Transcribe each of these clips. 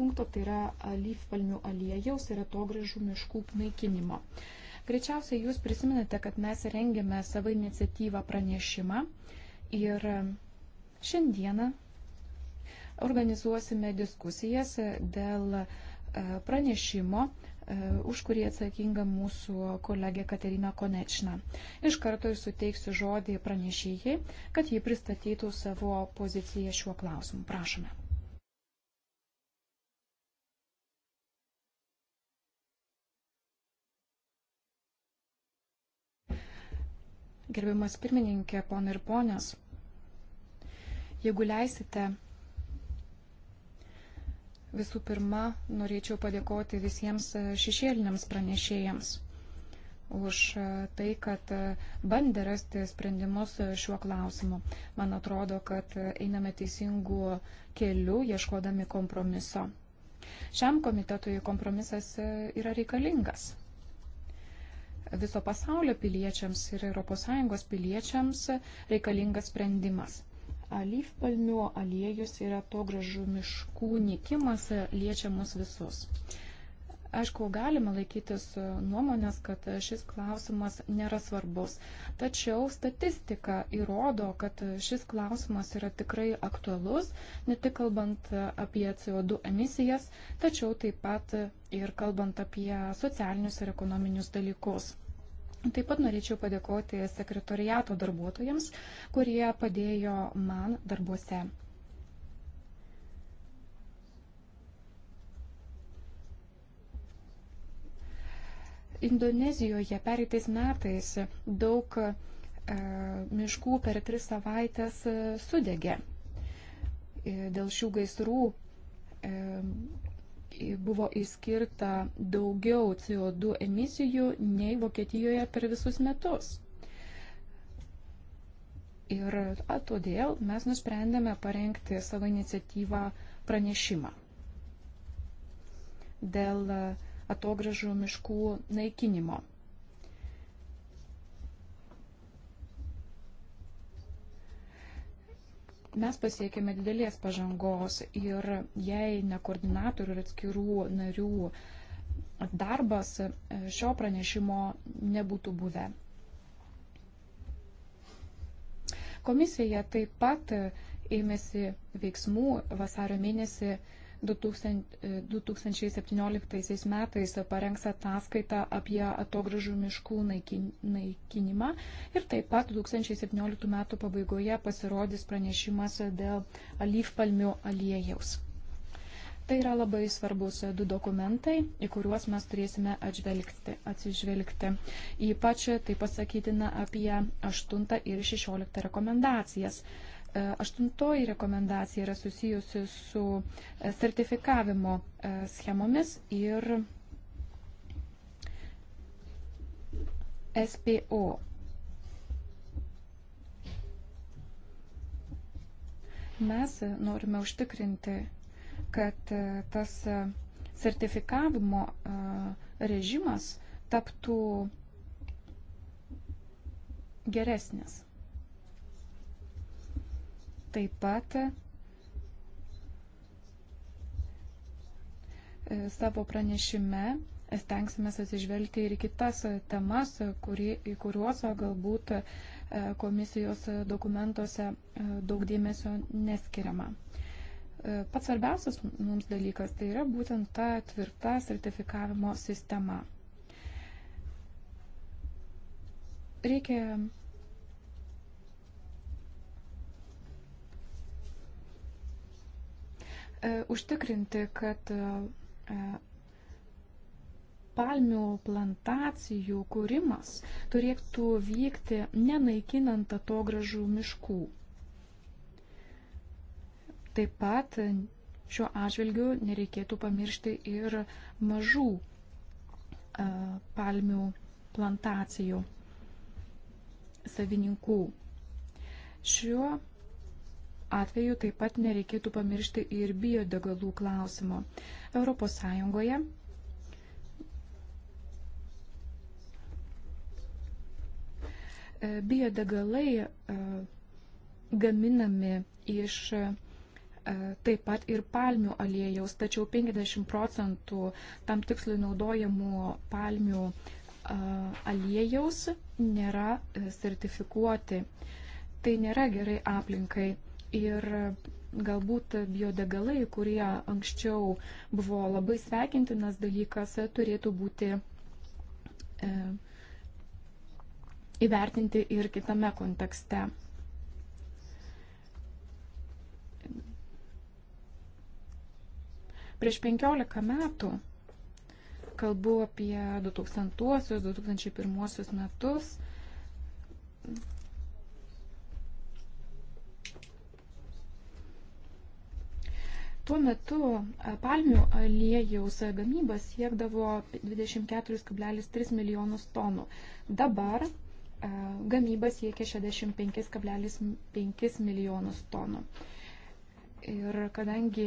punkto, tai yra alyvpalmių aliejaus ir atogražų miškų naikinimo. Greičiausiai jūs prisiminate, kad mes rengėme savo iniciatyvą pranešimą ir šiandieną organizuosime diskusijas dėl e, pranešimo e, už kurį atsakinga mūsų kolegė Katerina Konečna. Iš karto ir suteiksiu žodį pranešėjai, kad ji pristatytų savo poziciją šiuo klausimu. Prašome. Gerbiamas pirmininkė, ponai ir ponios, jeigu leisite, visų pirma, norėčiau padėkoti visiems e, šešėliniams pranešėjams už e, tai, kad e, bandė rasti sprendimus šiuo klausimu. Man atrodo, kad einame teisingu keliu, ieškodami kompromiso. Šiam komitetui kompromisas yra reikalingas viso pasaulio piliečiams ir ES piliečiams reikalingas sprendimas. Alyvpalmių aliejus yra to gražu miškų nikimas, liečia mus visus. Aišku, galima laikytis nuomonės, kad šis klausimas nėra svarbus, tačiau statistika įrodo, kad šis klausimas yra tikrai aktualus, ne tik kalbant apie CO2 emisijas, tačiau taip pat ir kalbant apie socialinius ir ekonominius dalykus. Taip pat norėčiau padėkoti sekretoriato darbuotojams, kurie padėjo man darbuose. Indonezijoje pereitais metais daug e, miškų per tris savaitės e, sudegė. E, dėl šių gaisrų e, buvo įskirta daugiau CO2 emisijų nei Vokietijoje per visus metus. Ir a, todėl mes nusprendėme parengti savo iniciatyvą pranešimą dėl e, atogražų miškų naikinimo. mes pasiekėme didelės pažangos ir jei ne koordinatorių ir atskirų narių darbas e, šio pranešimo nebūtų buvę. Komisija taip pat ėmėsi veiksmų vasario mėnesį 2017 metais parengs ataskaitą apie atogražų miškų naikinimą ir taip pat 2017 metų pabaigoje pasirodys pranešimas dėl alyvpalmių aliejaus. Tai yra labai svarbus du dokumentai, į kuriuos mes turėsime atžvelgti, atsižvelgti. Ypač tai pasakytina apie 8 ir 16 rekomendacijas. E, aštuntoji rekomendacija yra susijusi su e, sertifikavimo e, schemomis ir SPO. Mes norime užtikrinti, kad tas sertifikavimo režimas taptų geresnis. Taip pat e, savo pranešime stengsime atsižvelgti ir kitas temas, kuri, į kuriuos galbūt e, komisijos dokumentuose e, daug dėmesio neskiriama. Pats svarbiausias mums dalykas tai yra būtent ta tvirta sertifikavimo sistema. Reikia E, užtikrinti, kad e, e, palmių plantacijų kūrimas turėtų vykti nenaikinant atogražų miškų. Taip pat šiuo atžvilgiu nereikėtų pamiršti ir mažų palmių plantacijų savininkų. Šiuo atveju taip pat nereikėtų pamiršti ir biodegalų klausimo. Europos Sąjungoje biodegalai e, gaminami iš e, taip pat ir palmių aliejaus, tačiau 50 procentų tam tikslui naudojamų palmių e, aliejaus nėra sertifikuoti. Tai nėra gerai aplinkai. Ir galbūt biodegalai, kurie anksčiau buvo labai sveikintinas dalykas, turėtų būti e, įvertinti ir kitame kontekste. Prieš 15 metų, kalbu apie 2000-2001 metus, Tuo metu e, palmių aliejaus gamyba siekdavo 24,3 milijonus tonų. Dabar e, gamyba siekia 65,5 milijonus tonų. Ir kadangi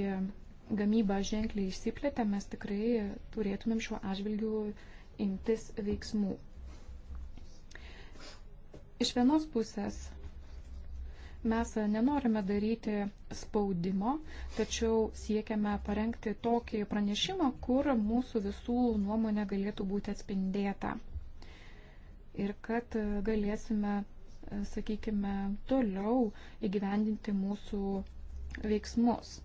gamyba ženkliai išsiplėtė, mes tikrai turėtumėm šiuo atžvilgiu imtis veiksmų. Iš vienos pusės Mes nenorime daryti spaudimo, tačiau siekiame parengti tokį pranešimą, kur mūsų visų nuomonė galėtų būti atspindėta. Ir kad galėsime, sakykime, toliau įgyvendinti mūsų veiksmus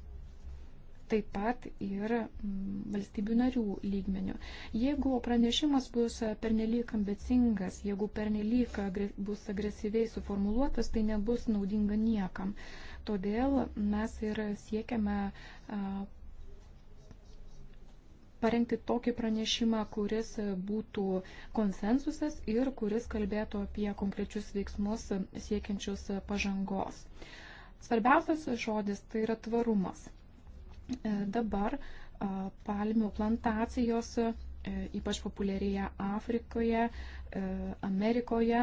taip pat ir mm, valstybių narių lygmenių. Jeigu pranešimas bus pernelyg ambicingas, jeigu pernelyg bus agresyviai suformuluotas, tai nebus naudinga niekam. Todėl mes ir siekiame parengti tokį pranešimą, kuris būtų konsensusas ir kuris kalbėtų apie konkrečius veiksmus siekiančius pažangos. Svarbiausias žodis tai yra tvarumas. E, dabar e, palmių plantacijos e, ypač populiarėja Afrikoje, Amerikoje,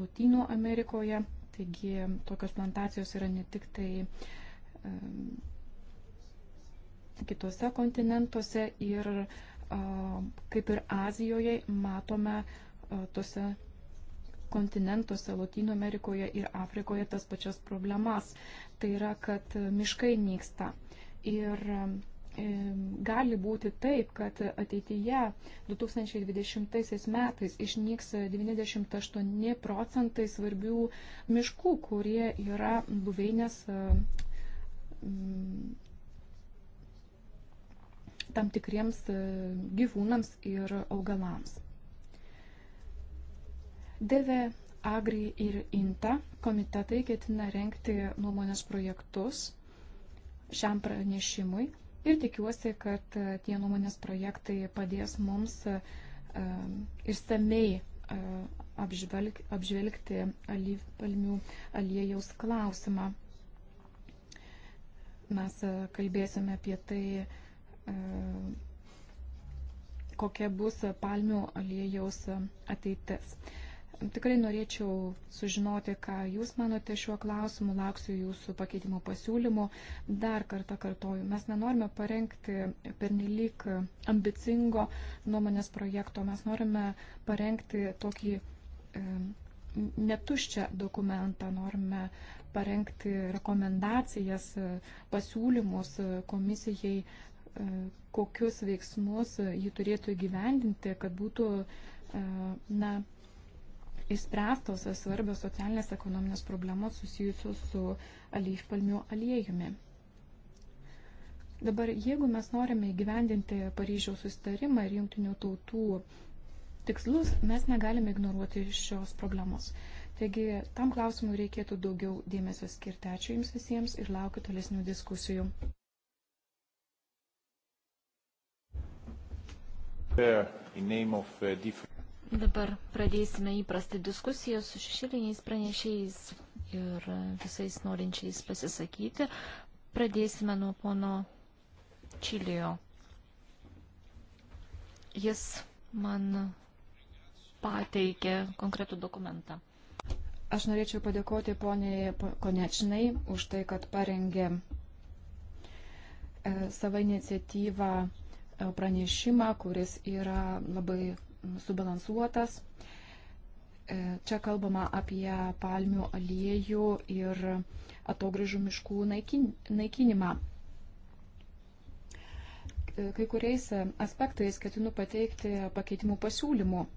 Lotynų Amerikoje. Taigi tokios plantacijos yra ne tik tai kitose kontinentuose ir kaip ir Azijoje matome tose kontinentuose, Latino Amerikoje ir Afrikoje tas pačias problemas. Tai yra, kad miškai nyksta. Ir e, gali būti taip, kad ateityje 2020 metais išnyks 98 procentai svarbių miškų, kurie yra buveinės e, tam tikriems e, gyvūnams ir augalams. DV Agri ir INTA komitetai ketina renkti nuomonės projektus šiam pranešimui ir tikiuosi, kad e, tie nuomonės projektai padės mums e, e, išsamei apžvelg, apžvelgti alyvpalmių aliejaus klausimą. Mes kalbėsime apie tai, kokia bus palmių aliejaus ateitis tikrai norėčiau sužinoti, ką Jūs manote šiuo klausimu, lauksiu Jūsų pakeitimo pasiūlymų. Dar kartą kartoju, mes nenorime parengti pernelyg ambicingo nuomonės projekto, mes norime parengti tokį e, netuščią dokumentą, norime parengti rekomendacijas, e, pasiūlymus komisijai, e, kokius veiksmus ji turėtų įgyvendinti, kad būtų e, na, išspręstos svarbios socialinės ekonominės problemos susijusios su alyvpalmių aliejumi. Dabar, jeigu mes norime įgyvendinti Paryžiaus sustarimą ir jungtinių tautų tikslus, mes negalime ignoruoti šios problemos. Taigi, tam klausimui reikėtų daugiau dėmesio skirti. Ačiū Jums visiems ir laukiu tolesnių diskusijų. In name of uh, different Dabar pradėsime įprastą diskusiją su šešėliniais pranešėjais ir visais norinčiais pasisakyti. Pradėsime nuo pono Čilio. Jis man pateikė konkretų dokumentą. Aš norėčiau padėkoti poniai Konečnai už tai, kad parengė e, savo iniciatyvą e, pranešimą, kuris yra labai subalansuotas. E, čia kalbama apie palmių aliejų ir atogražų miškų naikinimą. E, kai kuriais aspektais ketinu pateikti pakeitimų pasiūlymų, e,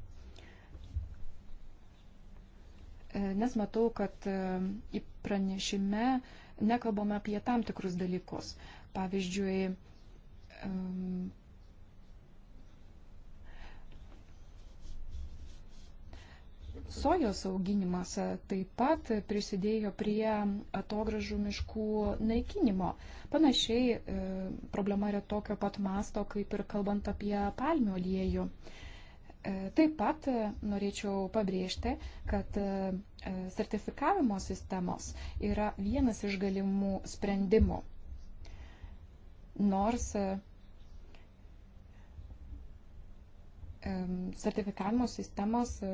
nes matau, kad į pranešime nekalbame apie tam tikrus dalykus. Pavyzdžiui, Sojos auginimas e, taip pat prisidėjo prie atogražų miškų naikinimo. Panašiai e, problema yra tokio pat masto, kaip ir kalbant apie palmių aliejų. E, taip pat norėčiau pabrėžti, kad sertifikavimo sistemos yra vienas iš galimų sprendimų. Nors sertifikavimo sistemos e,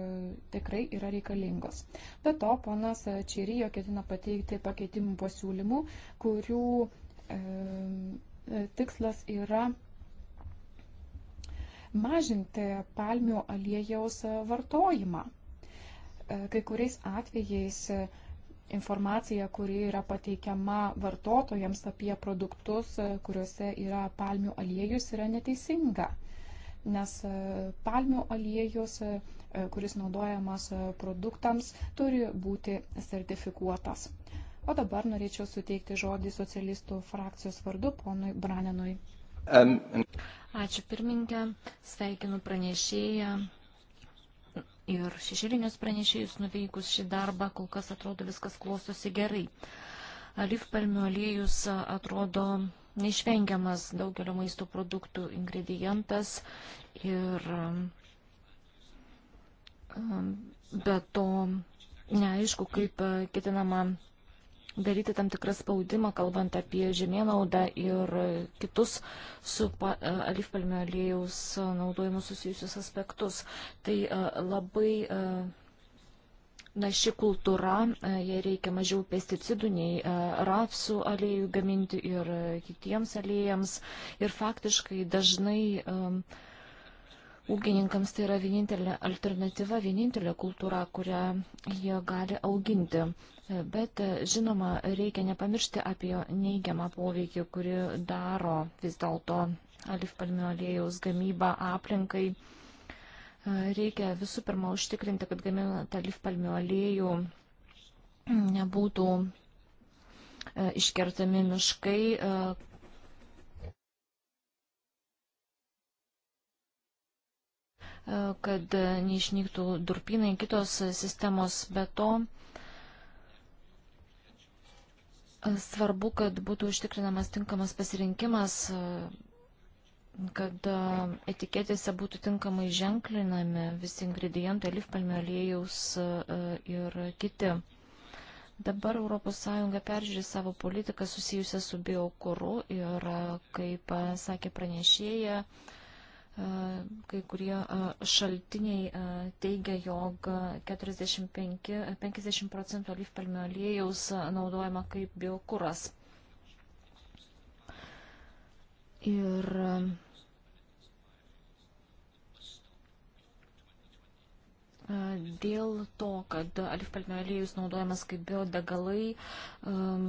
tikrai yra reikalingos. Be to, ponas Čirijo ketina pateikti pakeitimų pasiūlymų, kurių tikslas yra mažinti palmių aliejaus vartojimą. E, kai kuriais atvejais informacija, kuri yra pateikiama vartotojams apie produktus, kuriuose yra palmių aliejus, yra neteisinga nes e, palmių aliejus, e, e, kuris naudojamas produktams, turi būti sertifikuotas. O dabar norėčiau suteikti žodį socialistų frakcijos vardu ponui Branenui. Ačiū pirmininkė, sveikinu pranešėją ir šešėlinius pranešėjus nuveikus šį darbą, kol kas atrodo viskas klostosi gerai. Alyvpalmių aliejus atrodo neišvengiamas daugelio maisto produktų ingredientas ir um, be to neaišku, kaip uh, ketinama daryti tam tikrą spaudimą, kalbant apie žemėnaudą ir kitus su uh, alyvpalmio aliejaus naudojimu susijusius aspektus. Tai uh, labai Na, ši kultūra, e, jai reikia mažiau pesticidų nei e, rapsų aliejų gaminti ir e, kitiems aliejams. Ir faktiškai dažnai um, ūkininkams tai yra vienintelė alternatyva, vienintelė kultūra, kurią jie gali auginti. Bet, žinoma, reikia nepamiršti apie neigiamą poveikį, kuri daro vis dėlto alifpalmio aliejaus gamyba aplinkai Reikia visų pirma užtikrinti, kad gaminant alyvpalmių aliejų nebūtų e, iškertami miškai, e, kad neišnyktų durpinai kitos sistemos, bet to svarbu, kad būtų užtikrinamas tinkamas pasirinkimas kad etiketėse būtų tinkamai ženklinami visi ingredientai, lifpalmių aliejus ir kiti. Dabar ES peržiūri savo politiką susijusią su biokuru ir, kaip sakė pranešėja, kai kurie šaltiniai teigia, jog 45, 50 procentų alyvpalmio aliejaus naudojama kaip biokuras. Ir Dėl to, kad alifpalmių aliejus naudojamas kaip biodegalai, um,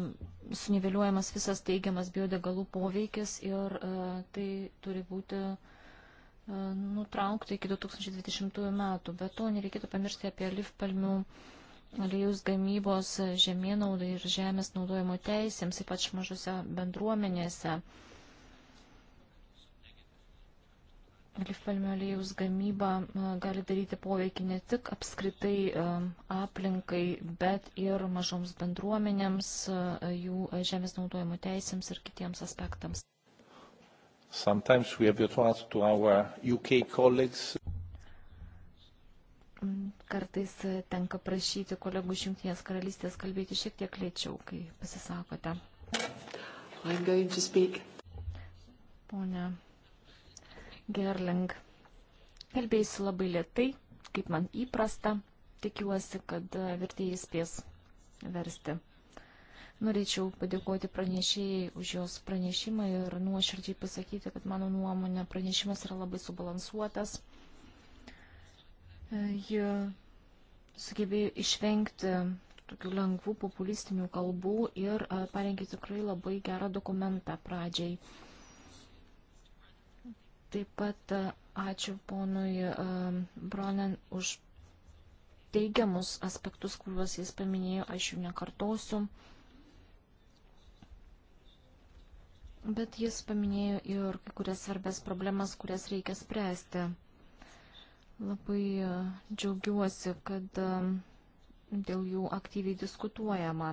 suniveliuojamas visas teigiamas biodegalų poveikis ir tai turi būti nutraukta iki 2020 metų. Bet to nereikėtų pamiršti apie alifpalmių aliejus gamybos žemėnaudai ir žemės naudojimo teisėms, ypač mažose bendruomenėse. Alifpalmio aliejus gamyba gali daryti poveikį ne tik apskritai aplinkai, bet ir mažoms bendruomenėms, jų žemės naudojimo teisėms ir kitiems aspektams. Sometimes we have to ask to our UK colleagues mm, kartais tenka prašyti kolegų iš Junktinės karalystės kalbėti šiek tiek lėčiau, kai pasisakote. Pone Gerling. Kalbėsiu labai lietai, kaip man įprasta. Tikiuosi, kad e, vertėjai spės versti. Norėčiau padėkoti pranešėjai už jos pranešimą ir nuoširdžiai pasakyti, kad mano nuomonė pranešimas yra labai subalansuotas. E, ji sugebėjo išvengti tokių lengvų populistinių kalbų ir e, parengė tikrai labai gerą dokumentą pradžiai. Taip pat e, ačiū ponui e, Bronen už teigiamus aspektus, kuriuos jis paminėjo, aš jų nekartosiu. Bet jis paminėjo ir kai kurias svarbės problemas, kurias reikia spręsti. Labai e, džiaugiuosi, kad dėl jų aktyviai diskutuojama.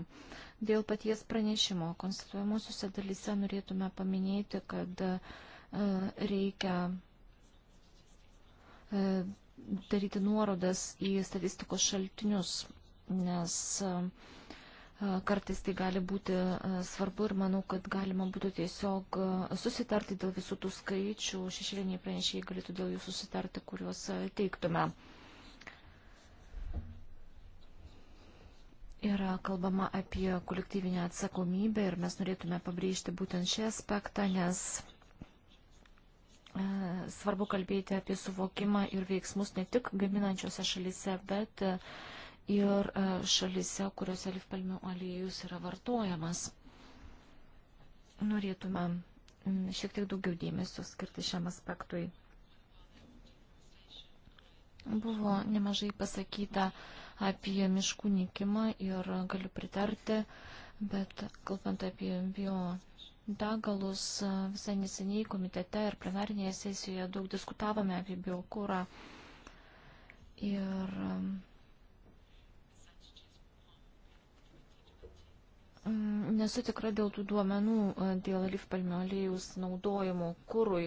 Dėl paties pranešimo konstituojamosiuose dalyse norėtume paminėti, kad uh, E, reikia e, daryti nuorodas į statistikos šaltinius, nes e, kartais tai gali būti svarbu ir manau, kad galima būtų tiesiog susitarti dėl visų tų skaičių, šešėliniai pranešėjai galėtų dėl jų susitarti, kuriuos teiktume. Yra kalbama apie kolektyvinę atsakomybę ir mes norėtume pabrėžti būtent šį aspektą, nes E, svarbu kalbėti apie suvokimą ir veiksmus ne tik gaminančiose šalise, bet ir e, šalise, kuriuose lifpalmių aliejus yra vartojamas. Norėtume šiek tiek daugiau dėmesio skirti šiam aspektui. Buvo nemažai pasakyta apie miškų nykimą ir galiu pritarti, bet kalbant apie bio degalus visai neseniai komitete ir plenarinėje sesijoje daug diskutavome apie biokūrą. Ir nesu tikra dėl tų duomenų, dėl lifpalmio aliejus naudojimo kūrui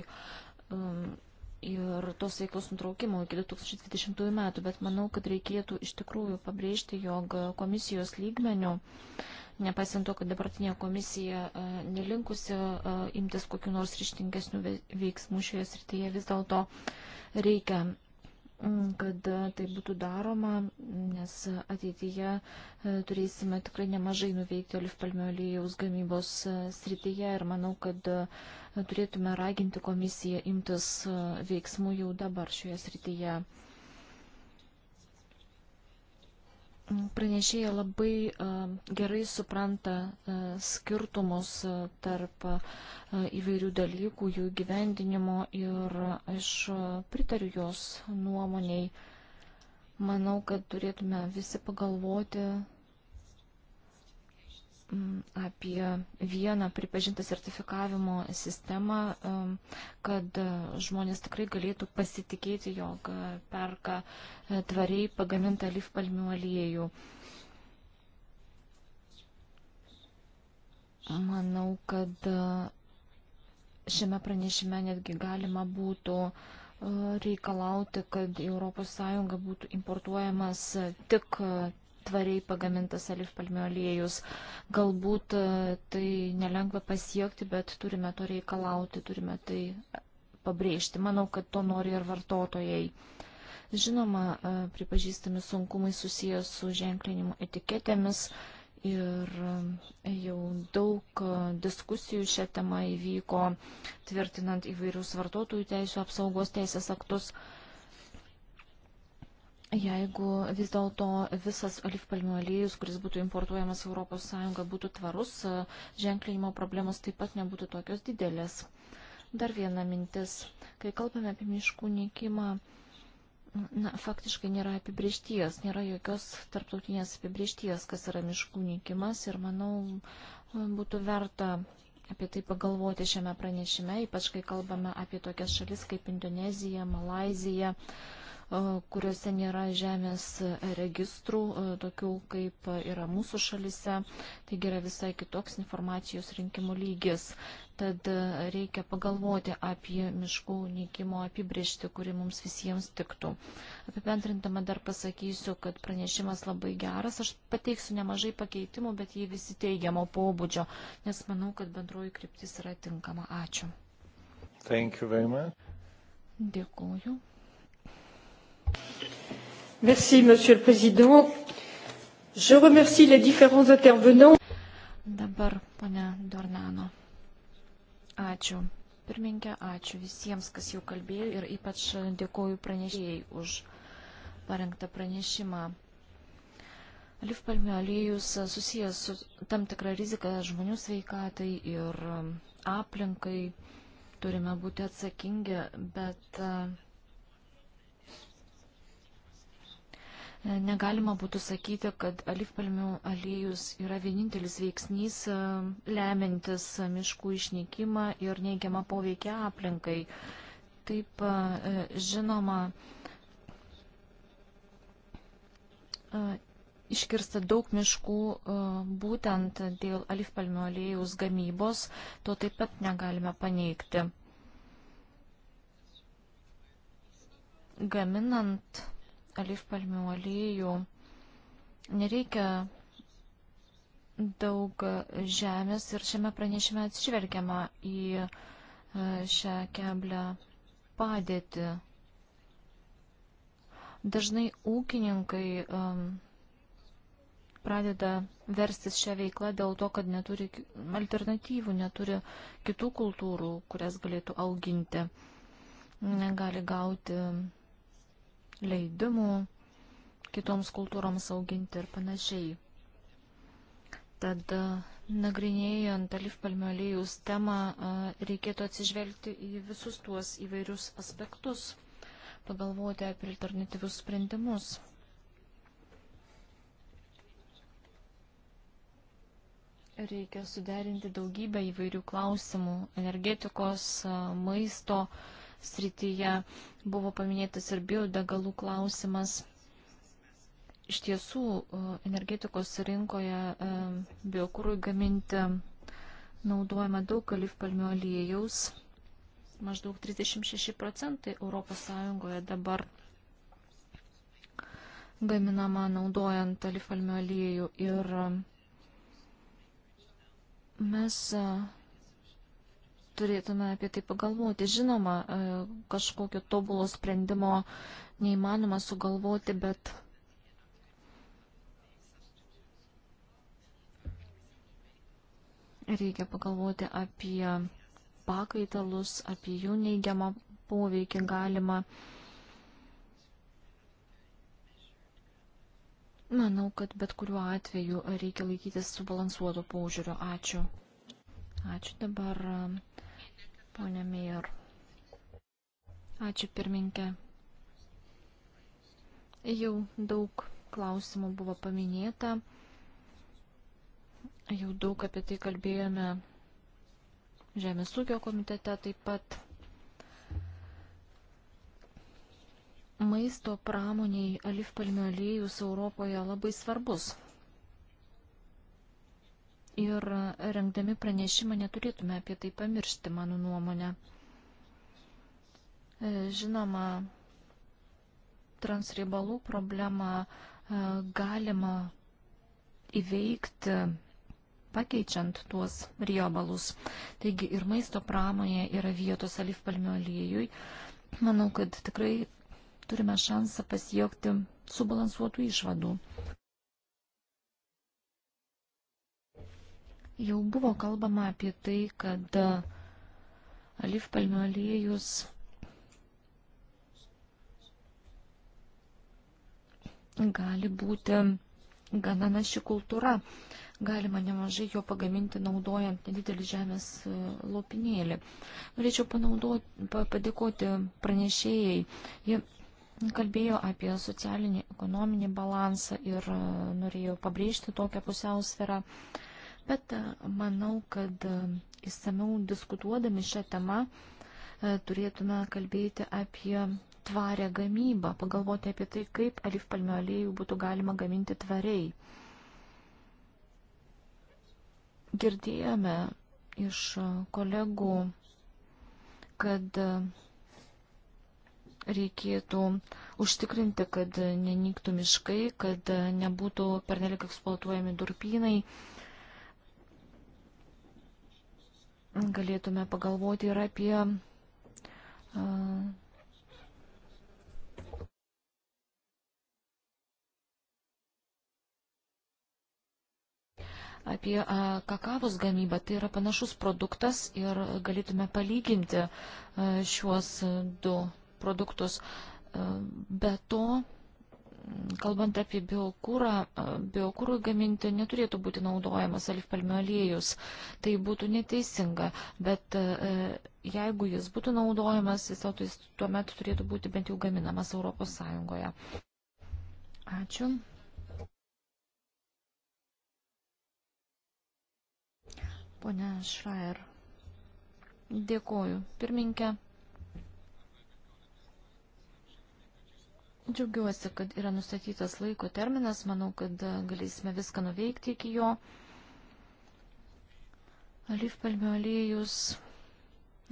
ir tos veiklos nutraukimo iki 2020 metų, bet manau, kad reikėtų iš tikrųjų pabrėžti, jog komisijos lygmenių uh, nepaisant to, kad dabartinė komisija e, nelinkusi e, imtis kokiu nors ryštingesnių veiksmų šioje srityje, vis dėlto reikia mm, kad e, tai būtų daroma, nes ateityje turėsime tikrai nemažai nuveikti olifpalmio aliejaus gamybos srityje ir manau, kad turėtume raginti komisiją imtis veiksmų jau dabar šioje srityje. pranešėja labai e, gerai supranta e, skirtumus e, tarp įvairių dalykų, jų gyvendinimo ir aš pritariu jos nuomoniai. Manau, kad turėtume visi pagalvoti, apie vieną pripažintą sertifikavimo sistemą, kad e, žmonės tikrai galėtų pasitikėti, jog perka e, tvariai pagamintą lyfpalmių aliejų. Manau, kad e, šiame pranešime netgi galima būtų reikalauti, kad ES būtų importuojamas tik tvariai pagamintas alyvpalmių aliejus. Galbūt e, tai nelengva pasiekti, bet turime to reikalauti, turime tai pabrėžti. Manau, kad to nori ir vartotojai. Žinoma, e, pripažįstami sunkumai susijęs su ženklinimu etiketėmis ir e, jau daug diskusijų šią temą įvyko, tvirtinant įvairius vartotojų teisų apsaugos teisės aktus jeigu vis dėlto visas olifpalmių aliejus, kuris būtų importuojamas ES, būtų tvarus, ženklinimo problemos taip pat nebūtų tokios didelės. Dar viena mintis. Kai kalbame apie miškų nykimą, na, faktiškai nėra apibriešties, nėra jokios tarptautinės apibriešties, kas yra miškų nykimas ir manau būtų verta apie tai pagalvoti šiame pranešime, ypač kai kalbame apie tokias šalis kaip Indonezija, Malazija. Uh, E, kuriuose nėra žemės registrų, e, tokių kaip yra mūsų šalise, taigi yra visai kitoks informacijos rinkimo lygis. Tad e, reikia pagalvoti apie miškų nykimo apibriežtį, kuri mums visiems tiktų. Apibendrintama dar pasakysiu, kad pranešimas labai geras. Aš pateiksiu nemažai pakeitimų, bet jie visi teigiamo pobūdžio, nes manau, kad bendroji kryptis yra tinkama. Ačiū. Thank you very much. Dėkuoju. Merci, Monsieur le Président. Je remercie les différents intervenants. Dabar, ponia Dornano. Ačiū. Pirminkė, ačiū visiems, kas jau kalbėjo ir ypač dėkoju pranešėjai už parengtą pranešimą. Lifpalmių aliejus susijęs su tam tikra rizika žmonių sveikatai ir aplinkai. Turime būti atsakingi, bet uh, negalima būtų sakyti, kad alifpalmių aliejus yra vienintelis veiksnys e, lemintis miškų išnykimą ir neigiamą poveikį aplinkai. Taip, e, žinoma, e, iškirsta daug miškų būtent dėl alifpalmių aliejus gamybos, to taip pat negalime paneigti. Gaminant alyvpalmių aliejų nereikia daug žemės ir šiame pranešime atsižvelgiama į e, šią keblę padėtį. Dažnai ūkininkai um, pradeda verstis šią veiklą dėl to, kad neturi alternatyvų, neturi kitų kultūrų, kurias galėtų auginti, negali gauti leidimų kitoms kultūroms auginti ir panašiai. Tad e, nagrinėjant alifpalmių aliejus temą e, reikėtų atsižvelgti į visus tuos įvairius aspektus, pagalvoti apie alternatyvius sprendimus. Reikia suderinti daugybę įvairių klausimų - energetikos, e, maisto, uh, srityje. Buvo paminėtas ir biodegalų klausimas. Iš tiesų, e, energetikos rinkoje e, biokūrui gaminti naudojama daug kalifpalmio aliejaus. Maždaug 36 procentai ES dabar gaminama naudojant kalifpalmio aliejų ir mes e, turėtume apie tai pagalvoti. Žinoma, e, kažkokio tobulo sprendimo neįmanoma sugalvoti, bet reikia pagalvoti apie pakaitalus, apie jų neigiamą poveikį galima. Manau, kad bet kuriuo atveju reikia laikytis subalansuoto požiūrio. Ačiū. Ačiū dabar ponė Mejor. Ačiū pirminkė. Jau daug klausimų buvo paminėta. Jau daug apie tai kalbėjome Žemės ūkio komitete taip pat. Maisto pramoniai alifpalmių aliejus Europoje labai svarbus ir rengdami pranešimą neturėtume apie tai pamiršti, mano nuomonė. E, žinoma, transribalų problemą e, galima įveikti pakeičiant tuos riebalus. Taigi ir maisto pramonėje yra vietos alyvpalmių aliejui. Manau, kad tikrai turime šansą pasiekti subalansuotų išvadų. Jau buvo kalbama apie tai, kad e, alyvpalmių aliejus gali būti gana naši kultūra. Galima nemažai jo pagaminti naudojant nedidelį žemės e, lopinėlį. Norėčiau padėkoti pranešėjai. Ji kalbėjo apie socialinį, ekonominį balansą ir e, norėjo pabrėžti tokią pusiausvyrą. Uh, bet e, manau, kad įsameu e, diskutuodami šią temą e, turėtume kalbėti apie tvarę gamybą, pagalvoti apie tai, kaip alifpalmių aliejų būtų galima gaminti tvariai. Girdėjome iš kolegų, kad reikėtų užtikrinti, kad nenyktų miškai, kad nebūtų pernelik eksploatuojami durpynai, galėtume pagalvoti ir apie apie kakavos gamybą. Tai yra panašus produktas ir galėtume palyginti šiuos du produktus. Be to, Kalbant apie biokūrą, biokūrui gaminti neturėtų būti naudojamas alifpalmių aliejus. Tai būtų neteisinga, bet jeigu jis būtų naudojamas, jis tuomet tuo turėtų būti bent jau gaminamas Europos Sąjungoje. Ačiū. Pone Šraer, dėkoju. Pirminkė. Džiaugiuosi, kad yra nustatytas laiko terminas, manau, kad e, galėsime viską nuveikti iki jo. Alyvpalmių aliejus.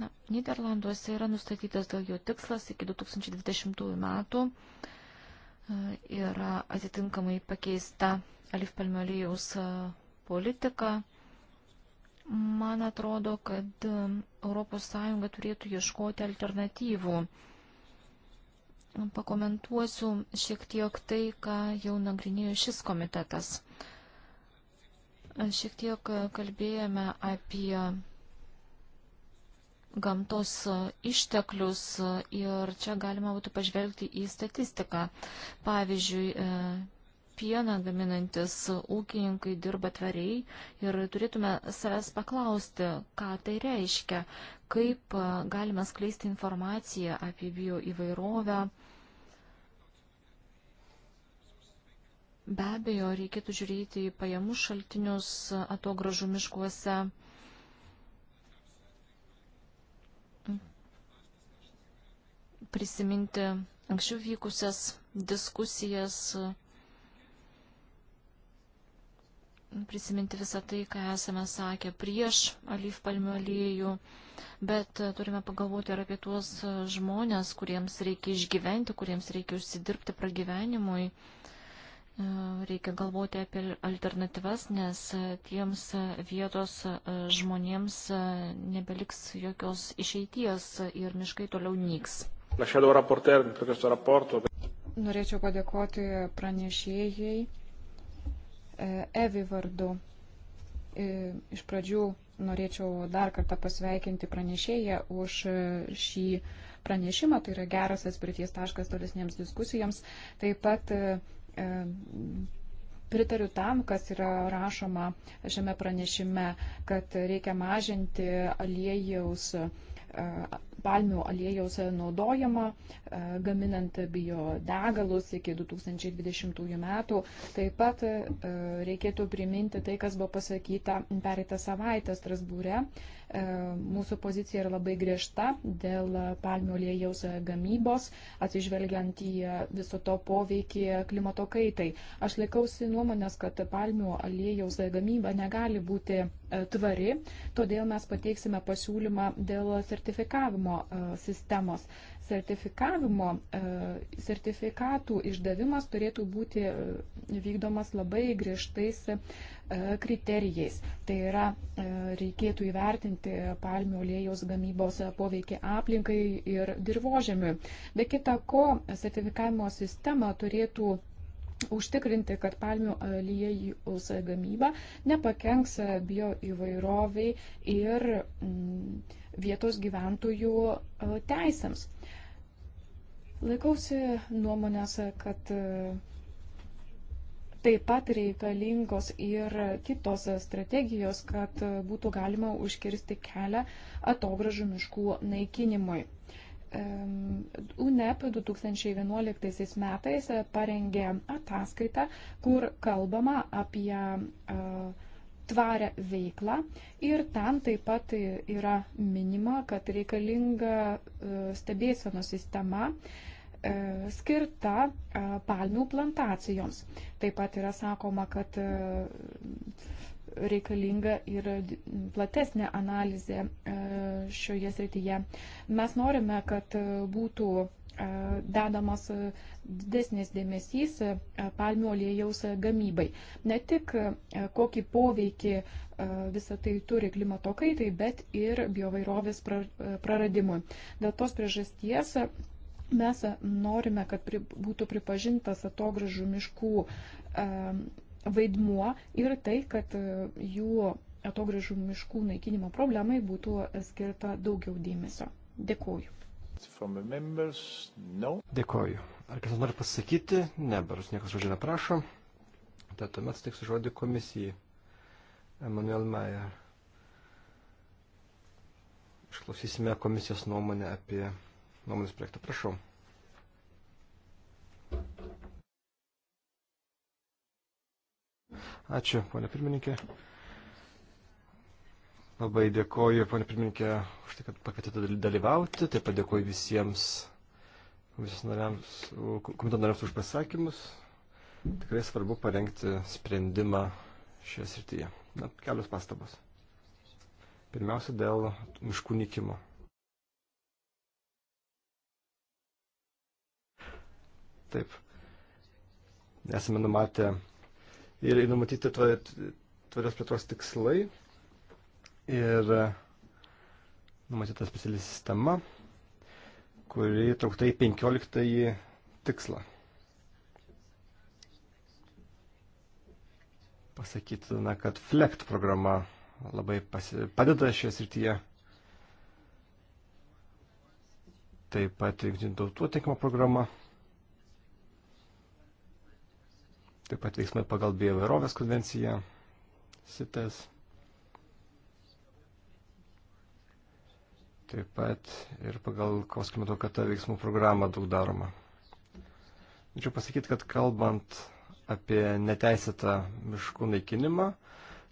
Na, Niderlanduose yra nustatytas dėl jo tikslas iki 2020 metų. E, yra atitinkamai pakeista alyvpalmių aliejaus e, politika. Man atrodo, kad ES turėtų ieškoti alternatyvų pakomentuosiu šiek tiek tai, ką jau nagrinėjo šis komitetas. Šiek tiek kalbėjome apie gamtos išteklius ir čia galima būtų pažvelgti į statistiką. Pavyzdžiui, e, pieną gaminantis ūkininkai dirba tvariai ir turėtume savęs paklausti, ką tai reiškia, kaip galime skleisti informaciją apie bio įvairovę. Be abejo, reikėtų žiūrėti į pajamų šaltinius atogražų miškuose. Prisiminti anksčiau vykusias diskusijas prisiminti visą tai, ką esame sakę prieš alyv palmių aliejų, bet e, turime pagalvoti ir apie tuos e, žmonės, kuriems reikia išgyventi, kuriems reikia užsidirbti pragyvenimui. E, reikia galvoti apie alternatyvas, nes tiems vietos žmonėms nebeliks jokios išeities ir miškai toliau nyks. Norėčiau padėkoti pranešėjai E, Evi vardu. E, iš pradžių norėčiau dar kartą pasveikinti pranešėją už e, šį pranešimą. Tai yra geras atspirties taškas tolesniems diskusijoms. Taip pat pritariu tam, kas yra rašoma šiame pranešime, kad reikia mažinti aliejaus palmių aliejaus naudojimą, gaminant biodegalus iki 2020 metų. Taip pat reikėtų priminti tai, kas buvo pasakyta pereitą savaitę Strasbūre. Mūsų pozicija yra labai griežta dėl palmių aliejaus gamybos, atsižvelgiant į viso to poveikį klimato kaitai. Aš laikausi nuomonės, kad palmių aliejaus gamyba negali būti E, tvari, todėl mes pateiksime pasiūlymą dėl sertifikavimo e, sistemos. Sertifikavimo, e, sertifikatų išdavimas turėtų būti vykdomas labai griežtais kriterijais. Tai yra, reikėtų įvertinti palmių aliejos gamybos poveikį aplinkai ir dirbožėmiui. Be kita ko, sertifikavimo sistema turėtų užtikrinti, kad palmių aliejus gamyba nepakenks bio įvairoviai ir mm, vietos gyventojų e, teisėms. Laikausi nuomonės, kad e, taip pat reikalingos ir kitos strategijos, kad būtų galima užkirsti kelią atogražų miškų naikinimui. UNEP 2011 metais parengė ataskaitą, kur kalbama apie tvarę veiklą ir ten taip pat yra minima, kad reikalinga e, stebėseno sistema e, skirta palmių plantacijoms. Taip pat yra sakoma, kad e, reikalinga ir platesnė analizė e, šioje srityje. Mes norime, kad e, būtų e, dedamas didesnis dėmesys palmių aliejaus gamybai. Ne tik kokį poveikį visą tai turi klimato kaitai, bet ir biovairovės praradimui. Dėl tos priežasties mes norime, kad būtų pripažintas atogražų miškų vaidmuo ir tai, kad e, jų atogrįžų miškų naikinimo problemai būtų skirta daugiau dėmesio. Dėkuoju. No. Dėkuoju. Ar kas nori pasakyti? Ne, barus niekas žodžio neprašo. Tad tuomet steiksiu žodį komisijai. Emanuel Mayer. Išklausysime komisijos nuomonę apie nuomonės projektą. Prašau. Ačiū, ponė pirmininkė. Labai dėkoju, ponė pirmininkė, už tai, kad pakvietėte dalyvauti. Taip pat dėkoju visiems, visiems nariams, komiteto nariams už pasakymus. Tikrai svarbu parengti sprendimą šioje srityje. Na, kelios pastabos. Pirmiausia, dėl miškų nykimo. Taip. Esame numatę ir numatyti tvarios plėtros tikslai ir e, numatyta speciali sistema, kuri traukta į 15 tikslą. Pasakytina, kad FLECT programa labai pasi... padeda šioje srityje. Taip pat jungtinių tautų atinkama programa taip pat veiksmai pagal bioįvairovės konvenciją, sitas, taip pat ir pagal kovos klimato kata veiksmų programą daug daroma. Norėčiau pasakyti, kad kalbant apie neteisėtą miškų naikinimą,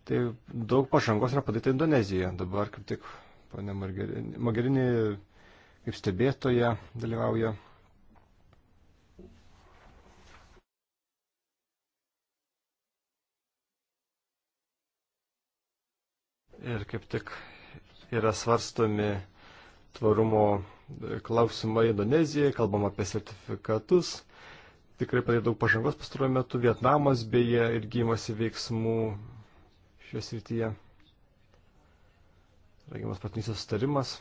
tai daug pažangos yra padaryta Indonezijoje. Dabar kaip tik ponė Mogherini kaip stebėtoja dalyvauja ir kaip tik yra svarstomi tvarumo klausimai Indonezijai, kalbam apie sertifikatus. Tikrai padarė daug pažangos pastaruoju metu. Vietnamas beje irgi imasi veiksmų šios rytyje. Ragimas partnerystės sustarimas.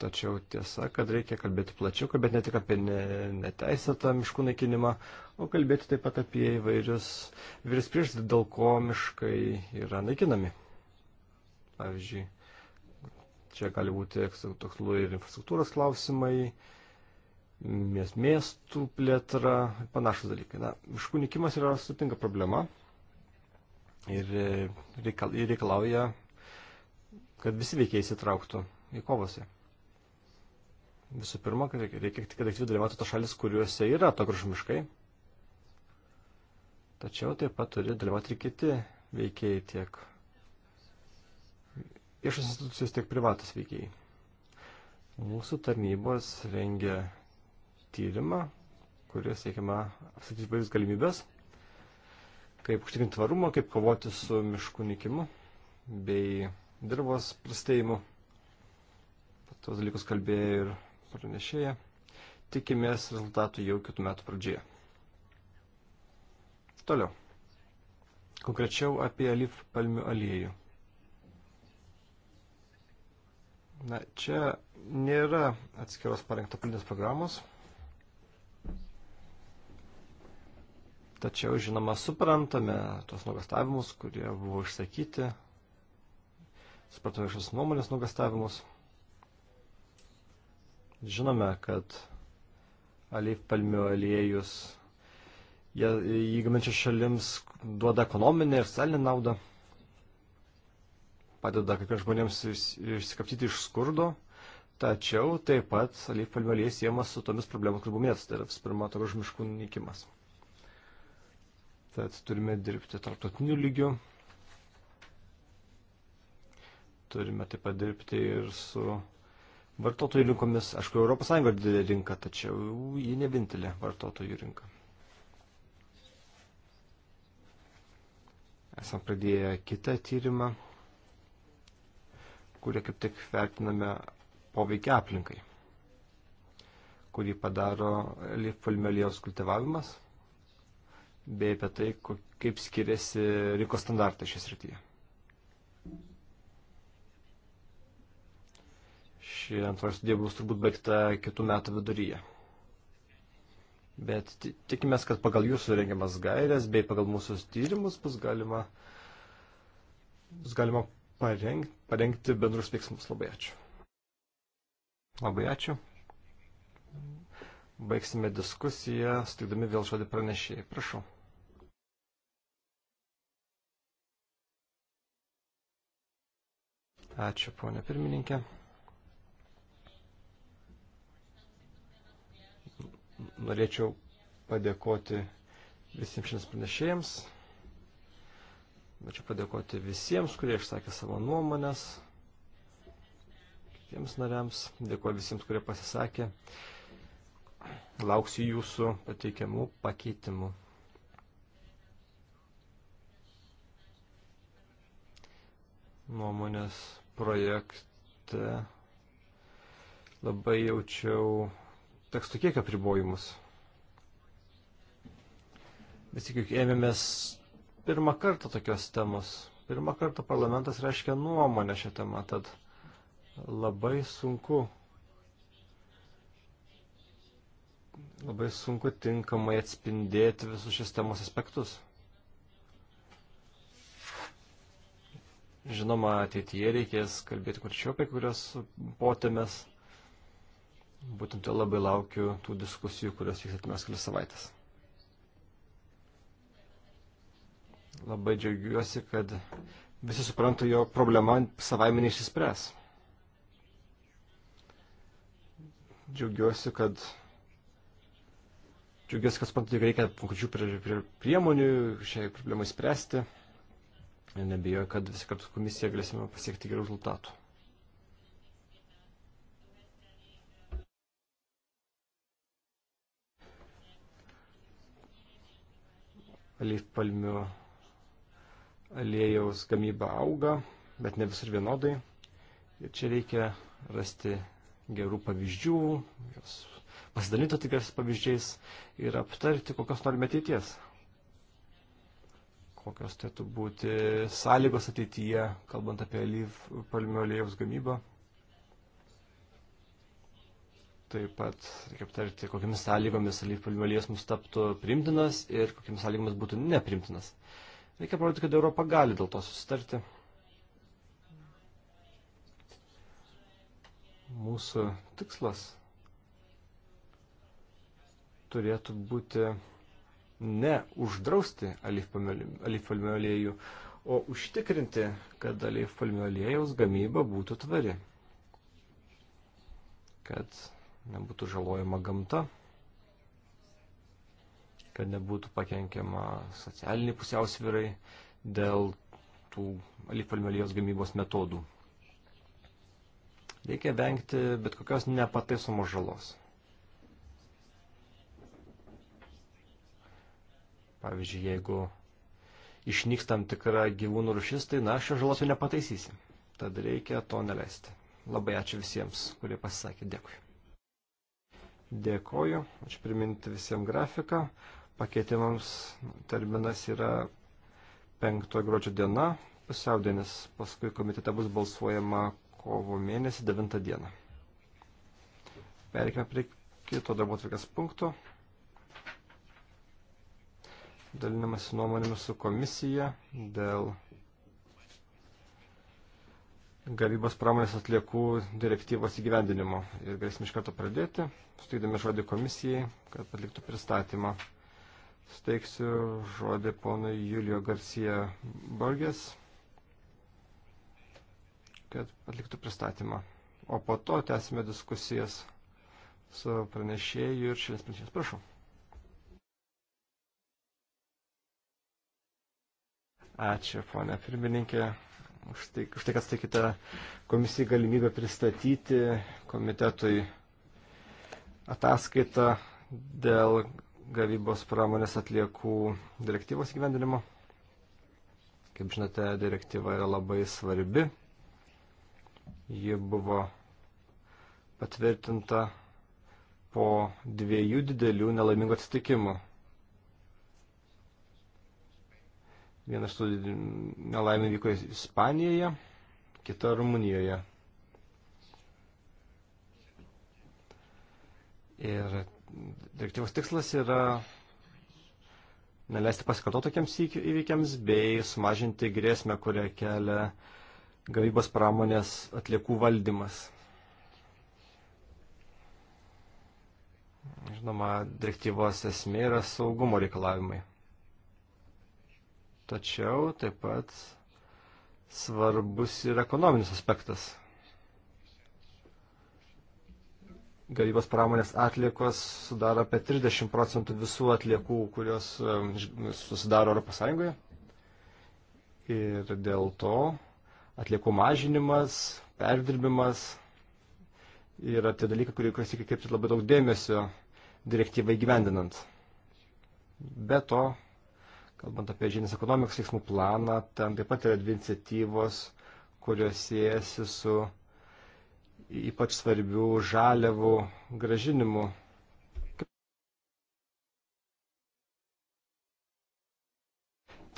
Tačiau tiesa, kad reikia kalbėti plačiau, bet ne tik apie neteisėtą miškų naikinimą, o kalbėti taip pat apie įvairius, įvairius priežastis, dėl ko miškai yra naikinami. Pavyzdžiui, čia gali būti toks ir infrastruktūros klausimai, miestų plėtra, panašus dalykai. Na, miškų nikimas yra sutinka problema e, ir reikalauja, kad visi veikiai įsitrauktų į kovose. Visų pirma, kad reikia, reikia kad aktyviai dalyvautų tos šalis, kuriuose yra to gražų miškai. Tačiau taip pat turi dalyvauti ir kiti veikėjai tiek viešos institucijos, tiek privatus veikėjai. Mūsų tarnybos rengia tyrimą, kurie siekiama apsakyti įvairias galimybės, kaip užtikrinti tvarumą, kaip kovoti su miškų nikimu bei dirvos prastėjimu. Tos dalykus kalbėjo ir pranešėją. Tikimės rezultatų jau kitų metų pradžioje. Toliau. Konkrečiau apie alif palmių aliejų. Na, čia nėra atskiros parengto politinės programos. Tačiau, žinoma, suprantame tuos nuogastavimus, kurie buvo išsakyti. Supratome šios nuomonės nuogastavimus. Žinome, kad alyv palmių aliejus jį gaminčia šalims duoda ekonominę ir socialinę naudą, padeda kai kuriems žmonėms išsikaptyti iš skurdo, tačiau taip pat alyv palmių aliejus siejamas su tomis problemomis, kur bumėtas, tai yra visų pirma toks žmiškų nykimas. Tad turime dirbti tarptautiniu lygiu, turime taip pat dirbti ir su vartotojų rinkomis. Aišku, ES didelė rinka, tačiau ji ne vienintelė vartotojų rinka. Esam pradėję kitą tyrimą, kurį kaip tik vertiname poveikia aplinkai, kurį padaro palmių aliejos kultivavimas, bei apie tai, kaip skiriasi rinkos standartai šią srityje. Ši antroji studija bus turbūt baigta kitų metų viduryje. Bet tikimės, kad pagal jūsų rengiamas gairias bei pagal mūsų tyrimus bus galima, bus galima parengti, parengti bendrus veiksmus. Labai ačiū. Labai ačiū. Baigsime diskusiją, stikdami vėl žodį pranešėjai. Prašau. Ačiū, ponė pirmininkė. norėčiau padėkoti visiems šiems pranešėjams. Norėčiau padėkoti visiems, kurie išsakė savo nuomonės, kitiems nariams. Dėkuoju visiems, kurie pasisakė. Lauksiu jūsų pateikiamų pakeitimų. Nuomonės projekte labai jaučiau tekstų kiekio pribojimus. Vis tik juk ėmėmės pirmą kartą tokios temos. Pirmą kartą parlamentas reiškia nuomonę šią temą, tad labai sunku labai sunku tinkamai atspindėti visus šis temos aspektus. Žinoma, ateityje reikės kalbėti kurčiau apie kurios potėmes, Būtent jau labai laukiu tų diskusijų, kurios vyks atmes kelias savaitės. Labai džiaugiuosi, kad visi supranta, jo problema savaime neišsispręs. Džiaugiuosi, kad Džiaugiuosi, kad suprantu, jog reikia konkrečių prie, prie priemonių šiai problemai spręsti. Nebijoju, kad visi kartu komisija galėsime pasiekti gerų rezultatų. alyvpalmių aliejaus gamyba auga, bet ne visur vienodai. Ir čia reikia rasti gerų pavyzdžių, jos pasidalinti tikrais pavyzdžiais ir aptarti, kokios norime ateities. Kokios turėtų būti sąlygos ateityje, kalbant apie alyvpalmių aliejaus gamybą. Taip pat reikia aptarti, kokiamis sąlygomis alyvpalmių mus taptų primtinas ir kokiamis sąlygomis būtų neprimtinas. Reikia parodyti, kad Europa gali dėl to susitarti. Mūsų tikslas turėtų būti ne uždrausti alyvpalmių aliejų, o užtikrinti, kad alyvpalmių aliejaus gamyba būtų tvari. Kad nebūtų žalojama gamta, kad nebūtų pakenkiama socialiniai pusiausvirai dėl tų alyvpalmių aliejos gamybos metodų. Reikia vengti bet kokios nepataisomos žalos. Pavyzdžiui, jeigu išnyks tam tikra gyvūnų rušis, tai na, šio žalos jau nepataisysim. Tad reikia to neleisti. Labai ačiū visiems, kurie pasisakė. Dėkui. Dėkoju. Aš priminti visiems grafiką. Pakeitimams terminas yra 5 gruodžio diena, pusiaudienis. Paskui komitete bus balsuojama kovo mėnesį 9 dieną. Perikime prie kito darbo atvykas punkto. Dalinimas nuomonėmis su komisija dėl gavybos pramonės atliekų direktyvos įgyvendinimo. Ir galėsim iš karto pradėti, suteikdami žodį komisijai, kad atliktų pristatymą. Suteiksiu žodį ponui Julio Garcia Borges, kad atliktų pristatymą. O po to tęsime diskusijas su pranešėju ir šiandien pranešėjas. Prašau. Ačiū, ponė pirmininkė už tai, už tai kad suteikite komisijai galimybę pristatyti komitetui ataskaitą dėl gavybos pramonės atliekų direktyvos įgyvendinimo. Kaip žinote, direktyva yra labai svarbi. Ji buvo patvirtinta po dviejų didelių nelaimingų atsitikimų Vienas tų nelaimė vyko Ispanijoje, kita Rumunijoje. Ir direktyvos tikslas yra neleisti pasikartoti tokiems įvykiams bei sumažinti grėsmę, kurią kelia gavybos pramonės atliekų valdymas. Žinoma, direktyvos esmė yra saugumo reikalavimai. Tačiau taip pat svarbus ir ekonominis aspektas. Gavybos pramonės atliekos sudaro apie 30 procentų visų atliekų, kurios susidaro Europos Sąjungoje. Ir dėl to atliekų mažinimas, perdirbimas yra tie dalykai, kuriuos reikia kreipti labai daug dėmesio direktyvai gyvendinant. Be to, Kalbant apie žemės ekonomikos veiksmų planą, ten taip pat yra dvi iniciatyvos, kurios siejasi su ypač svarbių žaliavų gražinimu.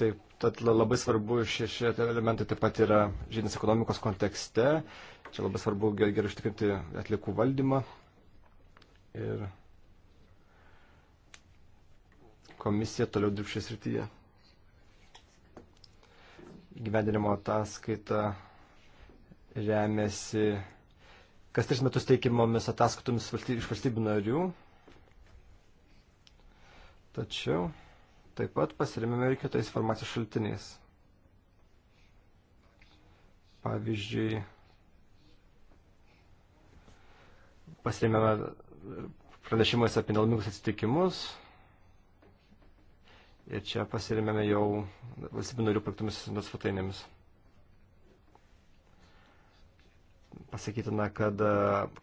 Taip, tad labai svarbu šie, šie elementai taip pat yra žemės ekonomikos kontekste. Čia labai svarbu gerai, gerai užtikrinti atliekų valdymą. Ir komisija toliau dirbs šią srityje. Gyvendinimo ataskaita remiasi kas tris metus teikimomis ataskaitomis iš valstybių narių. Tačiau taip pat pasiremėme ir kitais informacijos šaltiniais. Pavyzdžiui, pasiremėme pranešimais apie nelaimingus atsitikimus, Ir čia pasirėmėme jau valstybių narių paliktomis svetainėmis. Pasakytina, kad e,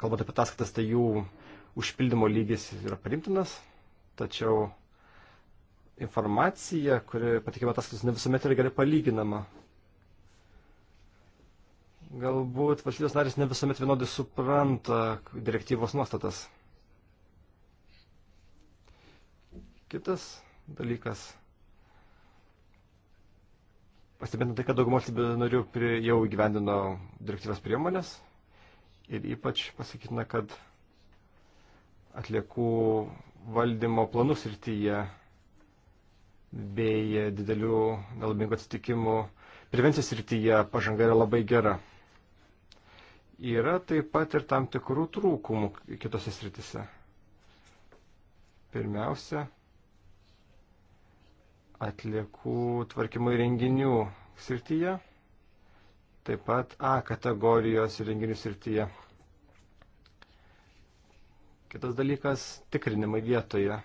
kalbant apie ataskaitas, tai jų užpildymo lygis yra priimtinas, tačiau informacija, kuri patikima ataskaitas, ne visuomet yra gerai palyginama. Galbūt valstybės narės ne visuomet vienodai supranta direktyvos nuostatas. Kitas dalykas. Pastebėtume tai, kad daugumos narių jau įgyvendino direktyvas priemonės ir ypač pasakytina, kad atliekų valdymo planų srityje bei didelių nelaimingų atsitikimų prevencijos srityje pažanga yra labai gera. Yra taip pat ir tam tikrų trūkumų kitose srityse. Pirmiausia, atliekų tvarkymo įrenginių srityje, taip pat A kategorijos įrenginių srityje. Kitas dalykas - tikrinimai vietoje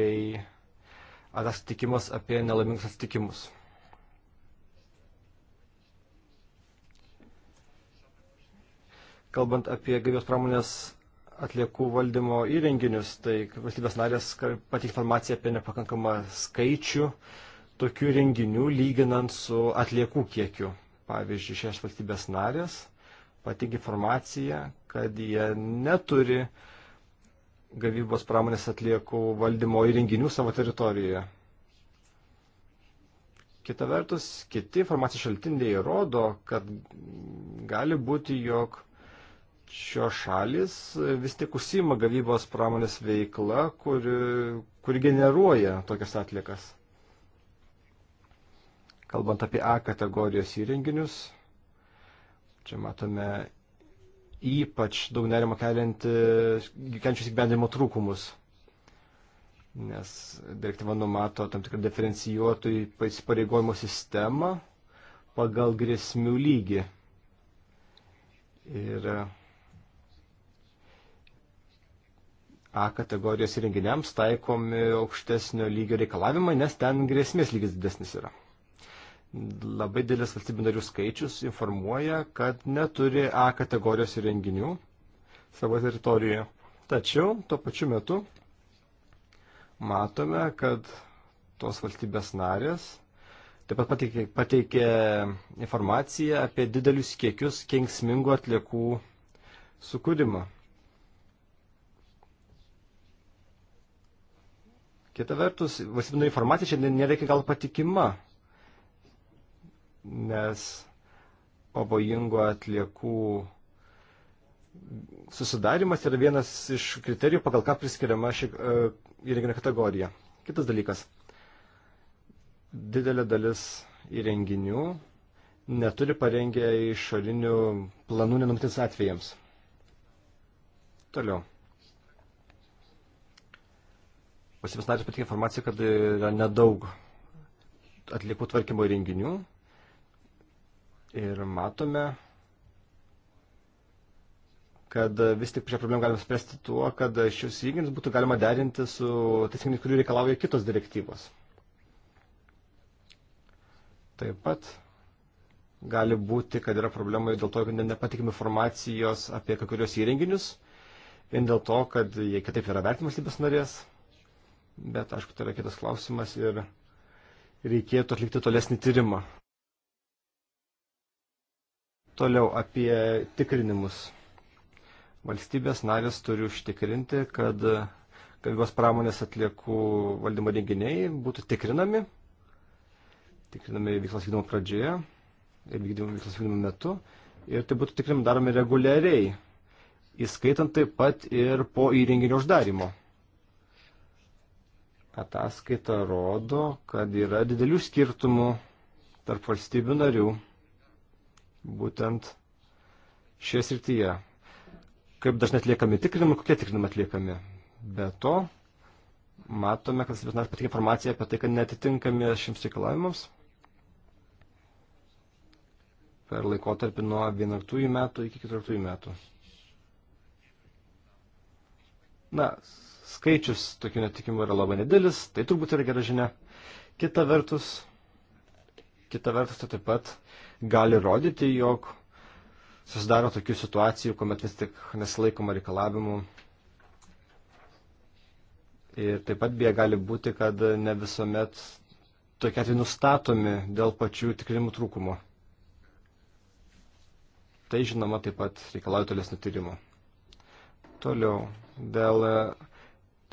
bei atitikimas apie nelaimingus atitikimus. Kalbant apie gyvybės pramonės atliekų valdymo įrenginius, tai valstybės narės patik informaciją apie nepakankamą skaičių tokių renginių lyginant su atliekų kiekiu. Pavyzdžiui, šias valstybės narės patik informaciją, kad jie neturi gavybos pramonės atliekų valdymo įrenginių savo teritorijoje. Kita vertus, kiti informacijos šaltiniai rodo, kad gali būti, jog šios šalis e, vis tik užsima gavybos pramonės veikla, kuri, kuri generuoja tokias atliekas. Kalbant apie A kategorijos įrenginius, čia matome ypač daug nerimo keliančius įgyvendimo trūkumus, nes direktyva numato tam tikrą diferencijuotų įsipareigojimo sistemą pagal grėsmių lygį. Ir A kategorijos įrenginiams taikomi aukštesnio lygio reikalavimai, nes ten grėsmės lygis didesnis yra. Labai didelis valstybių narių skaičius informuoja, kad neturi A kategorijos įrenginių savo teritorijoje. Tačiau tuo pačiu metu matome, kad tos valstybės narės taip pat pateikė, pateikė informaciją apie didelius kiekius kenksmingų atliekų sukūrimą Kita vertus, valstybinė informacija šiandien nereikia gal patikima, nes pavojingo atliekų susidarimas yra vienas iš kriterijų, pagal ką priskiriama ši e, įrenginio kategorija. Kitas dalykas. Didelė dalis įrenginių neturi parengę išorinių planų nenumatytis atvejams. Toliau. Valstybės narės patikė informaciją, kad yra nedaug atlikų tvarkymo įrenginių. Ir matome, kad vis tik šią problemą galime spręsti tuo, kad šios įginius būtų galima derinti su teisinginis, kurių reikalauja kitos direktyvos. Taip pat gali būti, kad yra problemų dėl to, kad nepatikime informacijos apie kai kurios įrenginius ir dėl to, kad jie kitaip yra vertimas lybės narės bet aišku, tai yra kitas klausimas ir reikėtų atlikti tolesnį tyrimą. Toliau apie tikrinimus. Valstybės narės turi užtikrinti, kad gavybos pramonės atliekų valdymo renginiai būtų tikrinami, tikrinami veiklos vykdymo pradžioje ir vykdymo veiklos vykdymo metu, ir tai būtų tikrinami daromi reguliariai, įskaitant taip pat ir po įrenginio uždarimo ataskaita rodo, kad yra didelių skirtumų tarp valstybių narių būtent šioje srityje. Kaip dažnai atliekami tikrinimai, kokie tikrinimai atliekami. Be to, matome, kad Svetnas patikė informaciją apie tai, kad netitinkami šiems reikalavimams per laikotarpį nuo 11 metų iki 14 metų. Na, skaičius tokių netikimų yra labai nedidelis, tai turbūt yra gera žinia. Kita vertus, kita vertus tai taip pat gali rodyti, jog susidaro tokių situacijų, kuomet vis tik nesilaikoma reikalavimų. Ir taip pat beje gali būti, kad ne visuomet tokie atvejai nustatomi dėl pačių tikrinimų trūkumo. Tai žinoma taip pat reikalauja tolesnių tyrimų. Toliau, dėl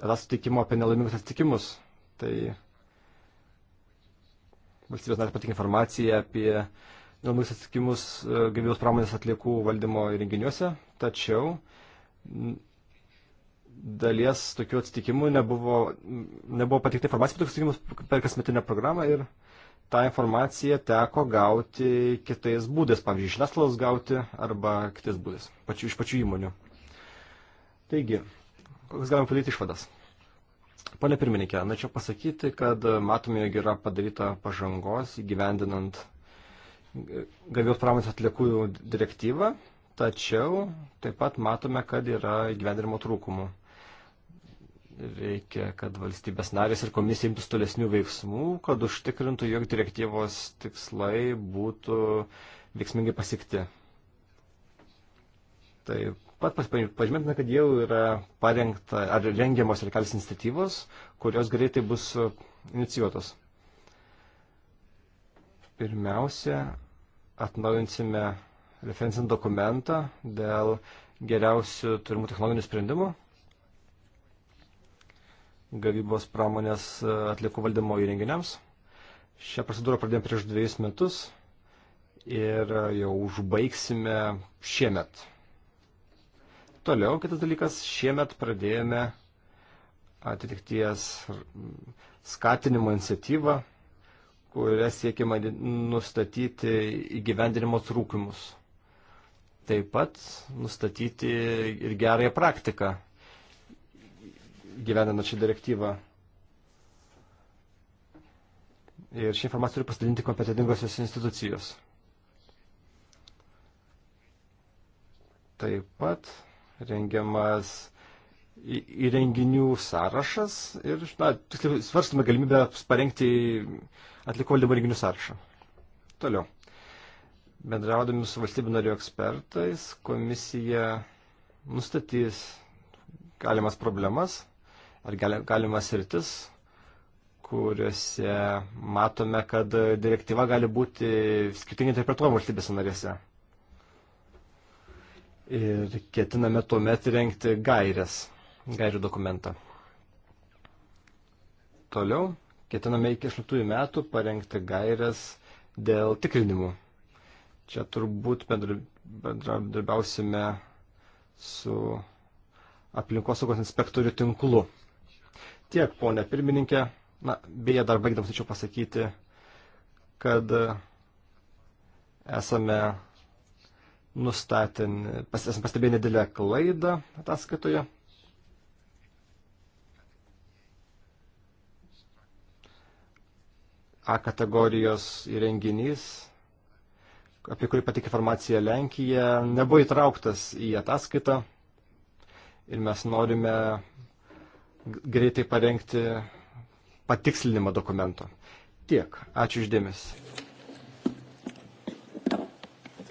tada sutikimo apie nelaimingus atsitikimus. Tai valstybės narės patikė informaciją apie nelaimingus atsitikimus e, gyvybės pramonės atliekų valdymo įrenginiuose, tačiau dalies tokių atsitikimų nebuvo, nebuvo patikta informacija apie tokius atsitikimus per kasmetinę programą ir tą informaciją teko gauti kitais būdais, pavyzdžiui, iš Neslos gauti arba kitais būdais, pačių, iš pačių įmonių. Taigi, kokias galim padaryti išvadas. Pone pirmininkė, norėčiau pasakyti, kad matome, jog yra padaryta pažangos įgyvendinant gavybos pramonės atliekų direktyvą, tačiau taip pat matome, kad yra įgyvendinimo trūkumų. Reikia, kad valstybės narės ir komisija imtų tolesnių veiksmų, kad užtikrintų, jog direktyvos tikslai būtų veiksmingai pasikti. Taip pat pažymėtume, kad jau yra parengta ar rengiamos reikalis iniciatyvos, kurios greitai bus e, inicijuotos. Pirmiausia, atnaujinsime referencinį dokumentą dėl geriausių turimų technologinių sprendimų gavybos pramonės e, atliekų valdymo įrenginiams. Šią procedūrą pradėjome prieš dviejus metus ir e, jau užbaigsime šiemet. Toliau kitas dalykas, šiemet pradėjome atitikties skatinimo iniciatyvą, kuria siekiama nustatyti įgyvendinimo trūkumus. Taip pat nustatyti ir gerąją praktiką gyvenant šią direktyvą. Ir šią informaciją turi pasidalinti kompetentingosios institucijos. Taip pat rengiamas įrenginių sąrašas ir, na, tiksliau, svarstame galimybę parengti atliko valdymo įrenginių sąrašą. Toliau. Bendraudami su valstybių narių ekspertais, komisija nustatys galimas problemas ar galimas rytis, kuriuose matome, kad direktyva gali būti skirtingai interpretuojama valstybėse narėse ir ketiname tuomet rengti gairias, gairių dokumentą. Toliau ketiname iki 8 metų parengti gairias dėl tikrinimų. Čia turbūt bendradarbiausime su aplinkosaugos inspektorių tinklu. Tiek, ponė pirmininkė. Na, beje, dar baigdams tačiau pasakyti, kad esame nustatę, pas, esame pastebėję nedėlę klaidą ataskaitoje. A kategorijos įrenginys, apie kurį patikė informacija Lenkija, nebuvo įtrauktas į ataskaitą ir mes norime greitai parengti patikslinimą dokumento. Tiek. Ačiū išdėmesi.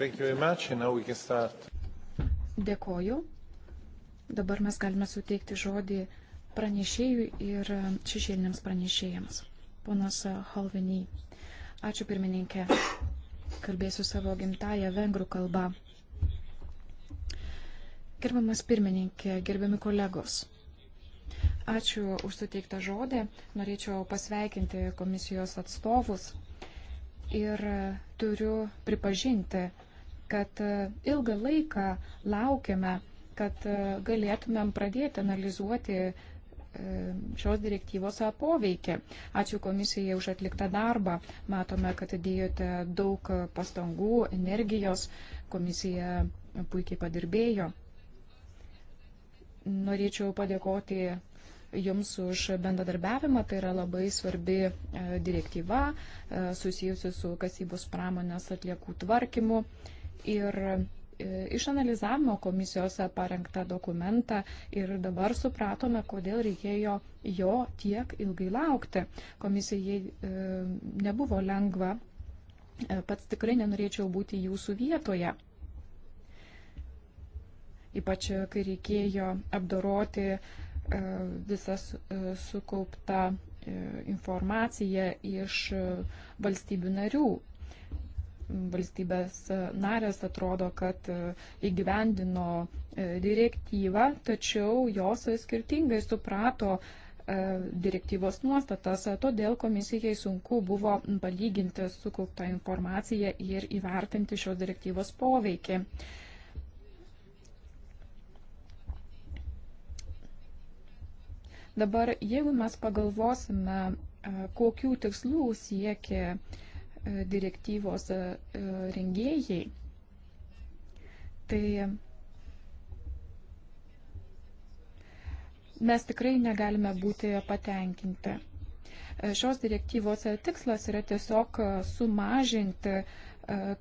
Dėkoju. Dabar mes galime suteikti žodį pranešėjui ir šešėliniams pranešėjams. Ponas Halveny. Ačiū pirmininkė. Kalbėsiu savo gimtają vengrų kalbą. Gerbiamas pirmininkė, gerbiami kolegos. Ačiū už suteiktą žodį. Norėčiau pasveikinti komisijos atstovus ir turiu pripažinti, kad e, ilgą laiką laukiame, kad e, galėtumėm pradėti analizuoti e, šios direktyvos poveikį. Ačiū komisijai už atliktą darbą. Matome, kad dėjote daug pastangų, energijos. Komisija puikiai padirbėjo. Norėčiau padėkoti Jums už bendradarbiavimą. Tai yra labai svarbi direktyva susijusi su kasybos pramonės atliekų tvarkymu ir e, išanalizavimo komisijos parengtą dokumentą ir dabar supratome, kodėl reikėjo jo tiek ilgai laukti. Komisijai e, nebuvo lengva, e, pats tikrai nenorėčiau būti jūsų vietoje. Ypač kai reikėjo apdoroti visas sukauptą informaciją iš valstybių narių valstybės narės atrodo, kad e, įgyvendino e, direktyvą, tačiau jos skirtingai suprato e, direktyvos nuostatas, todėl komisijai sunku buvo palyginti sukauptą informaciją ir įvertinti šios direktyvos poveikį. Dabar, jeigu mes pagalvosime, kokių tikslų siekia E, direktyvos e, e, rengėjai, tai mes tikrai negalime būti patenkinti. Šios direktyvos tikslas yra tiesiog sumažinti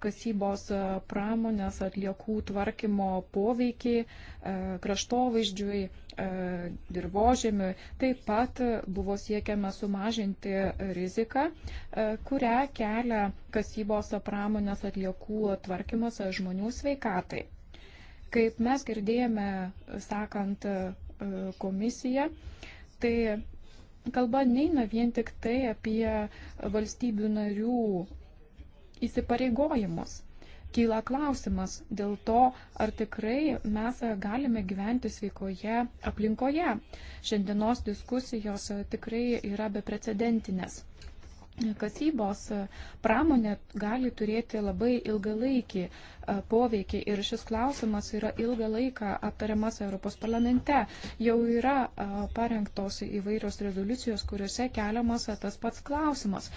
kasybos pramonės atliekų tvarkymo poveikiai kraštovaizdžiui E, dirbožėmiui. Taip pat buvo siekiama sumažinti riziką, e, kurią kelia kasybos pramonės atliekų tvarkymas žmonių sveikatai. Kaip mes girdėjome, sakant e, komisiją, tai kalba neina vien tik tai apie valstybių narių įsipareigojimus kyla klausimas dėl to, ar tikrai mes galime gyventi sveikoje aplinkoje. Šiandienos diskusijos tikrai yra beprecedentinės kasybos pramonė gali turėti labai ilgalaikį e, poveikį ir šis klausimas yra ilgą laiką aptariamas Europos parlamente. Jau yra e, parengtos įvairios rezoliucijos, kuriuose keliamas tas pats klausimas.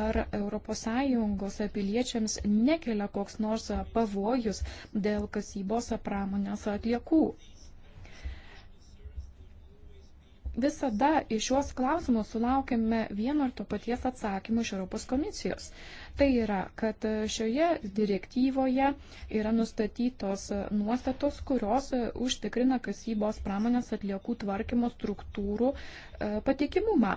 Ar ES piliečiams nekelia koks nors pavojus dėl kasybos pramonės atliekų? visada į šiuos klausimus sulaukėme vieno ir to paties atsakymo iš Europos komisijos. Tai yra, kad šioje direktyvoje yra nustatytos nuostatos, kurios užtikrina kasybos pramonės atliekų tvarkymo struktūrų e, patikimumą.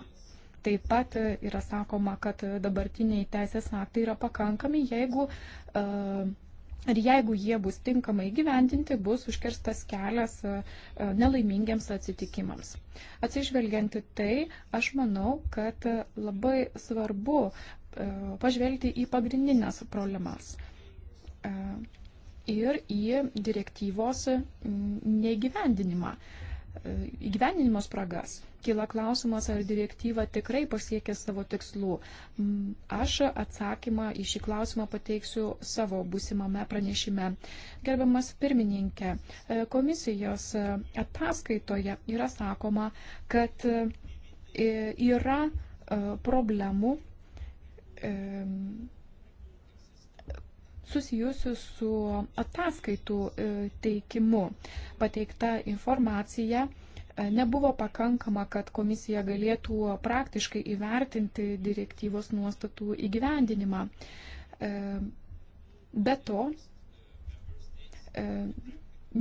Taip pat yra sakoma, kad dabartiniai teisės aktai yra pakankami, jeigu uh, Ir jeigu jie bus tinkamai gyvendinti, bus užkirstas kelias e, e, nelaimingiams atsitikimams. Atsižvelgianti tai, aš manau, kad e, labai svarbu pažvelgti į pagrindinės problemas ir į direktyvos negyvendinimą, įgyvendinimo spragas. Kila klausimas, ar direktyva tikrai pasiekė savo tikslų. Mm, aš atsakymą į šį klausimą pateiksiu savo būsimame pranešime. Gerbiamas pirmininkė, e, komisijos e, ataskaitoje yra sakoma, kad e, yra problemų susijusių su ataskaitų teikimu. Pateikta informacija E, nebuvo pakankama, kad komisija galėtų praktiškai įvertinti direktyvos nuostatų įgyvendinimą. E, be to, e,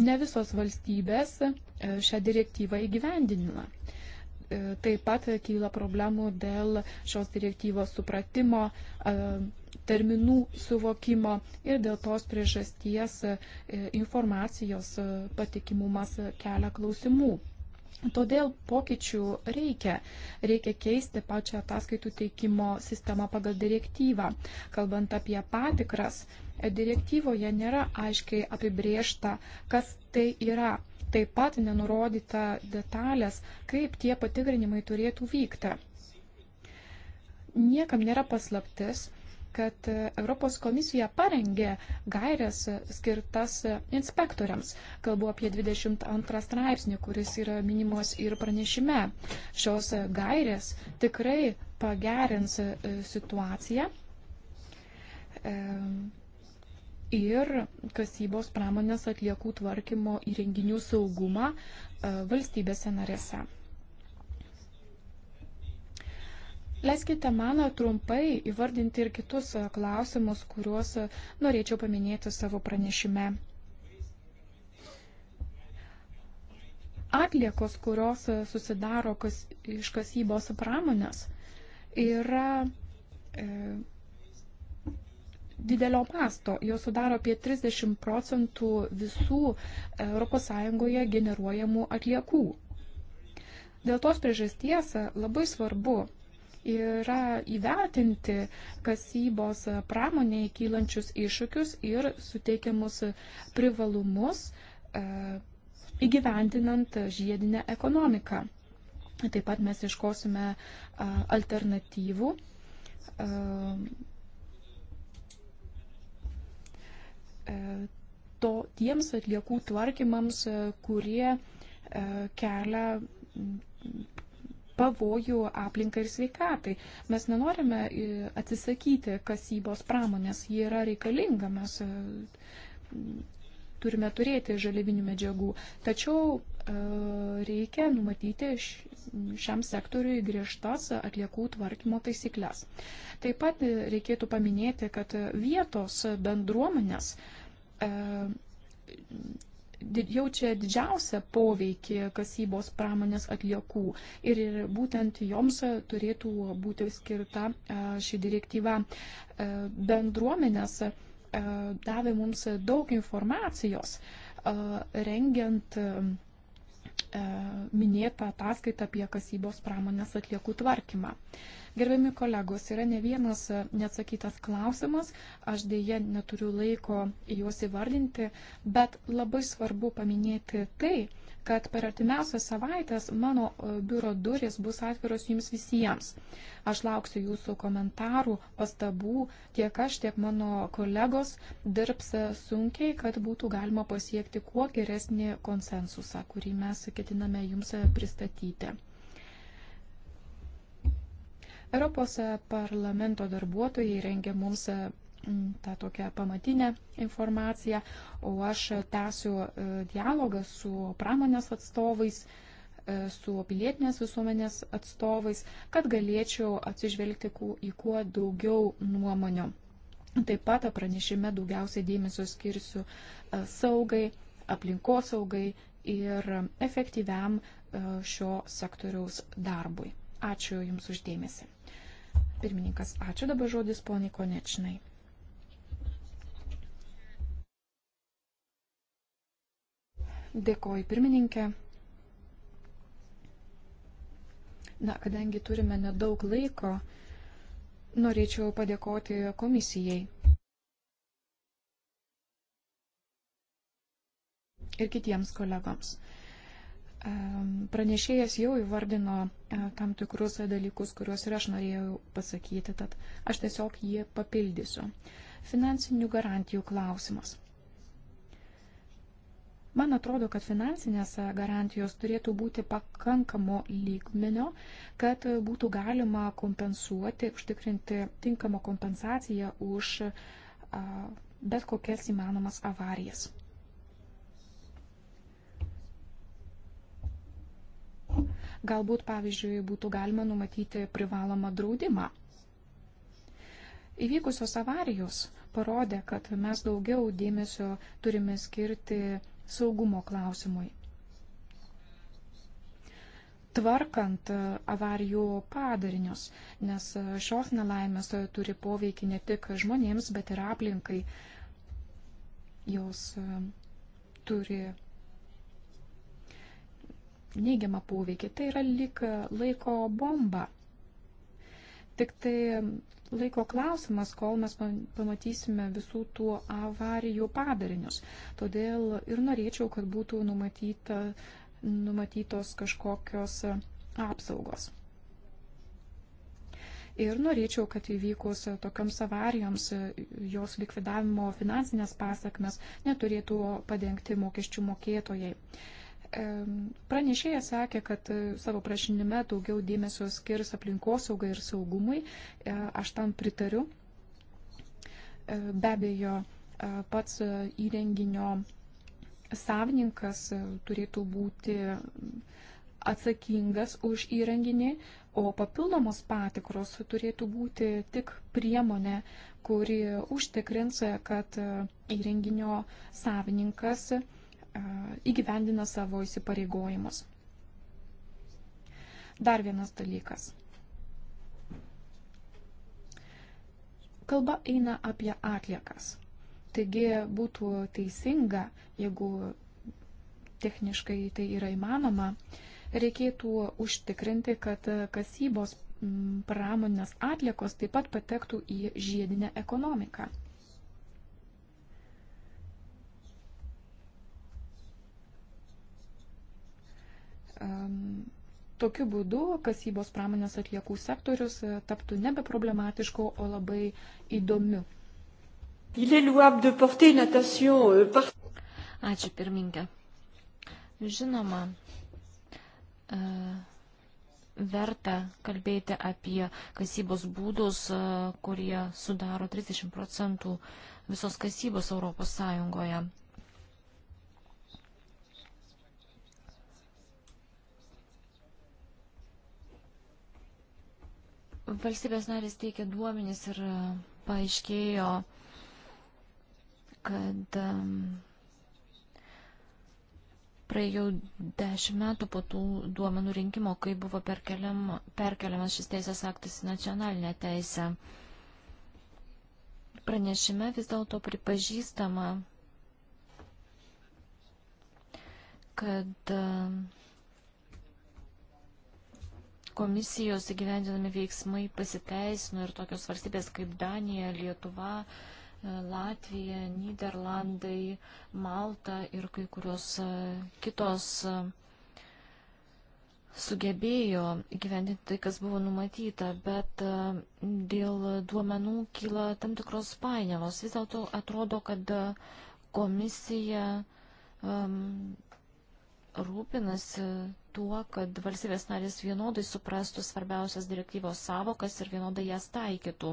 ne visos valstybės šią direktyvą įgyvendinimą. Taip pat kyla problemų dėl šios direktyvos supratimo, terminų suvokimo ir dėl tos priežasties informacijos patikimumas kelia klausimų. Todėl pokyčių reikia. Reikia keisti pačią ataskaitų teikimo sistemą pagal direktyvą. Kalbant apie patikras, direktyvoje nėra aiškiai apibriešta, kas tai yra. Taip pat nenurodyta detalės, kaip tie patikrinimai turėtų vykti. Niekam nėra paslaptis, kad e, Europos komisija parengė gairias skirtas inspektoriams. Kalbu apie 22 straipsnį, kuris yra minimos ir pranešime. Šios gairės tikrai pagerins e, situaciją e, ir kasybos pramonės atliekų tvarkymo įrenginių saugumą valstybėse narėse. Leiskite man trumpai įvardinti ir kitus e, klausimus, kuriuos e, norėčiau paminėti savo pranešime. Atliekos, kurios e, susidaro kas, iš kasybos pramonės, yra e, didelio pasto. Jos sudaro apie 30 procentų visų ES generuojamų atliekų. Dėl tos priežasties labai svarbu yra įvertinti kasybos pramoniai kylančius iššūkius ir suteikiamus privalumus e, įgyvendinant žiedinę ekonomiką. Taip pat mes iškosime e, alternatyvų e, to tiems atliekų tvarkymams, kurie kelia pavojų aplinkai ir sveikatai. Mes nenorime e, atsisakyti kasybos pramonės, ji yra reikalinga, mes e, turime turėti žalivinių medžiagų. Tačiau e, reikia numatyti šiam sektoriui griežtas atliekų tvarkymo taisyklės. Taip pat reikėtų paminėti, kad vietos bendruomenės jaučia didžiausią poveikį kasybos pramonės atliekų ir būtent joms turėtų būti skirta ši direktyva. Bendruomenės davė mums daug informacijos rengiant minėtą ataskaitą apie kasybos pramonės atliekų tvarkymą. Uh, Gerbiami kolegos, yra ne vienas neatsakytas klausimas, aš dėje neturiu laiko juos įvardinti, bet labai svarbu paminėti tai, kad per artimiausias savaitės mano e, biuro durys bus atviros jums visiems. Aš lauksiu jūsų komentarų, pastabų, tiek aš, tiek mano kolegos dirbs e, sunkiai, kad būtų galima pasiekti kuo geresnį konsensusą, kurį mes ketiname jums e, pristatyti. Europos parlamento darbuotojai rengia mums e, tą tokią pamatinę informaciją, o aš tęsiu e, dialogą su pramonės atstovais e, su pilietinės visuomenės atstovais, kad galėčiau atsižvelgti į kuo daugiau nuomonių. Taip pat pranešime daugiausiai dėmesio skirsiu saugai, aplinkosaugai ir efektyviam šio sektoriaus darbui. Ačiū Jums uždėmesi. Pirmininkas, ačiū dabar žodis poniai Konečnai. Dėkoju pirmininkė. Na, kadangi turime nedaug laiko, norėčiau padėkoti komisijai. Ir kitiems kolegams. Pranešėjas jau įvardino e, tam tikrus dalykus, kuriuos ir aš norėjau pasakyti, tad aš tiesiog jį papildysiu. Finansinių garantijų klausimas. Man atrodo, kad finansinės garantijos turėtų būti pakankamo lygmenio, kad būtų galima kompensuoti, užtikrinti tinkamą kompensaciją už bet kokias įmanomas avarijas. Galbūt, pavyzdžiui, būtų galima numatyti privalomą draudimą. Įvykusios avarijos parodė, kad mes daugiau dėmesio turime skirti saugumo klausimui. Tvarkant avarijų padarinius, nes šios nelaimės turi poveikį ne tik žmonėms, bet ir aplinkai. Jos turi neigiamą poveikį. Tai yra lik laiko bomba. Tik tai laiko klausimas, kol mes pamatysime visų tų avarijų padarinius. Todėl ir norėčiau, kad būtų numatyta, numatytos kažkokios apsaugos. Ir norėčiau, kad įvykus tokioms avarijoms jos likvidavimo finansinės pasakmes neturėtų padengti mokesčių mokėtojai. Pranešėjas sakė, kad e, savo prašinime daugiau dėmesio skirs aplinkosaugai ir saugumui. E, aš tam pritariu. E, be abejo, pats įrenginio savininkas turėtų būti atsakingas už įrenginį, o papildomos patikros turėtų būti tik priemonė, kuri užtikrins, kad įrenginio savininkas įgyvendina savo įsipareigojimus. Dar vienas dalykas. Kalba eina apie atliekas. Taigi būtų teisinga, jeigu techniškai tai yra įmanoma, reikėtų užtikrinti, kad kasybos pramonės atliekos taip pat patektų į žiedinę ekonomiką. Tokiu būdu kasybos pramonės atliekų sektorius e, taptų nebe problematišku, o labai įdomiu. Euh, Ačiū pirmininkė. Žinoma, e, verta kalbėti apie kasybos būdus, e, kurie sudaro 30 procentų visos kasybos Europos Sąjungoje. Valstybės narės teikia duomenys ir e, paaiškėjo, kad praėjau dešimt metų po tų duomenų rinkimo, kai buvo perkeliam, perkeliamas šis teisės aktas į nacionalinę teisę. Pranešime vis dėlto pripažįstama, kad uh, komisijos įgyvendinami veiksmai pasiteisino ir tokios valstybės kaip Danija, Lietuva, e, Latvija, Niderlandai, Malta ir kai kurios e, kitos e, sugebėjo įgyvendinti tai, kas buvo numatyta, bet dėl duomenų kyla tam tikros painiavos. Vis dėlto atrodo, kad komisija um, rūpinasi tuo, kad valstybės narės vienodai suprastų svarbiausias direktyvos savokas ir vienodai jas taikytų.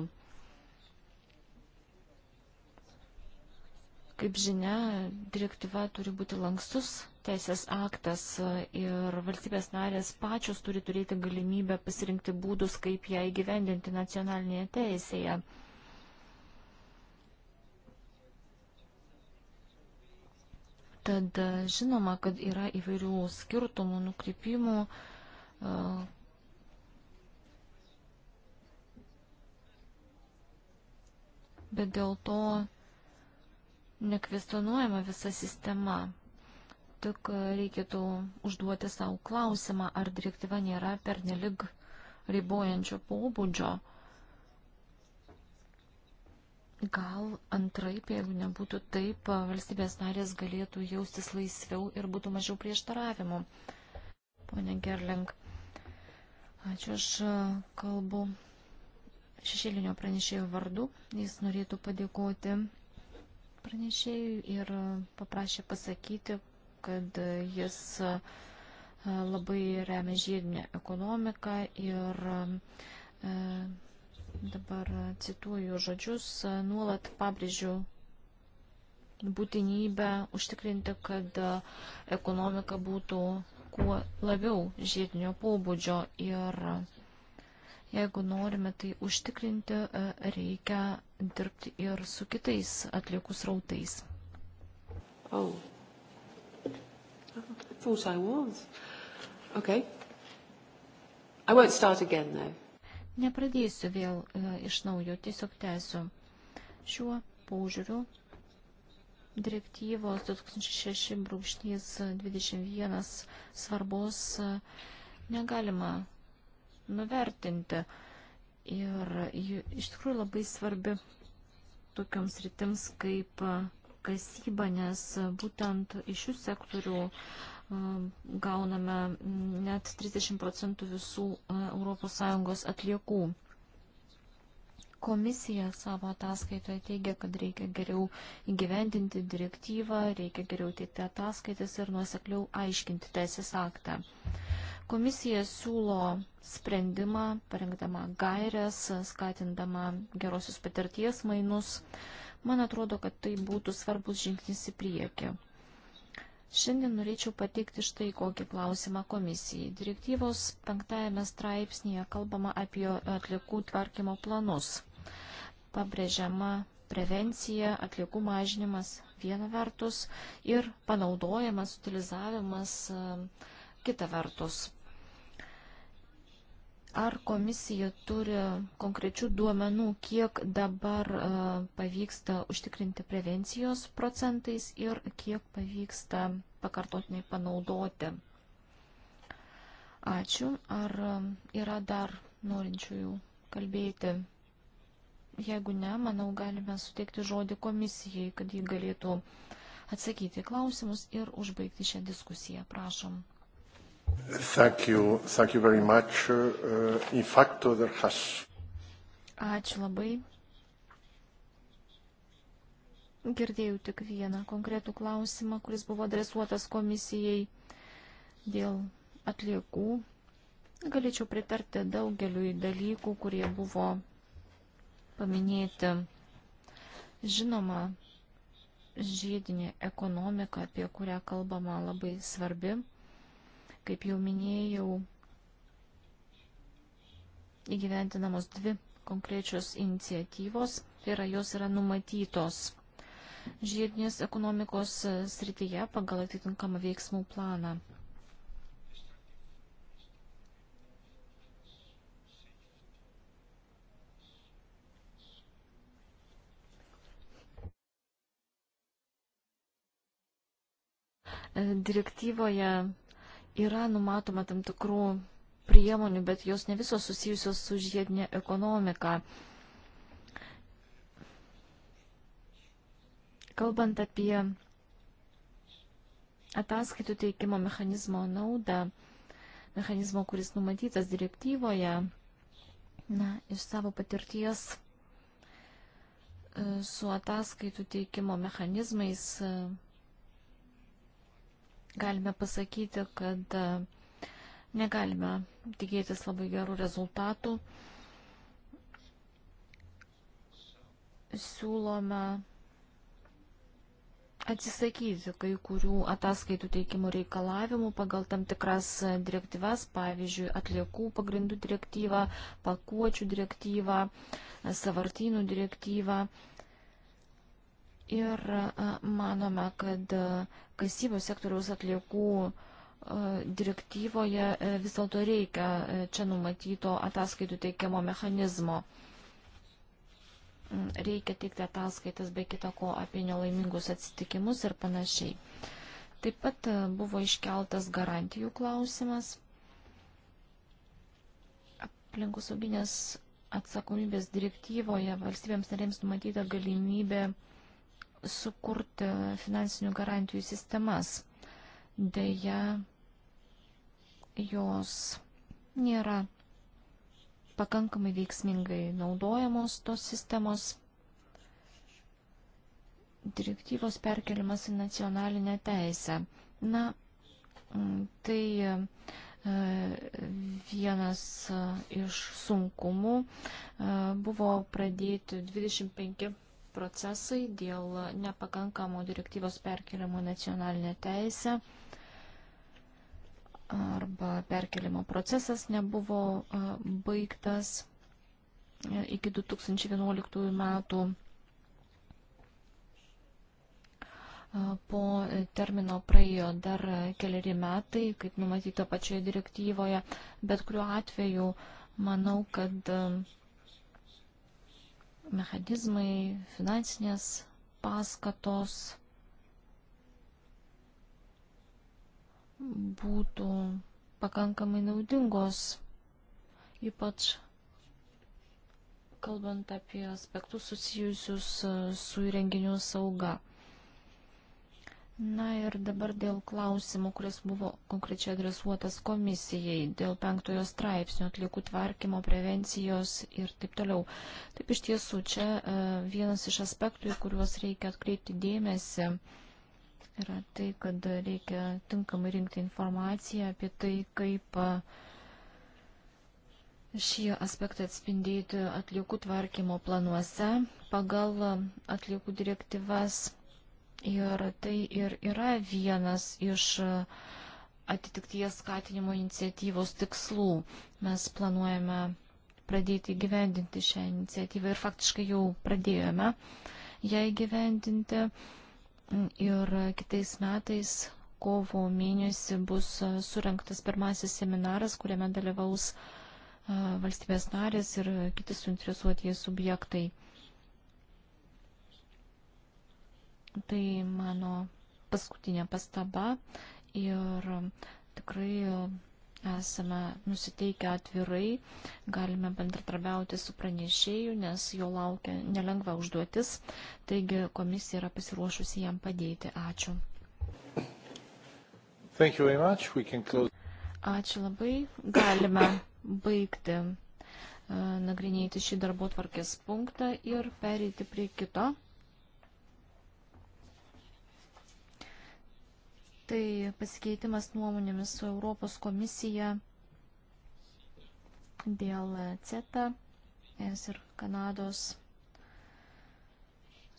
Kaip žinia, direktyva turi būti lankstus teisės aktas ir valstybės narės pačios turi turėti galimybę pasirinkti būdus, kaip ją įgyvendinti nacionalinėje teisėje. Tad e, žinoma, kad yra įvairių skirtumų, nukrypimų. E, bet dėl to nekvestionuojama visa sistema. Tik e, reikėtų užduoti savo klausimą, ar direktyva nėra pernelik ribojančio pobūdžio Gal antraip, jeigu nebūtų taip, valstybės narės galėtų jaustis laisviau ir būtų mažiau prieštaravimų. Pone Gerling, ačiū, aš e, kalbu šešėlinio pranešėjo vardu. Jis norėtų padėkoti pranešėjui ir paprašė pasakyti, kad jis e, labai remia žiedinę ekonomiką ir e, dabar cituoju žodžius, nuolat pabrėžiu būtinybę užtikrinti, kad ekonomika būtų kuo labiau žiedinio pobūdžio ir jeigu norime tai užtikrinti, reikia dirbti ir su kitais atliekus rautais. Oh. I thought I was. Okay. I won't start again though. Nepradėsiu vėl e, iš naujo, tiesiog tęsiu. Šiuo požiūriu direktyvos 2006-21 svarbos e, negalima nuvertinti. Ir iš tikrųjų labai svarbi tokiams rytims kaip e, kasyba, nes būtent iš šių sektorių uh, gauname net 30 procentų visų ES atliekų. Komisija savo ataskaitoje teigia, kad reikia geriau įgyvendinti direktyvą, reikia geriau teikti ataskaitas ir nuosekliau aiškinti teisės aktą. Komisija siūlo sprendimą, parengdama gairias, skatindama gerosios patirties mainus. Man atrodo, kad tai būtų svarbus žingsnis į priekį. Šiandien norėčiau pateikti štai kokį klausimą komisijai. Direktyvos penktajame straipsnėje kalbama apie atliekų tvarkymo planus. Pabrėžiama prevencija, atliekų mažinimas viena vertus ir panaudojimas, utilizavimas e, kita vertus. Ar komisija turi konkrečių duomenų, kiek dabar e, pavyksta užtikrinti prevencijos procentais ir kiek pavyksta pakartotinai panaudoti? Ačiū. Ar e, yra dar norinčiųjų kalbėti? Jeigu ne, manau, galime suteikti žodį komisijai, kad ji galėtų atsakyti klausimus ir užbaigti šią diskusiją. Prašom. Thank you. Thank you very much. Uh, uh in fact, there has. Ačiū labai. Girdėjau tik vieną konkretų klausimą, kuris buvo adresuotas komisijai dėl atliekų. Galėčiau pritarti daugeliu dalykų, kurie buvo paminėti. Žinoma, žiedinė ekonomika, apie kurią kalbama, labai svarbi. Kaip jau minėjau, įgyventinamos dvi konkrečios iniciatyvos, tai yra jos yra numatytos žiedinės ekonomikos srityje pagal atitinkamą veiksmų planą. Direktyvoje Yra numatoma tam tikrų priemonių, bet jos ne visos susijusios su žiedinė ekonomika. Kalbant apie ataskaitų teikimo mechanizmo naudą, mechanizmo, kuris numatytas direktyvoje, na, iš savo patirties e, su ataskaitų teikimo mechanizmais e, galime pasakyti, kad e, negalime tikėtis labai gerų rezultatų. Siūlome atsisakyti kai kurių ataskaitų teikimų reikalavimų pagal tam tikras direktyvas, pavyzdžiui, atliekų pagrindų direktyvą, pakuočių direktyvą, savartynų direktyvą. Ir manome, kad kasybos sektoriaus atliekų direktyvoje vis dėlto reikia čia numatyto ataskaitų teikiamo mechanizmo. Mm, reikia teikti ataskaitas be kitako apie nelaimingus atsitikimus ir panašiai. Taip pat buvo iškeltas garantijų klausimas. Aplinkosauginės atsakomybės direktyvoje valstybėms narėms numatyta galimybė uh, sukurti finansinių garantijų sistemas. Deja, jos nėra pakankamai veiksmingai naudojamos tos sistemos. Direktyvos perkelimas į nacionalinę teisę. Na, tai e, vienas e, iš sunkumų e, buvo pradėti 25 procesai dėl nepakankamo direktyvos perkeliamo nacionalinę teisę arba perkeliamo procesas nebuvo baigtas e, iki 2011 metų. Po termino praėjo dar keliari metai, kaip numatyta pačioje direktyvoje, bet kuriuo atveju manau, kad mechanizmai, finansinės paskatos būtų pakankamai naudingos, ypač kalbant apie aspektus susijusius su įrenginių sauga. Na ir dabar dėl klausimų, kuris buvo konkrečiai adresuotas komisijai, dėl penktojo straipsnio atliekų tvarkymo, prevencijos ir taip toliau. Taip iš tiesų, čia e, vienas iš aspektų, į kuriuos reikia atkreipti dėmesį, yra tai, kad reikia tinkamai rinkti informaciją apie tai, kaip e, šį aspektą atspindėti atliekų tvarkymo planuose pagal atliekų direktyvas Ir tai ir yra vienas iš e, atitikties skatinimo iniciatyvos tikslų. Mes planuojame pradėti gyvendinti šią iniciatyvą ir faktiškai jau pradėjome ją įgyvendinti. Ir kitais metais kovo mėnesį bus e, surinktas pirmasis seminaras, kuriame dalyvaus e, valstybės narės ir kiti suinteresuotieji subjektai. Tai mano paskutinė pastaba ir tikrai esame nusiteikę atvirai, galime bendratarbiauti su pranešėju, nes jo laukia nelengva užduotis, taigi komisija yra pasiruošusi jam padėti. Ačiū. Ačiū labai. Galime baigti e, nagrinėti šį darbo tvarkės punktą ir pereiti prie kito. Tai pasikeitimas nuomonėmis su Europos komisija dėl CETA, ES ir Kanados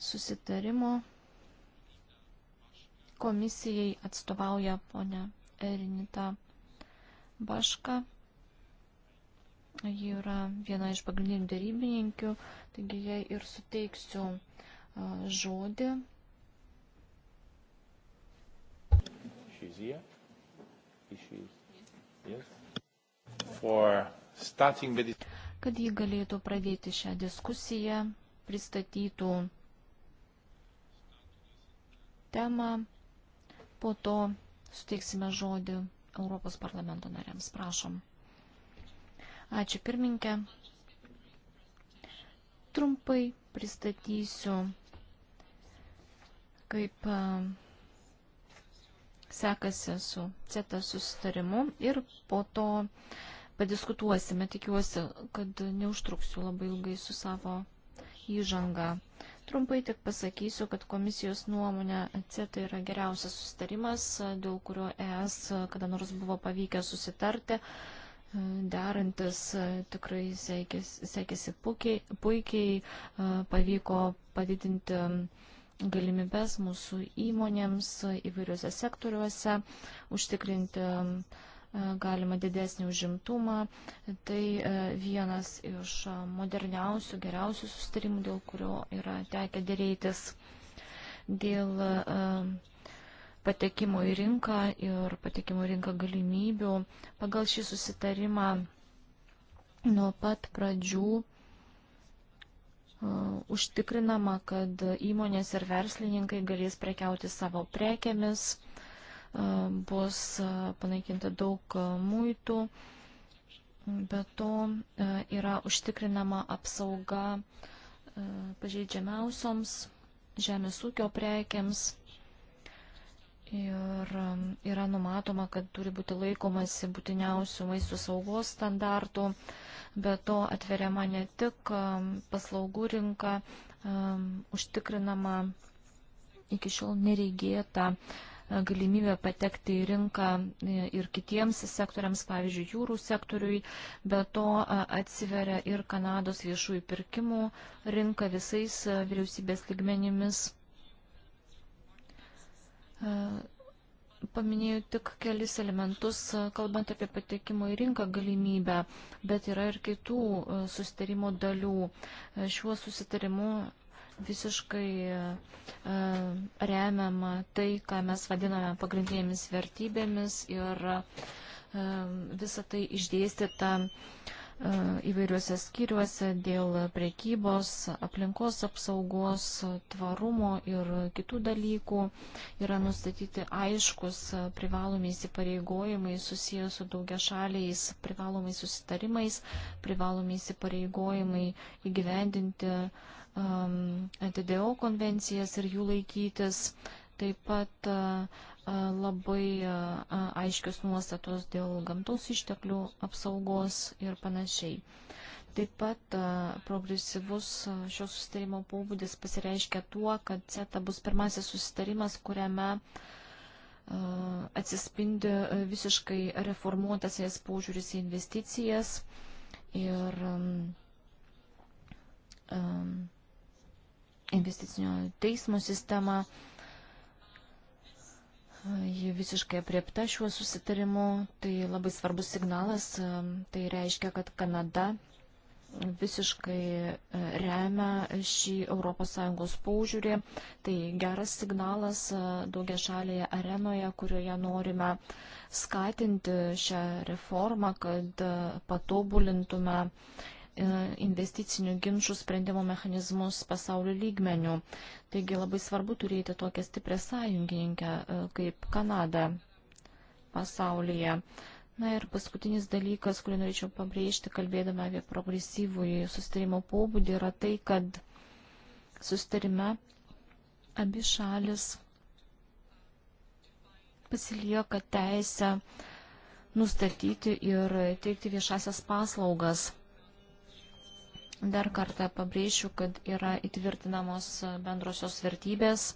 susitarimo. Komisijai atstovauja ponia Erinita Baška. Ji yra viena iš pagrindinių dėrybininkių, taigi jai ir suteiksiu žodį Garcia. Yes. The... Kad jį galėtų pradėti šią diskusiją, pristatytų temą, po to suteiksime žodį Europos parlamento nariams. Prašom. Ačiū pirminkė. Trumpai pristatysiu, kaip uh, sekasi su CETA susitarimu ir po to padiskutuosime. Tikiuosi, kad neužtruksiu labai ilgai su savo įžanga. Trumpai tik pasakysiu, kad komisijos nuomonė CETA yra geriausias susitarimas, dėl kurio ES kada nors buvo pavykę susitarti. Darantis tikrai sekėsi puikiai, puikiai pavyko padidinti galimybės mūsų įmonėms įvairiuose sektoriuose, užtikrinti e, galima didesnį užimtumą. Tai e, vienas iš moderniausių, geriausių sustarimų, dėl kurio yra tekę dėrėtis dėl e, patekimo į rinką ir patekimo į rinką galimybių. Pagal šį susitarimą nuo pat pradžių užtikrinama, kad įmonės ir verslininkai galės prekiauti savo prekiamis, bus panaikinta daug muitų, bet to yra užtikrinama apsauga pažeidžiamiausioms žemės ūkio prekiams. Ir yra numatoma, kad turi būti laikomasi būtiniausių maisto saugos standartų, Be to atveriama ne tik um, paslaugų rinka, um, užtikrinama iki šiol nereigėta uh, galimybę patekti į rinką e, ir kitiems sektoriams, pavyzdžiui, jūrų sektoriui. Be to atsiveria ir Kanados viešųjų pirkimų rinka visais vyriausybės ligmenimis paminėjau tik kelis elementus, kalbant apie patekimo į rinką galimybę, bet yra ir kitų e, susitarimo dalių. E, šiuo susitarimu visiškai e, remiama tai, ką mes vadiname pagrindinėmis vertybėmis ir visą tai išdėstyta ta E, įvairiuose skyriuose dėl prekybos, aplinkos apsaugos, tvarumo ir kitų dalykų yra nustatyti aiškus privalomi įsipareigojimai susijęs su daugia šaliais privalomais susitarimais, privalomi įsipareigojimai įgyvendinti um, TDO konvencijas ir jų laikytis. Taip pat uh, labai aiškius nuostatos dėl gamtos išteklių apsaugos ir panašiai. Taip pat progresyvus šio susitarimo pobūdis pasireiškia tuo, kad CETA bus pirmasis susitarimas, kuriame atsispindi visiškai reformuotas jas požiūris į investicijas ir investicinio teismo sistemą. Ji visiškai apriepta šiuo susitarimu, tai labai svarbus signalas, tai reiškia, kad Kanada visiškai e, remia šį ES paužiūrį, tai geras signalas e, daugia šalėje arenoje, kurioje norime skatinti šią reformą, kad e, patobulintume E, investicinių ginčių sprendimo mechanizmus pasaulio lygmenių. Taigi labai svarbu turėti tokią stiprią sąjungininkę e, kaip Kanada pasaulyje. Na ir paskutinis dalykas, kurį norėčiau pabrėžti, kalbėdama apie progresyvų sustarimo pobūdį, yra tai, kad sustarime abi šalis pasilieka teisę nustatyti ir teikti viešasias paslaugas Dar kartą pabrėšiu, kad yra įtvirtinamos bendrosios vertybės, e,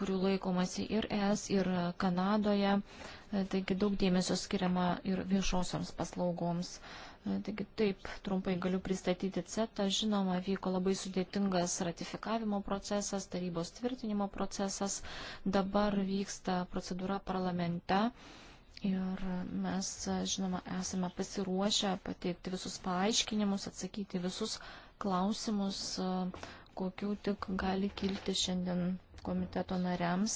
kurių laikomasi ir ES, ir Kanadoje. E, taigi daug dėmesio skiriama ir viešosioms paslaugoms. E, taigi taip, trumpai galiu pristatyti CETA. Žinoma, vyko labai sudėtingas ratifikavimo procesas, tarybos tvirtinimo procesas. Dabar vyksta procedūra parlamente. Ir mes, žinoma, esame pasiruošę pateikti visus paaiškinimus, atsakyti visus klausimus, kokių tik gali kilti šiandien komiteto nariams.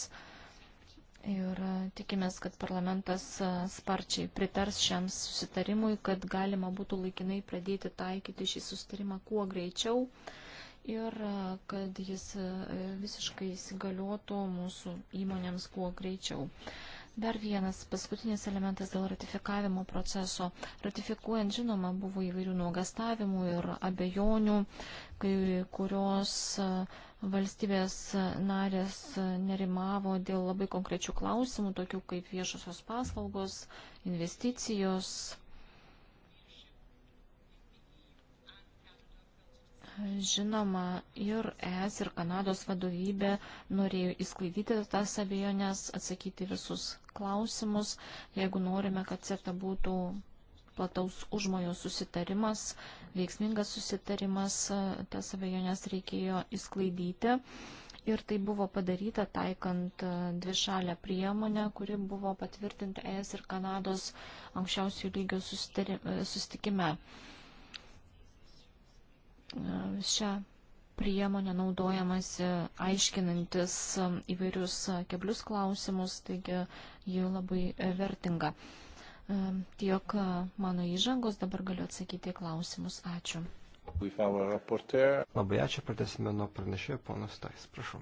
Ir tikimės, kad parlamentas sparčiai pritars šiam susitarimui, kad galima būtų laikinai pradėti taikyti šį susitarimą kuo greičiau ir kad jis visiškai įsigaliotų mūsų įmonėms kuo greičiau. Dar vienas paskutinis elementas dėl ratifikavimo proceso. Ratifikuojant, žinoma, buvo įvairių nuogastavimų ir abejonių, kai kurios valstybės narės nerimavo dėl labai konkrečių klausimų, tokių kaip viešosios paslaugos, investicijos. Žinoma, ir ES, ir Kanados vadovybė norėjo įsklaidyti tas abejonės, atsakyti visus klausimus, jeigu norime, kad CETA būtų plataus užmojo susitarimas, veiksmingas susitarimas, tas abejonės reikėjo įsklaidyti. Ir tai buvo padaryta taikant e, dvišalę priemonę, kuri buvo patvirtinta ES ir Kanados anksčiausių lygio e, susitikime. E, šią priemonė naudojamasi aiškinantis įvairius keblius klausimus, taigi ji labai vertinga. Tiek mano įžangos, dabar galiu atsakyti klausimus. Ačiū. Labai ačiū, pradėsime nuo pranešėjo ponas Tais, prašau.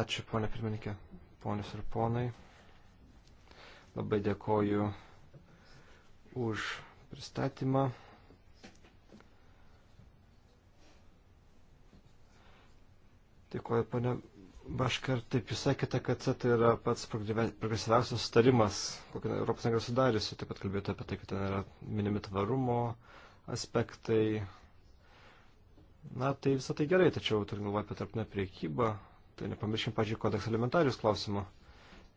Ačiū, ponė pirmininkė, ponės ir ponai. Labai dėkoju už pristatymą. Dėkuoju, pane Baškar, taip jūs sakėte, kad tai yra pats progresyviausias sutarimas, kokį Europos Sąjunga sudariusi, taip pat kalbėjote apie tai, kad ten yra minimi tvarumo aspektai. Na, tai visą tai gerai, tačiau turime galvoje apie tarpinę priekybą, tai nepamirškim, pažiūrėjau, kodeks alimentarius klausimo.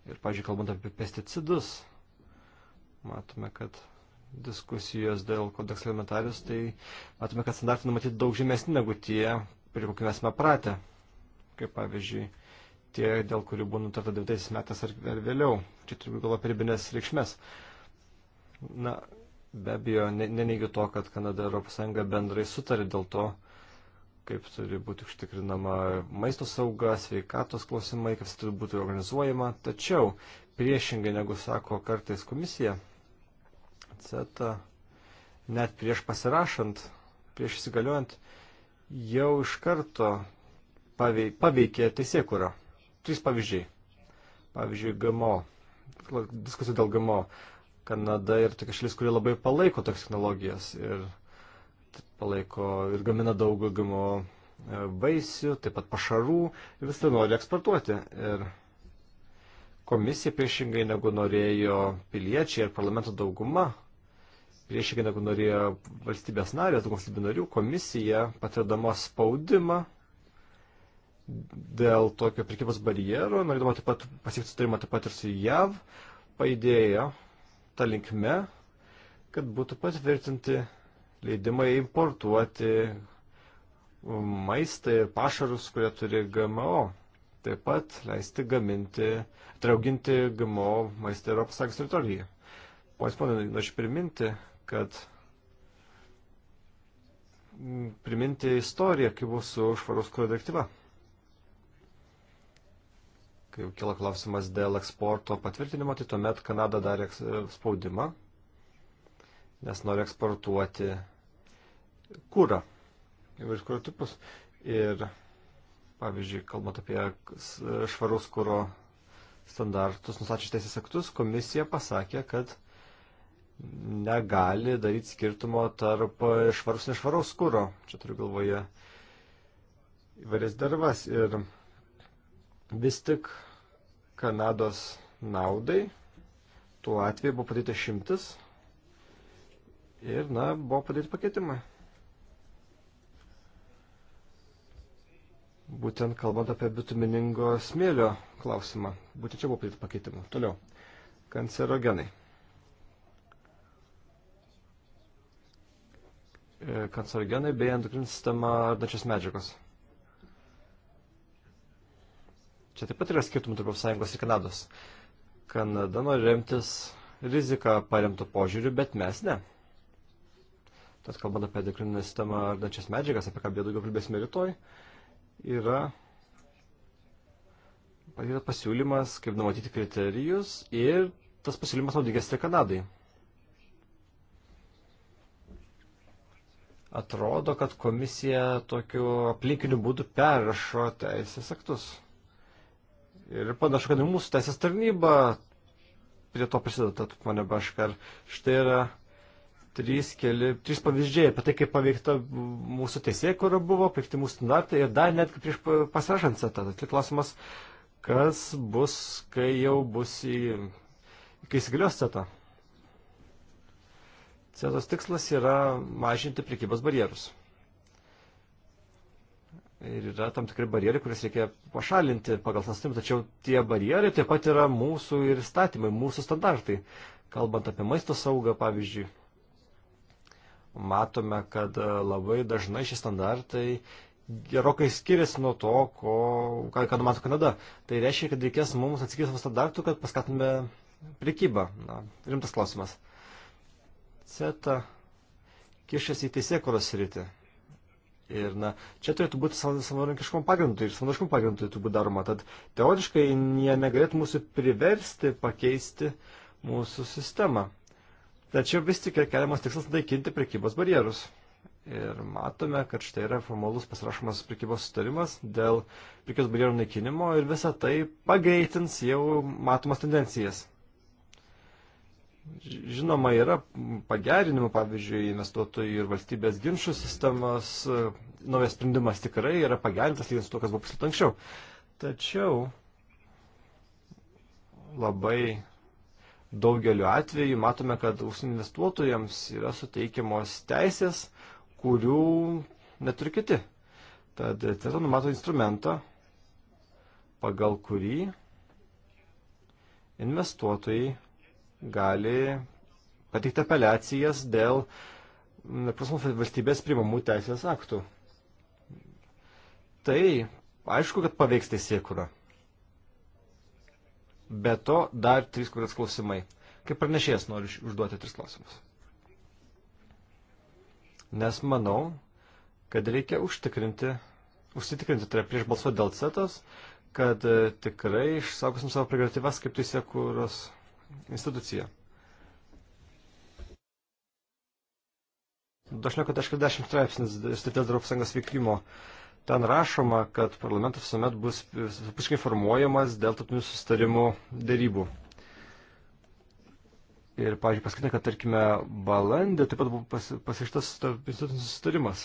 Ir, pažiūrėjau, kalbant apie pesticidus, matome, kad diskusijos dėl kodeks alimentarius, tai matome, kad standartai numatyti daug žemesni negu tie, prie kokių mes esame pratę kaip pavyzdžiui tie, dėl kurių buvo nutarta 20 metais ar, ar vėliau. Čia turiu galvo peribinės reikšmės. Na, be abejo, ne, neneigiu to, kad Kanada ir ES bendrai sutarė dėl to, kaip turi būti užtikrinama maisto sauga, sveikatos klausimai, kaip turi būti organizuojama. Tačiau, priešingai negu sako kartais komisija, CETA, net prieš pasirašant, prieš įsigaliojant, jau iš karto paveikė teisėkurą. Trys pavyzdžiai. Pavyzdžiui, GMO. Diskusija dėl GMO. Kanada ir tokia šalis, kuri labai palaiko tokias technologijas ir palaiko ir gamina daug GMO e, vaisių, taip pat pašarų ir vis tai nori eksportuoti. Ir komisija priešingai negu norėjo piliečiai ir parlamento dauguma, priešingai negu norėjo valstybės narės, daug valstybių narių, komisija patirdama spaudimą dėl tokio prekybos barjero, norėdama taip pat pasiekti sutarimą taip pat ir su JAV, paidėjo tą linkme, kad būtų patvirtinti leidimai importuoti maistą ir pašarus, kurie turi GMO. Taip pat leisti gaminti, atrauginti GMO maistą Europos Sąjungos teritorijoje. Ponas ponai, noriu priminti, kad priminti istoriją, kaip buvo su švaros kuro direktyva. Kai kilo klausimas dėl eksporto patvirtinimo, tai tuomet Kanada darė spaudimą, nes nori eksportuoti kūrą įvairius kūro tipus. Ir, pavyzdžiui, kalbant apie švarus kūro standartus, nusačius teisės aktus, komisija pasakė, kad negali daryti skirtumo tarp švarus nešvaraus kūro. Čia turiu galvoje įvairias dervas. Ir Vis tik Kanados naudai tuo atveju buvo padėta šimtas ir, na, buvo padėti pakeitimai. Būtent kalbant apie bituminingo smėlio klausimą, būtent čia buvo padėti pakeitimų. Toliau, kancerogenai. E, kancerogenai bei endokrinų sistemą ardančias medžiagos. Čia taip pat yra skirtumų tarp sąjungos ir Kanados. Kanada nori remtis riziką paremtų požiūrių, bet mes ne. Tad kalbant apie endokrininę sistemą ardančias medžiagas, apie ką beje daugiau kalbėsime rytoj, yra yra pasiūlymas, kaip numatyti kriterijus ir tas pasiūlymas naudingas ir Kanadai. Atrodo, kad komisija tokiu aplinkiniu būdu perrašo teisės aktus. Ir panašu, kad mūsų teisės tarnyba prie to prisideda, tad, pane Baškar, štai yra trys, keli, trys pavyzdžiai apie tai, kaip paveikta mūsų teisėja, kur buvo, paveikti mūsų standartai ir dar netgi prieš pasirašant setą. Tai klausimas, kas bus, kai jau bus į, kai įsigalios setą. Cetos tikslas yra mažinti prekybos barjerus. Ir yra tam tikri barjerai, kuriuos reikia pašalinti pagal sustarimą, tačiau tie barjerai taip pat yra mūsų ir statymai, mūsų standartai. Kalbant apie maisto saugą, pavyzdžiui, matome, kad e, labai dažnai šie standartai gerokai skiriasi nuo to, ko, ką, ką numato Kanada. Tai reiškia, kad reikės mums atskirti savo standartų, kad paskatume prekybą. Na, rimtas klausimas. CETA kišasi į teisėkuros rytį. Ir na, čia turėtų būti savarankiškom pagrindu, tai ir savarankiškom pagrindu turėtų būti daroma. Tad teoriškai jie negalėtų mūsų priversti pakeisti mūsų sistemą. Tačiau vis tik keliamas tikslas naikinti prekybos barjerus. Ir matome, kad štai yra formalus pasirašomas prekybos sutarimas dėl prekybos barjerų naikinimo ir visa tai pagreitins jau matomas tendencijas. Žinoma, yra pagerinimų, pavyzdžiui, investuotojų ir valstybės ginčių sistemos, naujas sprendimas tikrai yra pagerintas lyginant su to, kas buvo pasiūlyta anksčiau. Tačiau labai daugeliu atveju matome, kad užsienio investuotojams yra suteikiamos teisės, kurių neturi kiti. Tad CETA numato instrumentą, pagal kurį investuotojai gali pateikti apeliacijas dėl nepriklausomos valstybės primamų teisės aktų. Tai aišku, kad paveiks teisėkurą. Be to dar trys kurias klausimai. Kaip pranešėjas noriu užduoti tris klausimus. Nes manau, kad reikia užtikrinti, užsitikrinti, tai yra prieš balsuot dėl CETOS, kad e, tikrai išsaugosim savo prerogatyvas kaip teisėkuros institucija. Dažnai, kad 40 straipsnis sutarties Europos Sąjungos veikimo, ten rašoma, kad parlamentas visuomet bus visapuškai informuojamas dėl tarptautinių sustarimų dėrybų. Ir, pavyzdžiui, pasakyta, kad, tarkime, balandį taip pat buvo pas, pasiektas institucinis sustarimas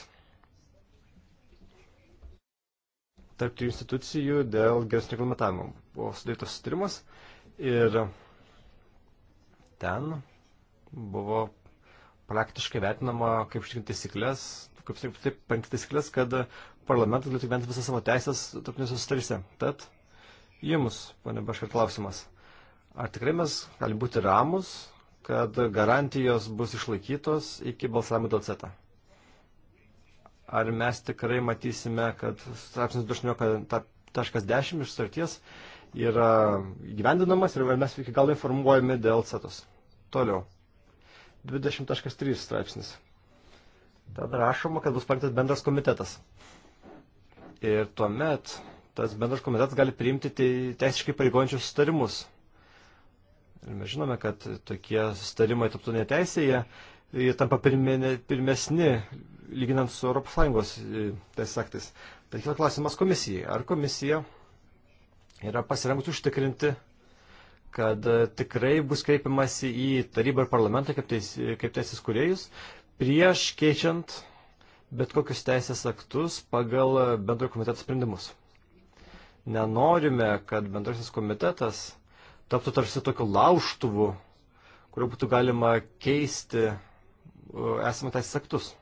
tarp trijų institucijų dėl geresnio reglamentavimo. Buvo sudarytas sustarimas ir Ten buvo praktiškai vertinama, kaip užtikrinti taisyklės, kaip taip, taip parinkti taisyklės, kad parlamentas galėtų gyventi visą savo teisės tarptautinėse sutartyse. Tad jums, pane Baškai, klausimas. Ar tikrai mes galim būti ramus, kad garantijos bus išlaikytos iki balsavimo dėl CETA? Ar mes tikrai matysime, kad straipsnis 2.10 iš sutarties yra gyvendinamas ir mes iki galo informuojami dėl CETOS. Toliau. 20.3 straipsnis. Ten rašoma, kad bus parengtas bendras komitetas. Ir tuomet tas bendras komitetas gali priimti teisiškai pareigojančius sustarimus. Ir mes žinome, kad tokie sustarimai taptūnėje teisėje jie tampa pirmesni lyginant su ES e, teisės aktais. Tad kila klausimas komisijai. Ar komisija yra pasirengusi užtikrinti, kad e, tikrai bus kreipiamasi į tarybą ir parlamentą kaip, teis, kaip teisės kuriejus prieš keičiant bet kokius teisės aktus pagal bendrojo komiteto sprendimus. Nenorime, kad bendrasis komitetas taptų tarsi tokiu lauštuvu, kuriuo būtų galima keisti esamą teisės aktus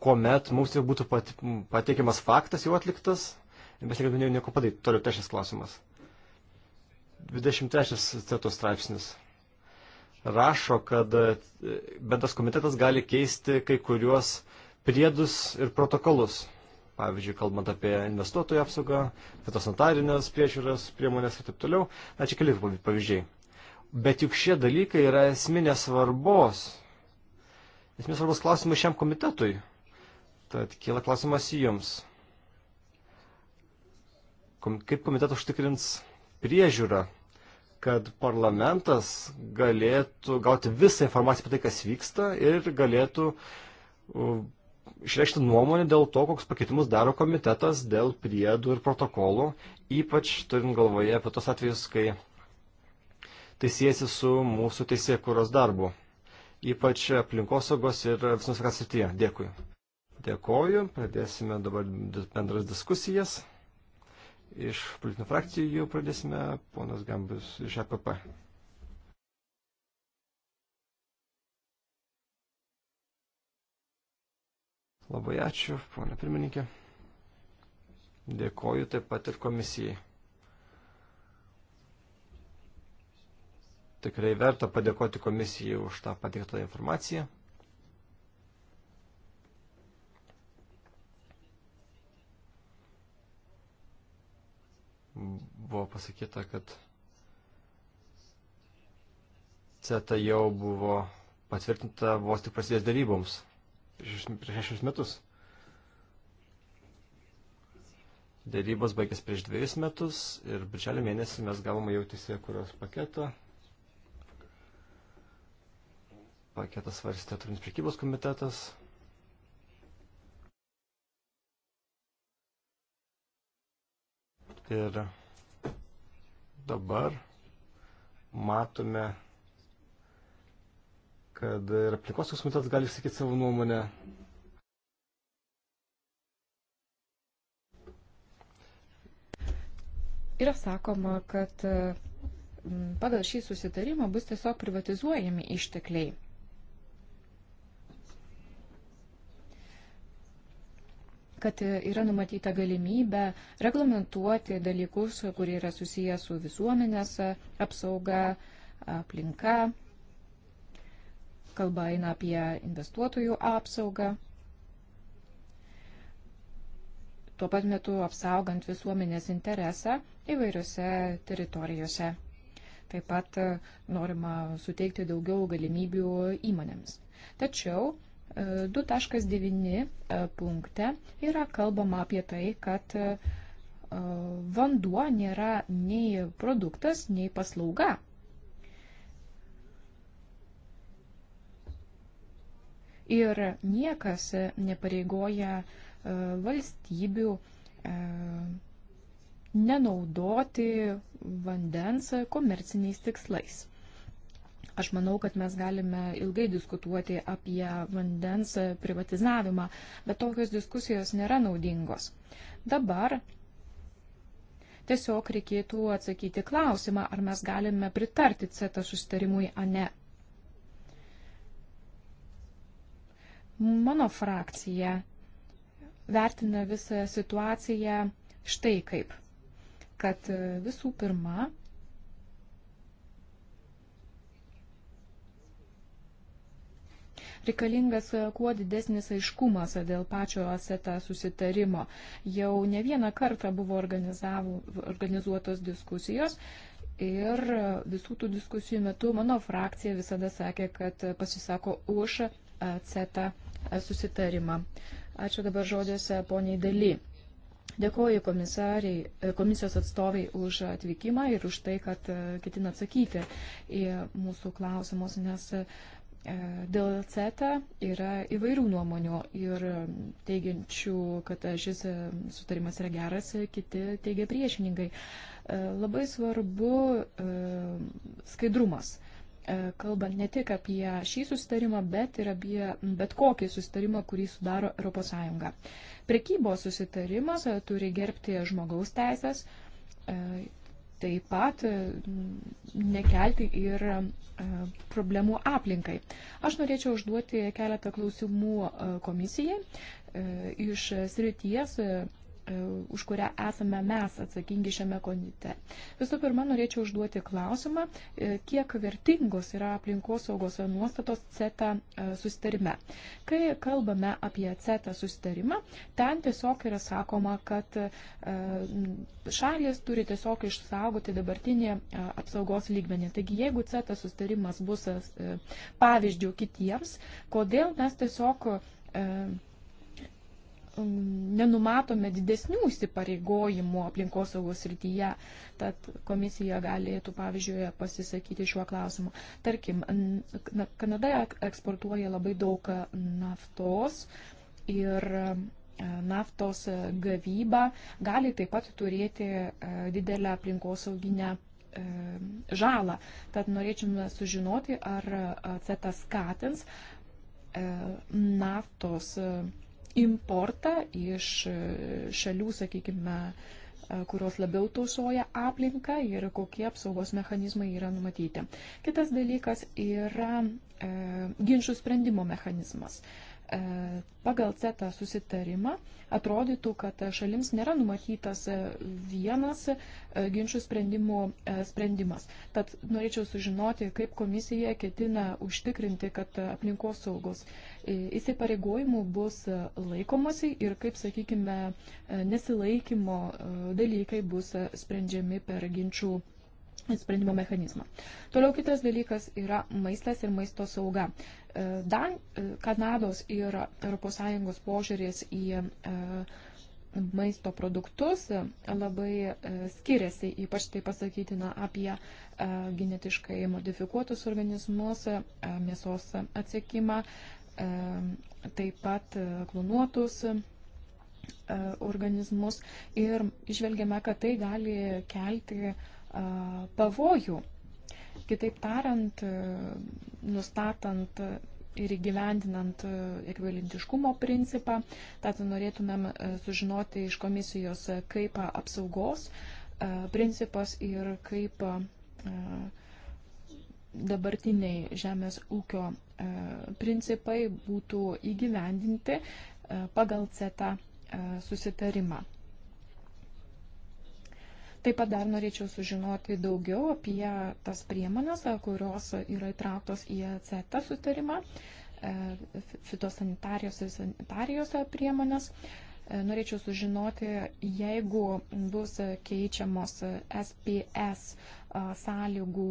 kuomet mums jau būtų pateikiamas faktas jau atliktas Mes negalime nieko padaryti. Toliau trečias klausimas. 23 ceto straipsnis rašo, kad e, bendras komitetas gali keisti kai kuriuos priedus ir protokolus. Pavyzdžiui, kalbant apie investuotojų apsaugą, fitosanitarinės priežiūros priemonės ir taip toliau. Na, čia keli pavyzdžiai. Bet juk šie dalykai yra esminės svarbos. Esminės svarbos klausimai šiam komitetui. Tad kyla klausimas jums kaip komitetas užtikrins priežiūrą, kad parlamentas galėtų gauti visą informaciją apie tai, kas vyksta ir galėtų išreikšti nuomonę dėl to, koks pakeitimus daro komitetas dėl priedų ir protokolų, ypač turint galvoje apie tos atvejus, kai tai siejasi su mūsų teisėkūros darbu, ypač aplinkosaugos ir visos sveikatos srityje. Dėkui. Dėkoju, pradėsime dabar bendras diskusijas. Iš politinių frakcijų jau pradėsime, ponas Gambis iš APP. E Labai ačiū, ponė pirmininkė. Dėkoju taip pat ir komisijai. Tikrai verta padėkoti komisijai už tą patiktą informaciją. buvo pasakyta, kad CETA jau buvo patvirtinta vos tik prasidės daryboms prieš, prieš šešius metus. Dėrybos baigės prieš dviejus metus ir birželio mėnesį mes gavome jau teisėkuros paketą. Paketas svarstė Turinis prekybos komitetas. Ir Dabar matome, kad ir aplinkos komitetas gali išsakyti savo nuomonę. Yra sakoma, kad mm, pagal šį susitarimą bus tiesiog privatizuojami ištekliai. kad yra numatyta galimybė reglamentuoti dalykus, kurie yra susiję su visuomenės apsauga, aplinka. Kalba eina apie investuotojų apsaugą. Tuo pat metu apsaugant visuomenės interesą įvairiose teritorijose. Taip pat norima suteikti daugiau galimybių įmonėms. Tačiau 2.9 e, punkte yra kalbama apie tai, kad e, vanduo nėra nei produktas, nei paslauga. Ir niekas nepareigoja e, valstybių nenaudoti vandens komerciniais tikslais. Aš manau, kad mes galime ilgai diskutuoti apie vandens privatizavimą, bet tokios diskusijos nėra naudingos. Dabar tiesiog reikėtų atsakyti klausimą, ar mes galime pritarti CETA sustarimui, ar ne. Mano frakcija vertina visą situaciją štai kaip, kad visų pirma, reikalingas e, kuo didesnis aiškumas dėl pačio asetą susitarimo. Jau ne vieną kartą buvo organizuotos diskusijos. Ir e, visų tų diskusijų metu mano frakcija visada sakė, kad pasisako už CETA e, susitarimą. Ačiū dabar žodžiuose poniai daly. Dėkoju komisijos atstovai už atvykimą ir už tai, kad ketina atsakyti į mūsų klausimus, nes E, dėl CETA yra įvairių nuomonių ir um, teigiančių, kad šis e, sutarimas yra geras, kiti teigia priešininkai. E, labai svarbu skaidrumas kalbant ne tik apie šį susitarimą, bet ir apie bet kokį susitarimą, kurį sudaro ES. Prekybos susitarimas turi gerbti žmogaus teisės, taip pat mm, nekelti ir e, problemų aplinkai. Aš norėčiau užduoti keletą klausimų e, komisijai e, iš srities, E, už kurią esame mes atsakingi šiame konite. Visų pirma, norėčiau užduoti klausimą, e, kiek vertingos yra aplinkosaugos nuostatos CETA e, susitarime. Kai kalbame apie CETA susitarimą, ten tiesiog yra sakoma, kad šalis turi tiesiog išsaugoti dabartinį apsaugos lygmenį. Taigi, jeigu CETA susitarimas bus pavyzdžių kitiems, kodėl mes tiesiog nenumatome didesnių įsipareigojimų aplinkosaugos rytyje, tad komisija galėtų, pavyzdžiui, pasisakyti šiuo klausimu. Tarkim, Kanada eksportuoja labai daug naftos ir e, naftos gavyba gali taip pat turėti e, didelę aplinkosauginę e, žalą. Tad norėčiau sužinoti, ar CETA skatins naftos gavyba importą iš e, šalių, sakykime, e, kurios labiau tausoja aplinką ir kokie apsaugos mechanizmai yra numatyti. Kitas dalykas yra e, ginčių sprendimo mechanizmas. E, E, pagal CETA susitarimą atrodytų, kad šalims nėra numatytas e, vienas e, ginčių sprendimų sprendimas. Tad norėčiau sužinoti, kaip komisija ketina užtikrinti, kad aplinkos saugos įsipareigojimų bus laikomasi ir kaip, sakykime, nesilaikymo dalykai bus sprendžiami per ginčių sprendimą sprendimo mechanizmą. Toliau kitas dalykas yra maistas ir maisto sauga. E, Dan, e, Kanados ir ES požiūris į e, maisto produktus labai skiriasi, ypač tai pasakytina apie genetiškai modifikuotus organizmus, mėsos atsiekimą, taip pat klonuotus organizmus ir išvelgiame, kad tai gali kelti uh, pavojų. Kitaip tariant, nustatant ir įgyvendinant ekvivalentiškumo principą, tad norėtumėm sužinoti iš komisijos, kaip apsaugos principas ir kaip dabartiniai žemės ūkio principai būtų įgyvendinti pagal CETA susitarimą. Taip pat dar norėčiau sužinoti daugiau apie tas priemonės, kurios yra įtrauktos į e CETA sutarimą, e, fitosanitarijos ir sanitarijos priemonės. E, norėčiau sužinoti, jeigu bus keičiamos SPS sąlygų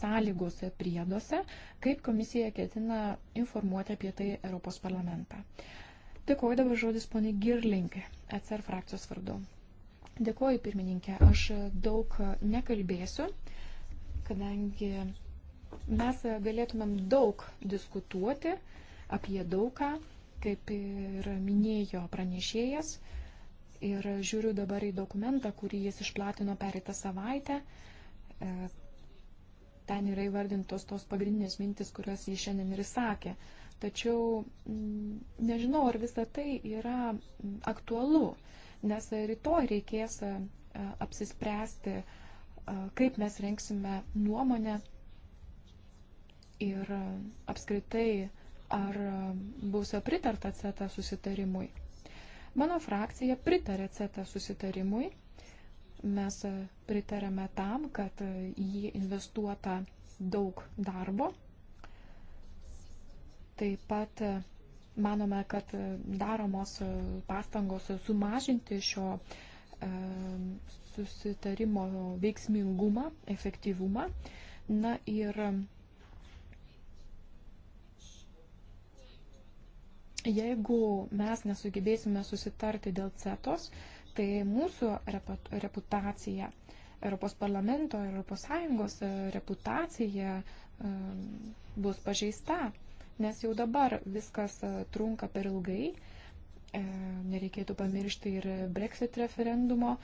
sąlygos prieduose, kaip komisija ketina informuoti apie tai Europos parlamentą. Dėkuoju dabar žodis poniai Girlink, ECR frakcijos vardu. Dėkuoju, pirmininkė. Aš daug nekalbėsiu, kadangi mes galėtumėm daug diskutuoti apie daugą, kaip ir minėjo pranešėjas. Ir žiūriu dabar į dokumentą, kurį jis išplatino pereitą savaitę. E, ten yra įvardintos tos pagrindinės mintis, kurias jis šiandien ir sakė. Tačiau mm, nežinau, ar visa tai yra mm, aktualu nes rytoj reikės e, e, apsispręsti, e, kaip mes rinksime nuomonę ir apskritai, ar bus pritarta CETA susitarimui. Mano frakcija pritarė CETA susitarimui. Mes pritarėme tam, kad jį investuota daug darbo. Taip pat Manome, kad daromos pastangos sumažinti šio e, susitarimo veiksmingumą, efektyvumą. Na ir jeigu mes nesugebėsime susitarti dėl CETOS, tai mūsų reputacija, Europos parlamento, Europos Sąjungos e, reputacija e, bus pažeista nes jau dabar viskas e, trunka per ilgai. E, nereikėtų pamiršti ir Brexit referendumo.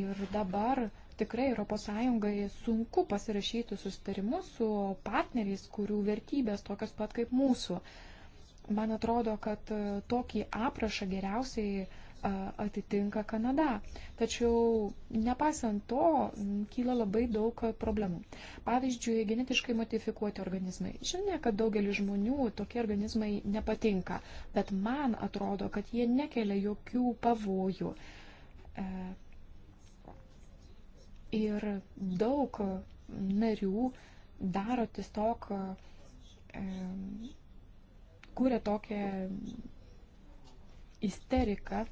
Ir dabar tikrai ES sunku pasirašyti sustarimus su partneriais, kurių vertybės tokios pat kaip mūsų. Man atrodo, kad e, tokį aprašą geriausiai atitinka Kanada. Tačiau nepaisant to, kyla labai daug problemų. Pavyzdžiui, genetiškai modifikuoti organizmai. Žinia, kad daugelis žmonių tokie organizmai nepatinka, bet man atrodo, kad jie nekelia jokių pavojų. E, ir daug narių daro tiesiog, e, kūrė tokią isteriką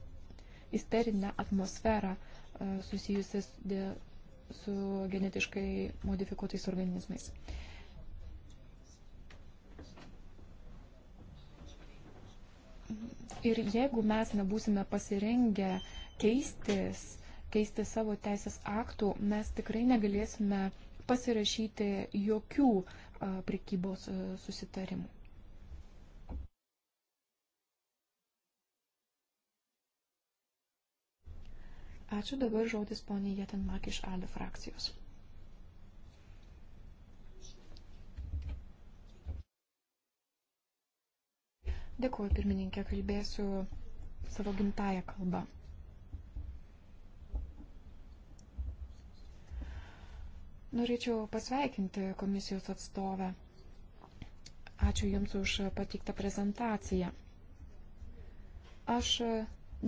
isterinę atmosferą e, susijusias su genetiškai modifikuotais organizmais. Ir jeigu mes nebūsime pasirengę keistis, keisti savo teisės aktų, mes tikrai negalėsime pasirašyti jokių e, prekybos e, susitarimų. Ačiū dabar žodis poniai Jetenmak iš ALDE frakcijos. Dėkuoju, pirmininkė, kalbėsiu savo gimtają kalbą. Norėčiau pasveikinti komisijos atstovę. Ačiū Jums už pateiktą prezentaciją. Aš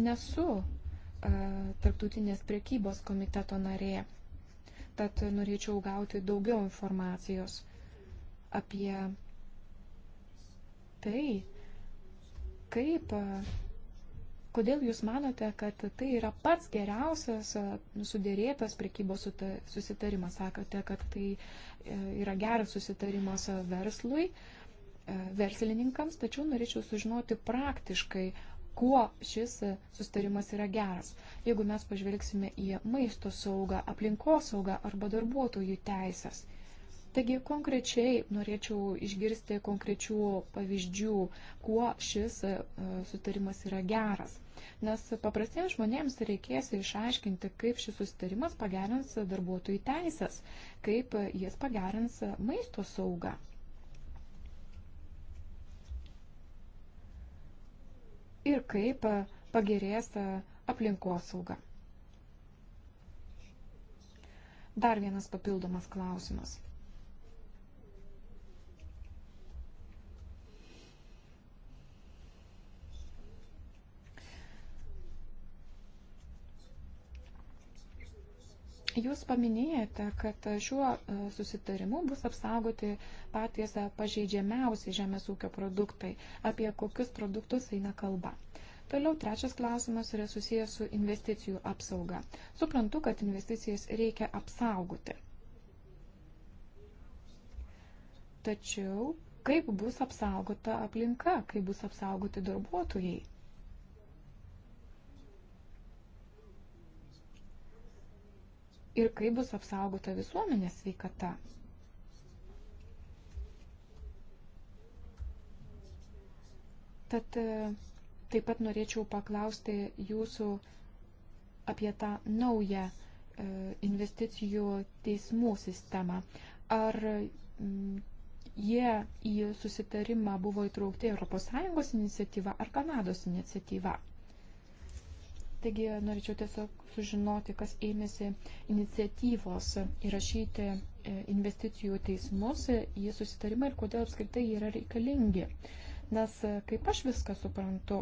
nesu E, tarptautinės priekybos komiteto narė. Tad norėčiau gauti daugiau informacijos apie tai, kaip, e, kodėl jūs manote, kad tai yra pats geriausias e, sudėrėtas priekybos susitarimas. Sakote, kad tai yra geras susitarimas verslui, verslininkams, tačiau norėčiau sužinoti praktiškai, kuo šis sustarimas yra geras. Jeigu mes pažvelgsime į maisto saugą, aplinkosaugą arba darbuotojų teisės. Taigi konkrečiai norėčiau išgirsti konkrečių pavyzdžių, kuo šis e, sustarimas yra geras. Nes paprastiems žmonėms reikės išaiškinti, kaip šis sustarimas pagerins darbuotojų teisės, kaip jis pagerins maisto saugą. ir kaip e, pagerės e, aplinkosauga. Dar vienas papildomas klausimas. Jūs paminėjote, kad šiuo e, susitarimu bus apsaugoti patys pažeidžiamiausi žemės ūkio produktai. Apie kokius produktus eina kalba? Toliau trečias klausimas yra susijęs su investicijų apsauga. Suprantu, kad investicijas reikia apsaugoti. Tačiau kaip bus apsaugota aplinka, kaip bus apsaugoti darbuotojai? ir kaip bus apsaugota visuomenės sveikata. Tad e, taip pat norėčiau paklausti jūsų apie tą naują e, investicijų teismų sistemą. Ar jie į susitarimą buvo įtraukti ES iniciatyva ar Kanados iniciatyva? Taigi norėčiau tiesiog sužinoti, kas ėmėsi iniciatyvos įrašyti e, investicijų teismus e, į susitarimą ir kodėl apskritai jie yra reikalingi. Nes e, kaip aš viską suprantu,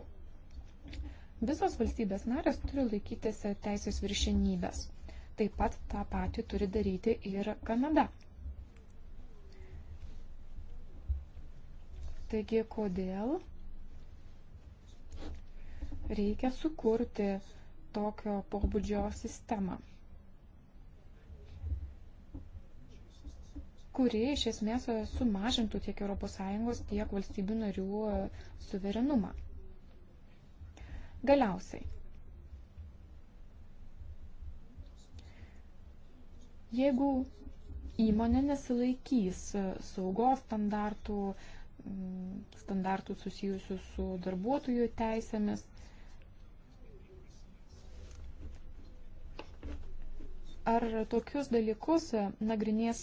visos valstybės narės turi laikytis teisės viršenybės. Taip pat tą patį turi daryti ir Kanada. Taigi, kodėl reikia sukurti tokio pobūdžio sistemą, kuri iš esmės sumažintų tiek ES, tiek valstybių narių e, suverenumą. Galiausiai. Jeigu įmonė nesilaikys e, saugos standartų, standartų susijusių su darbuotojų teisėmis, Ar tokius dalykus nagrinės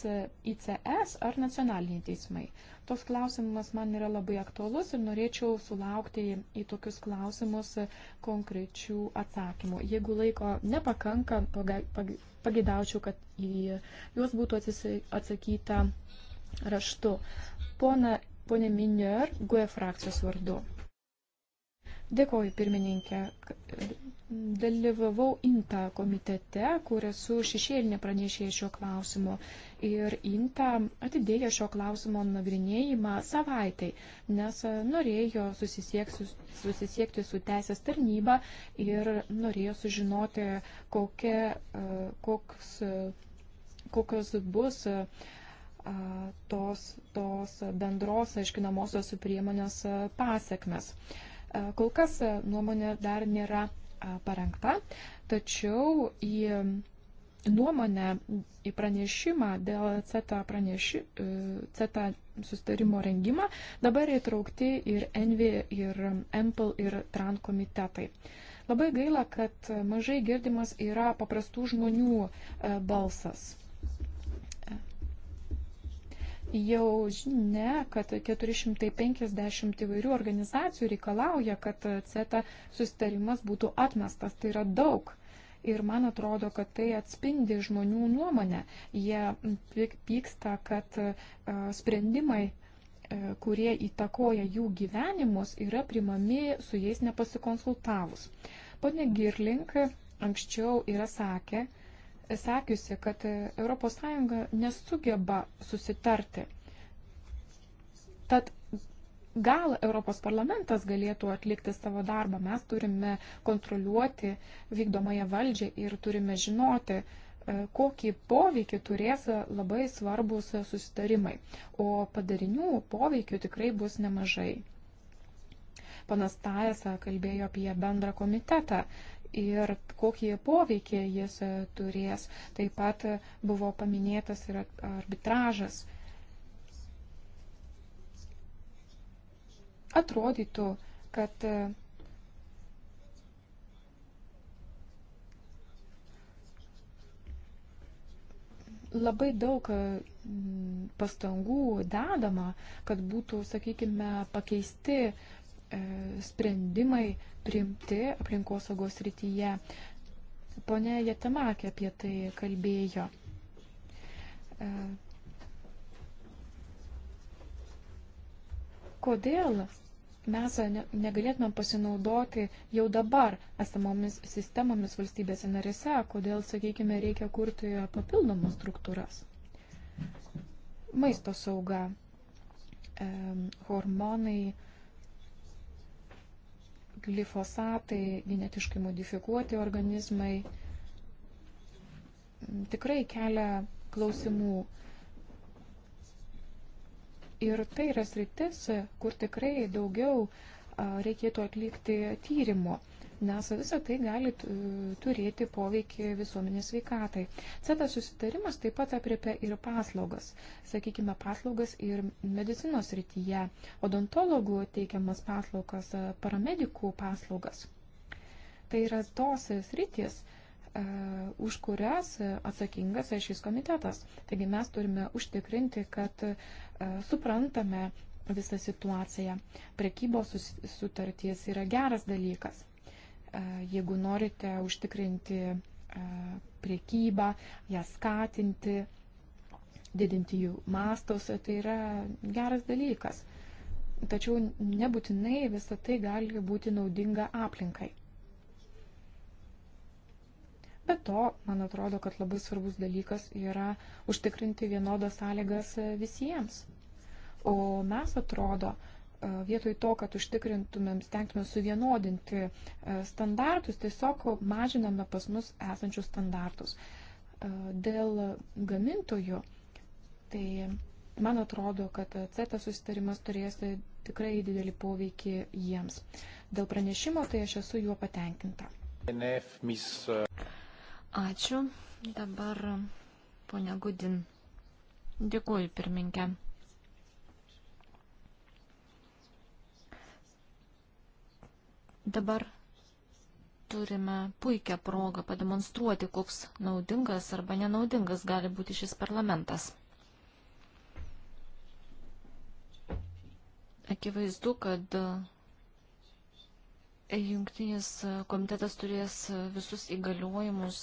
ICS ar nacionaliniai teismai? Tos klausimas man yra labai aktuolus ir norėčiau sulaukti į tokius klausimus konkrečių atsakymų. Jeigu laiko nepakanka, pagidaučiau, kad į juos būtų atsakyta raštu. Pona, ponė Minior, GUE frakcijos vardu. Dėkoju pirmininkė dalyvavau INTA komitete, kur esu šešėlinė pranešėja šio klausimo. Ir INTA atidėjo šio klausimo nagrinėjimą savaitai, nes norėjo susisiekti su teisės tarnyba ir norėjo sužinoti, kokia, e, koks, kokios bus e, tos, tos bendros aiškinamosios priemonės e, pasiekmes. Kol kas nuomonė dar nėra parengta, tačiau į nuomonę, į pranešimą dėl CETA, praneši, e, CETA sustarimo rengimą dabar įtraukti ir ENVI, ir EMPL, ir TRAN komitetai. Labai gaila, kad mažai girdimas yra paprastų žmonių e, balsas jau žinia, kad 450 įvairių organizacijų reikalauja, kad CETA susitarimas būtų atmestas. Tai yra daug. Ir man atrodo, kad tai atspindi žmonių nuomonę. Jie pyksta, kad e, sprendimai, e, kurie įtakoja jų gyvenimus, yra primami su jais nepasikonsultavus. Pone Girlink anksčiau yra sakę, sakiusi, kad ES nesugeba susitarti. Tad gal Europos parlamentas galėtų atlikti savo darbą. Mes turime kontroliuoti vykdomąją valdžią ir turime žinoti, e, kokį poveikį turės labai svarbus susitarimai. O padarinių poveikių tikrai bus nemažai. Panas Tajas kalbėjo apie bendrą komitetą ir kokį poveikį jis e, turės. Taip pat buvo paminėtas ir arbitražas. Atrodytų, kad e, labai daug e, pastangų dedama, kad būtų, sakykime, pakeisti uh, E, sprendimai priimti aplinkosaugos rytyje. Pone Jetamakė apie tai kalbėjo. E, kodėl mes negalėtumėm pasinaudoti jau dabar esamomis sistemomis valstybėse narėse, kodėl, sakykime, reikia kurti papildomas struktūras. Maisto sauga, e, hormonai, glifosatai, genetiškai modifikuoti organizmai tikrai kelia klausimų. Ir tai yra sritis, kur tikrai daugiau reikėtų atlikti tyrimų nes visą tai gali turėti poveikį visuomenės veikatai. CETA susitarimas taip pat apriepia ir paslaugas, sakykime, paslaugas ir medicinos rytyje, odontologų teikiamas paslaugas, paramedikų paslaugas. Tai yra tos sritis, už kurias atsakingas šis komitetas. Taigi mes turime užtikrinti, kad suprantame visą situaciją. Prekybos sutarties yra geras dalykas. E, jeigu norite užtikrinti e, priekybą, ją skatinti, didinti jų mastos, tai yra geras dalykas. Tačiau nebūtinai visą tai gali būti naudinga aplinkai. Be to, man atrodo, kad labai svarbus dalykas yra užtikrinti vienodas sąlygas visiems. O mes atrodo, vietoj to, kad užtikrintumėm, stengtumėm suvienodinti standartus, tiesiog mažiname pas mus esančius standartus. Dėl gamintojų, tai man atrodo, kad CETA susitarimas turės tikrai didelį poveikį jiems. Dėl pranešimo, tai aš esu juo patenkinta. Ačiū. Dabar ponia Gudin. Dėkuoju, pirminkė. Dabar turime puikią progą pademonstruoti, koks naudingas arba nenaudingas gali būti šis parlamentas. Akivaizdu, kad jungtinis komitetas turės visus įgaliojimus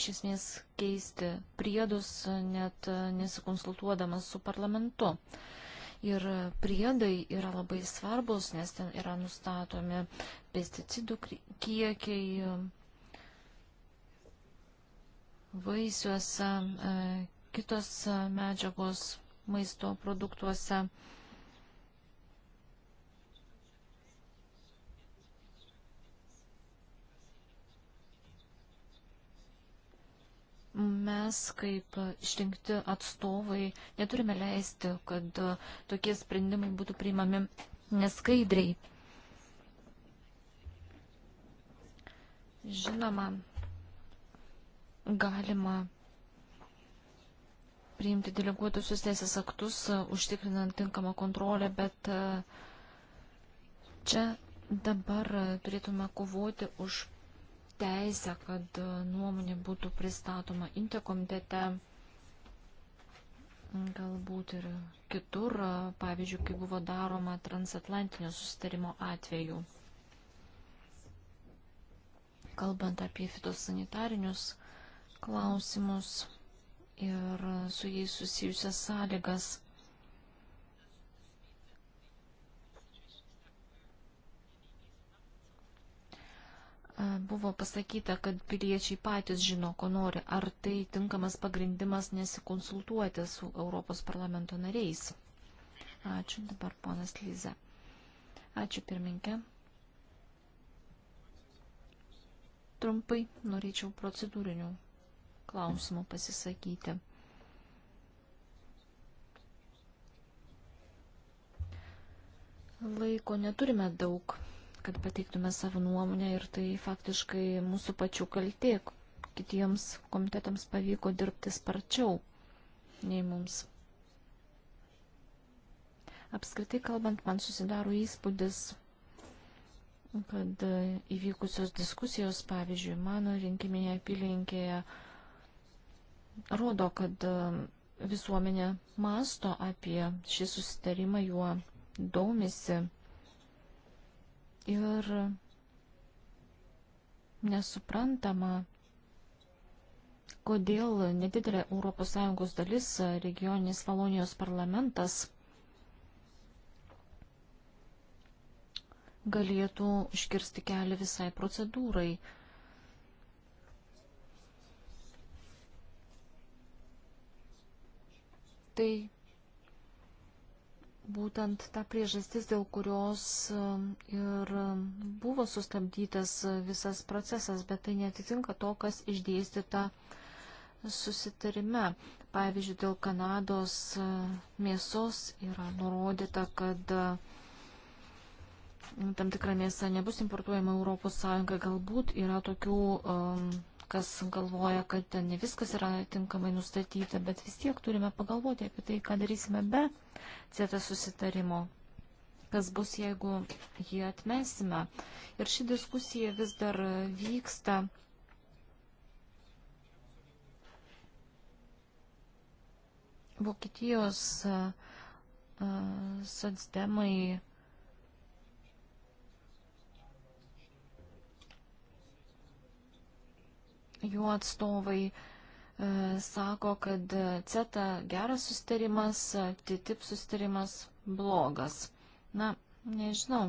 iš esmės keisti priedus, net nesikonsultuodamas su parlamentu. Ir priedai yra labai svarbus, nes ten yra nustatomi pesticidų kiekiai vaisiuose, e, kitos e, medžiagos maisto produktuose. Mes, kaip išrinkti atstovai, neturime leisti, kad tokie sprendimai būtų priimami neskaidriai. Žinoma, galima priimti deleguotusius teisės aktus, užtikrinant tinkamą kontrolę, bet e, čia dabar turėtume kovoti už teisę, kad e, nuomonė būtų pristatoma interkomitete, galbūt ir kitur, e, pavyzdžiui, kai buvo daroma transatlantinio susitarimo atveju. Kalbant apie fitosanitarinius klausimus ir su jais susijusias sąlygas, Buvo pasakyta, kad piliečiai patys žino, ko nori. Ar tai tinkamas pagrindimas nesikonsultuoti su Europos parlamento nariais? Ačiū dabar, ponas Lyze. Ačiū pirminkė. Trumpai norėčiau procedūrinių klausimų pasisakyti. Laiko neturime daug kad pateiktume savo nuomonę ir tai faktiškai mūsų pačių kaltė. Kitiems komitetams pavyko dirbti sparčiau nei mums. Apskritai kalbant, man susidaro įspūdis, kad įvykusios diskusijos, pavyzdžiui, mano rinkiminėje apylinkėje, rodo, kad um, visuomenė masto apie šį susitarimą, juo domisi ir nesuprantama, kodėl nedidelė ES dalis regioninis Valonijos parlamentas galėtų iškirsti kelią visai procedūrai. Tai būtent ta priežastis, dėl kurios e, ir buvo sustabdytas visas procesas, bet tai netitinka to, kas išdėstyta susitarime. Pavyzdžiui, dėl Kanados e, mėsos yra nurodyta, kad e, tam tikra mėsa nebus importuojama Europos Sąjunga. Galbūt yra tokių um, kas galvoja, kad ten ne viskas yra tinkamai nustatyta, bet vis tiek turime pagalvoti apie tai, ką darysime be CETA susitarimo, kas bus, jeigu jį atmesime. Ir ši diskusija vis dar vyksta. Vokietijos uh, sodsdemai uh, jų atstovai e, sako, kad CETA geras sustarimas, TTIP sustarimas blogas. Na, nežinau.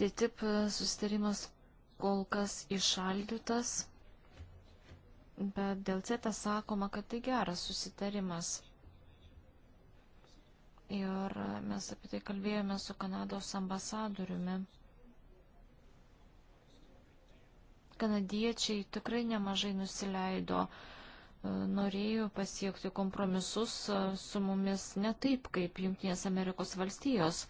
TTIP sustarimas kol kas išaldytas, bet dėl CETA sakoma, kad tai geras susitarimas. Ir mes apie tai kalbėjome su Kanados ambasadoriumi. kanadiečiai tikrai nemažai nusileido, e, norėjo pasiekti kompromisus e, su mumis ne taip, kaip Junktinės Amerikos valstijos.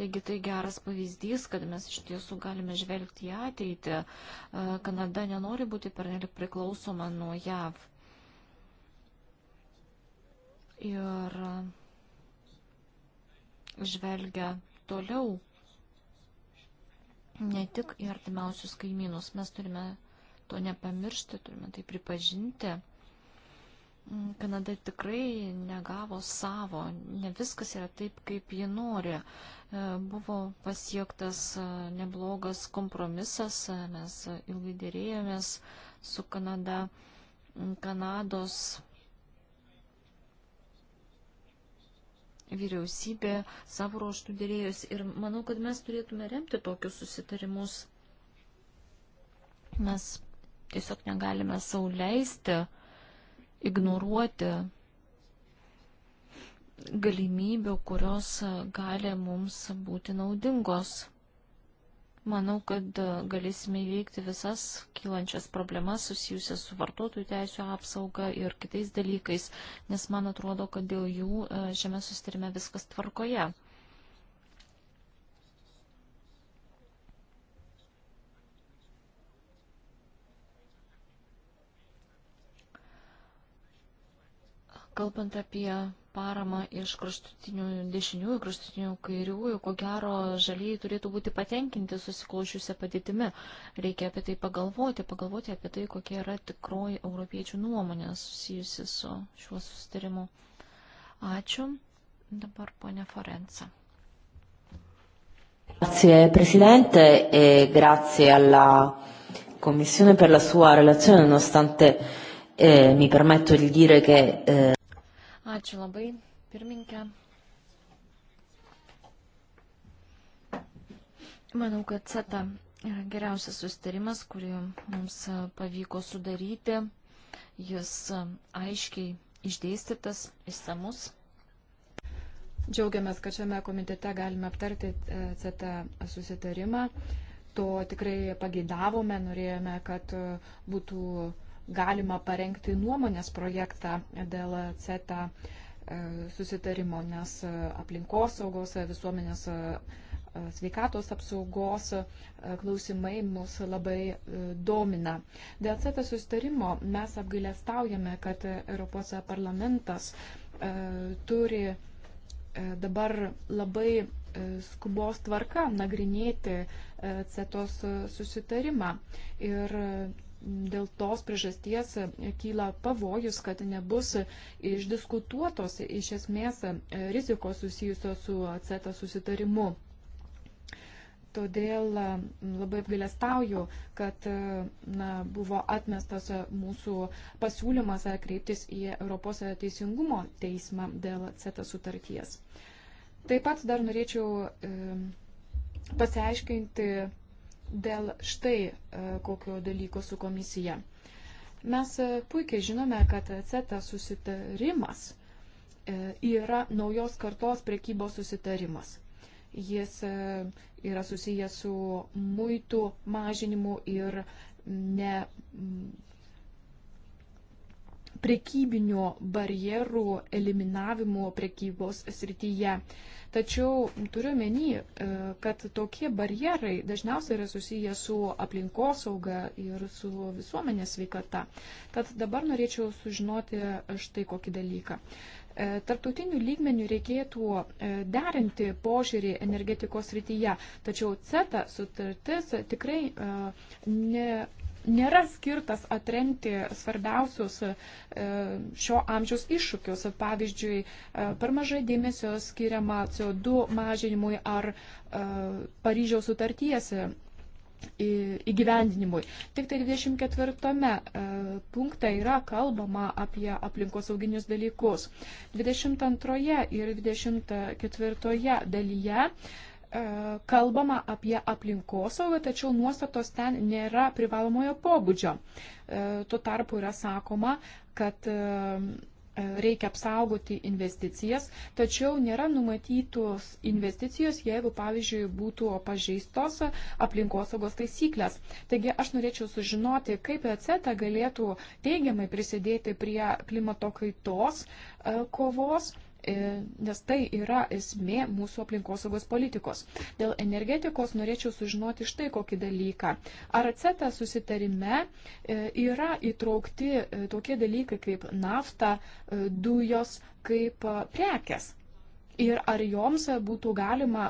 Taigi tai geras pavyzdys, kad mes iš tiesų galime žvelgti į ateitį. E, Kanada nenori būti pernelik priklausoma nuo JAV. Ir žvelgia toliau ne tik į artimiausius kaimynus. Mes turime to nepamiršti, turime tai pripažinti. Mm, Kanada tikrai negavo savo, ne viskas yra taip, kaip ji nori. E, buvo pasiektas e, neblogas kompromisas, e, mes ilgai dėrėjomės su Kanada. Mm, Kanados vyriausybė savo ruoštų dėrėjus ir manau, kad mes turėtume remti tokius susitarimus. Mes tiesiog negalime sauliaisti, ignoruoti galimybių, kurios gali mums būti naudingos. Manau, kad e, galėsime įveikti visas kylančias problemas susijusias su vartotojų teisų apsauga ir kitais dalykais, nes man atrodo, kad dėl jų e, šiame sustarime viskas tvarkoje. Kalbant apie paramą iš kraštutinių dešiniųjų, kraštutinių kairiųjų, ko gero žaliai turėtų būti patenkinti susiklošiusią padėtimi. Reikia apie tai pagalvoti, pagalvoti apie tai, kokia yra tikroji europiečių nuomonė susijusi su šiuo sustarimu. Ačiū. Dabar ponia Forenca. Grazie Presidente e grazie alla Commissione per la sua relazione, nonostante eh, mi permetto di dire che... Eh... Ačiū labai, pirminkė. Manau, kad CETA yra geriausias sustarimas, kurį mums pavyko sudaryti. Jis aiškiai išdėstytas, išsamus. Džiaugiamės, kad šiame komitete galime aptarti e, CETA susitarimą. To tikrai pageidavome, norėjome, kad e, būtų galima parengti nuomonės projektą dėl CETA e, susitarimo, nes e, aplinkosaugos, e, visuomenės sveikatos apsaugos klausimai mus labai domina. Dėl CETA susitarimo mes apgailestaujame, kad Europos parlamentas turi dabar labai skubos tvarka nagrinėti CETOS susitarimą. Ir dėl tos priežasties kyla pavojus, kad nebus išdiskutuotos iš esmės rizikos susijusios su CETA susitarimu. Todėl labai apgailestauju, kad na, buvo atmestas mūsų pasiūlymas kreiptis į Europos teisingumo teismą dėl CETA sutarties. Taip pat dar norėčiau e, pasiaiškinti dėl štai e, kokio dalyko su komisija. Mes e, puikiai žinome, kad CETA susitarimas e, yra naujos kartos prekybos susitarimas. Jis yra susijęs su muitų mažinimu ir ne prekybinių barjerų eliminavimu prekybos srityje. Tačiau turiu menį, e, kad tokie barjerai dažniausiai yra susiję su aplinkosauga ir su visuomenės sveikata. Tad dabar norėčiau sužinoti štai kokį dalyką. E, Tarptautinių lygmenių reikėtų e, derinti požiūrį energetikos rytyje, tačiau CETA sutartis tikrai ne nėra skirtas atremti svarbiausius e, šio amžiaus iššūkius. Pavyzdžiui, e, per mažai dėmesio skiriama CO2 mažinimui ar e, Paryžiaus sutarties įgyvendinimui. Tik tai 24 punkte yra kalbama apie aplinkosauginius dalykus. 22 ir 24 dalyje E, kalbama apie aplinkosaugą, tačiau nuostatos ten nėra privalomojo pobūdžio. E, tuo tarpu yra sakoma, kad e, reikia apsaugoti investicijas, tačiau nėra numatytos investicijos, jeigu, pavyzdžiui, būtų pažeistos aplinkosaugos taisyklės. Taigi aš norėčiau sužinoti, kaip ECETA galėtų teigiamai prisidėti prie klimato kaitos kovos nes tai yra esmė mūsų aplinkosaugos politikos. Dėl energetikos norėčiau sužinoti štai kokį dalyką. Ar aceta susitarime e, yra įtraukti e, tokie dalykai kaip nafta, e, dujos, kaip prekes? Ir ar joms būtų galima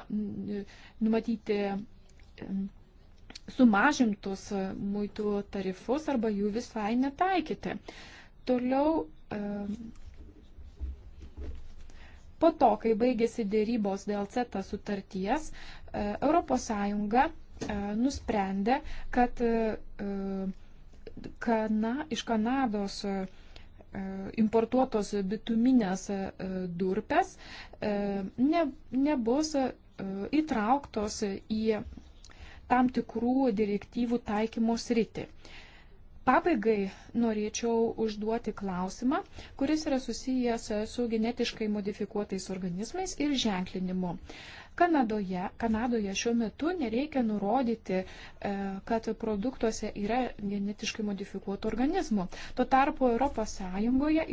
numatyti sumažintus muitų tarifus arba jų visai netaikyti. Toliau Po to, kai baigėsi dėrybos dėl CETA sutarties, ES e, nusprendė, kad e, e, kana, iš Kanados importuotos bituminės durpės ne, nebus įtrauktos į tam tikrų direktyvų taikymo sritį. Pabaigai norėčiau užduoti klausimą, kuris yra susijęs su genetiškai modifikuotais organizmais ir ženklinimu. Kanadoje, Kanadoje šiuo metu nereikia nurodyti, e, kad produktuose yra genetiškai modifikuotų organizmų. Tuo tarpu ES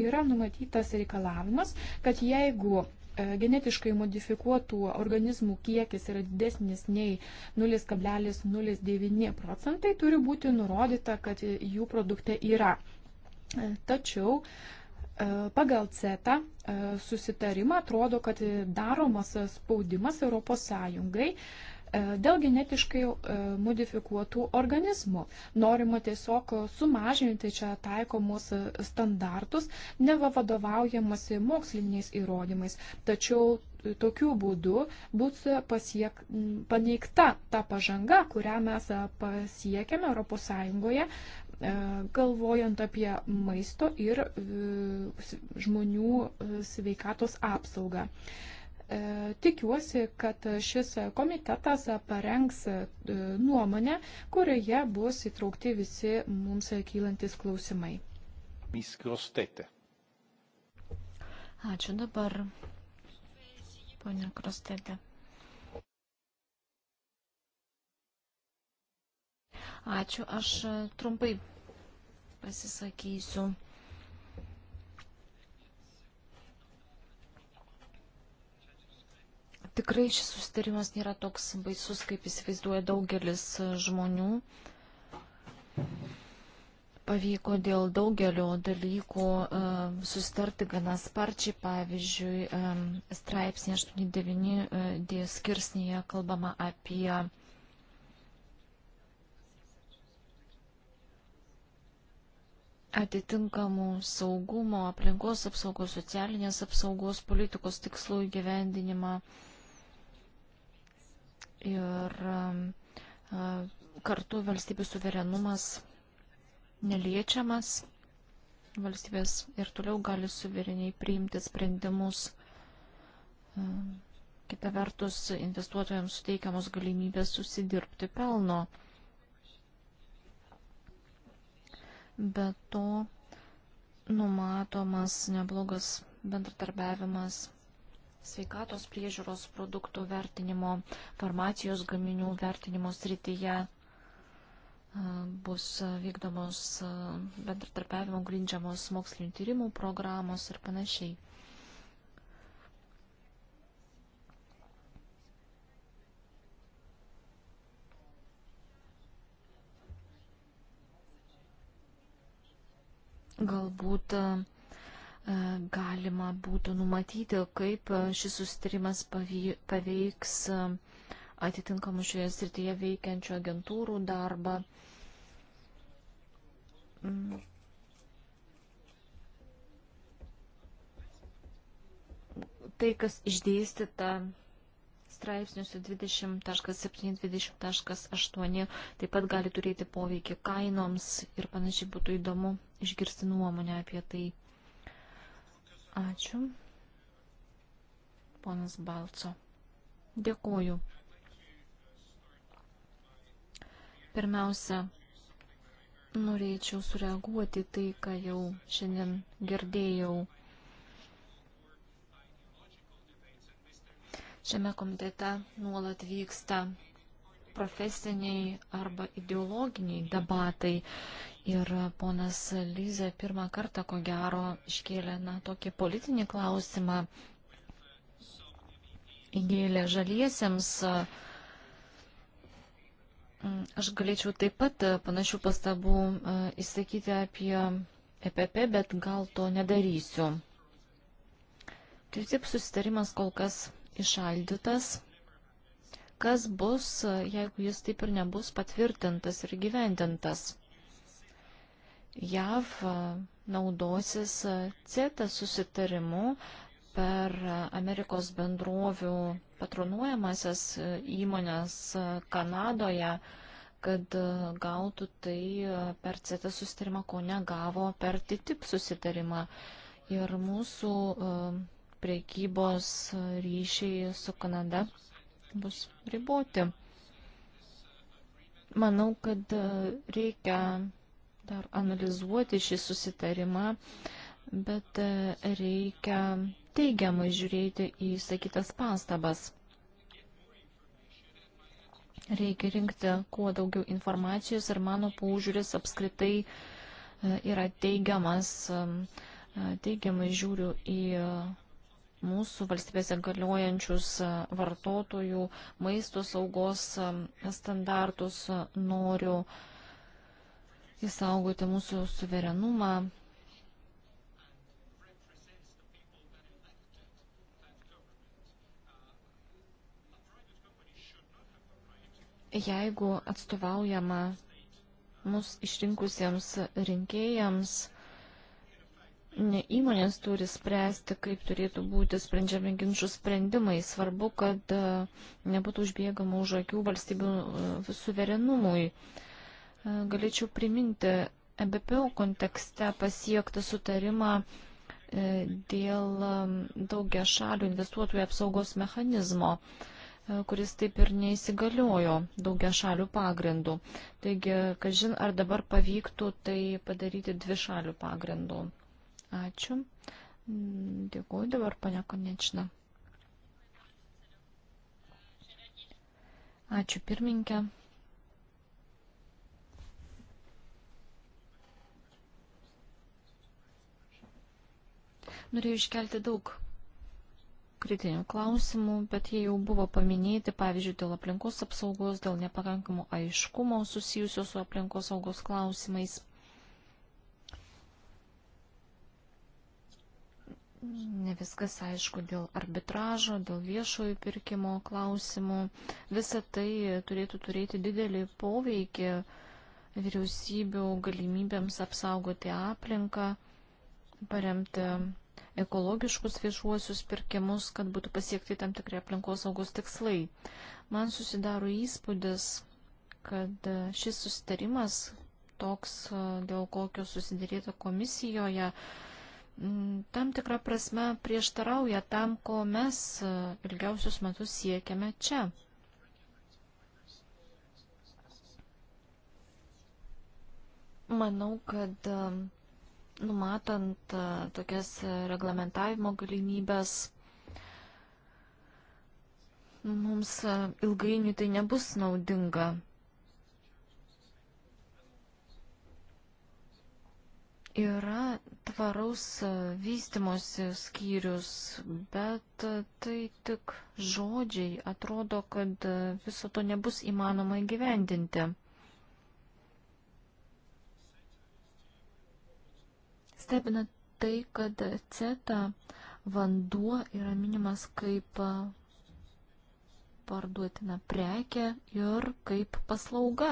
yra numatytas reikalavimas, kad jeigu E, genetiškai modifikuotų organizmų kiekis yra didesnis nei 0,09 procentai, turi būti nurodyta, kad jų produkte yra. E, tačiau e, pagal CETA susitarimą atrodo, kad daromas spaudimas ES E, dėl genetiškai e, modifikuotų organizmų. Norima tiesiog sumažinti čia taikomus e, standartus, neva vadovaujamasi moksliniais įrodymais, tačiau tokiu būdu bus pasiek, paneigta ta pažanga, kurią mes pasiekėme ES galvojant apie maisto ir žmonių sveikatos apsaugą. E, tikiuosi, kad šis komitetas parengs e, nuomonę, kurioje bus įtraukti visi mums kylantis klausimai. Miskrostete. Ačiū dabar, ponia Krostete. Ačiū, aš trumpai pasisakysiu. tikrai šis sustarimas nėra toks baisus, kaip įsivaizduoja daugelis e, žmonių. Pavyko dėl daugelio dalykų e, sustarti gana sparčiai, pavyzdžiui, e, straipsnė 89 D skirsnėje kalbama apie atitinkamų saugumo, aplinkos apsaugos, socialinės apsaugos politikos tikslų įgyvendinimą. Uh, ir um, kartu valstybių suverenumas neliečiamas. Valstybės ir toliau gali suvereniai priimti sprendimus. Kita vertus, investuotojams suteikiamos galimybės susidirbti pelno. Be to, numatomas neblogas bendratarbiavimas sveikatos priežiūros produktų vertinimo, farmacijos gaminių vertinimo srityje bus vykdomos bendratarpiavimo grindžiamos mokslinio tyrimų programos ir panašiai. Galbūt uh, E, galima būtų numatyti, kaip e, šis sustarimas paveiks e, atitinkamų šioje srityje veikiančių agentūrų darbą. Mm. Tai, kas išdėstyta straipsniuose 20.7.20.8, taip pat gali turėti poveikį kainoms ir panašiai būtų įdomu išgirsti nuomonę apie tai. Ačiū. Ponas Balco. Dėkuoju. Pirmiausia, norėčiau sureaguoti tai, ką jau šiandien girdėjau. Šiame komitete nuolat vyksta profesiniai arba ideologiniai debatai Ir ponas Lyzė pirmą kartą, ko gero, iškėlė na, tokį politinį klausimą, įgėlė žaliesiems. Mm, aš galėčiau taip pat panašių pastabų įsakyti e, apie EPP, bet gal to nedarysiu. Tai taip susitarimas kol kas išaldytas. Kas bus, jeigu jis taip ir nebus patvirtintas ir gyvendintas? JAV naudosis CETA susitarimu per Amerikos bendrovių patronuojamasias įmonės Kanadoje, kad gautų tai per CETA susitarimą, ko negavo per TTIP susitarimą. Ir mūsų priekybos ryšiai su Kanada bus riboti. Manau, kad reikia dar analizuoti šį susitarimą, bet e, reikia teigiamai žiūrėti į sakytas pastabas. Reikia rinkti kuo daugiau informacijos ir mano paužiūris apskritai e, yra teigiamas. E, teigiamai žiūriu į mūsų valstybėse galiojančius vartotojų maisto saugos standartus noriu uh, įsaugoti mūsų suverenumą. Jeigu atstovaujama mus išrinkusiems rinkėjams, ne įmonės turi spręsti, kaip turėtų būti sprendžiami ginčių sprendimai. Svarbu, kad e, nebūtų užbėgama už akių valstybių e, suverenumui. Uh, galėčiau priminti EBPO kontekste pasiektą sutarimą e, dėl daugia šalių investuotojų apsaugos mechanizmo e, kuris taip ir neįsigaliojo daugia šalių pagrindų. Taigi, kažin, ar dabar pavyktų tai padaryti dvi šalių pagrindų. Ačiū. Mm, dėkuoju dabar, pane Konečina. Ačiū pirminkė. Norėjau iškelti daug kritinių klausimų, bet jie jau buvo paminėti, pavyzdžiui, dėl aplinkos apsaugos, dėl nepakankamo aiškumo susijusio su aplinkos saugos klausimais. Ne viskas aišku dėl arbitražo, dėl viešojo pirkimo klausimų. Visa tai turėtų turėti didelį poveikį vyriausybių galimybėms apsaugoti aplinką, paremti ekologiškus viešuosius pirkimus, kad būtų pasiekti tam tikrai aplinkosaugos tikslai. Man susidaro įspūdis, kad šis susitarimas toks, dėl kokio susidaryta komisijoje, mm, tam tikrą prasme prieštarauja tam, ko mes e, ilgiausius metus siekiame čia. Manau, kad e, numatant e, tokias reglamentavimo galimybės, nu, mums e, ilgainiui tai nebus naudinga. Yra tvaraus e, vystimosi skyrius, bet tai tik žodžiai. Atrodo, kad viso to nebus įmanoma įgyvendinti. Stebina tai, kad ceta vanduo yra minimas kaip parduotina prekė ir kaip paslauga,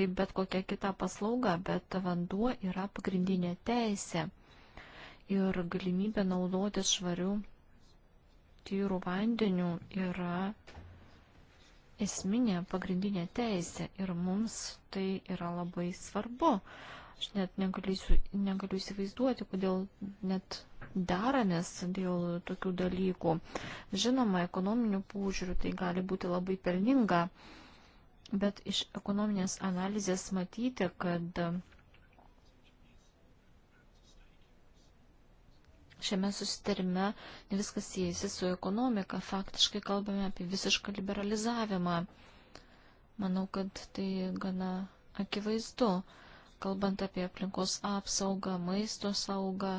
kaip bet kokia kita paslauga, bet vanduo yra pagrindinė teisė ir galimybė naudotis švariu tyrų vandeniu yra esminė pagrindinė teisė ir mums tai yra labai svarbu. Aš net negaliu, negaliu įsivaizduoti, kodėl net daramės dėl tokių dalykų. Žinoma, ekonominių požiūrių tai gali būti labai pelninga, bet iš ekonominės analizės matyti, kad šiame susitarime ne viskas siejasi su ekonomika. Faktiškai kalbame apie visišką liberalizavimą. Manau, kad tai gana akivaizdu kalbant apie aplinkos apsaugą, maisto saugą.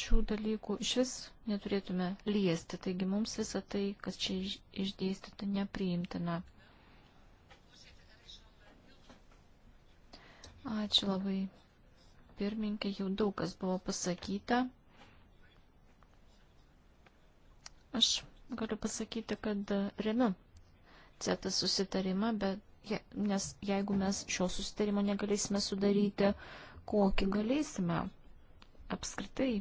Šių dalykų iš vis neturėtume liesti, taigi mums visą tai, kas čia išdėstyta, nepriimtina. Ačiū labai. Pirminkė, jau daug kas buvo pasakyta. Aš galiu pasakyti, kad remiu CETA susitarimą, bet, je, nes jeigu mes šio susitarimo negalėsime sudaryti, kokį galėsime apskritai.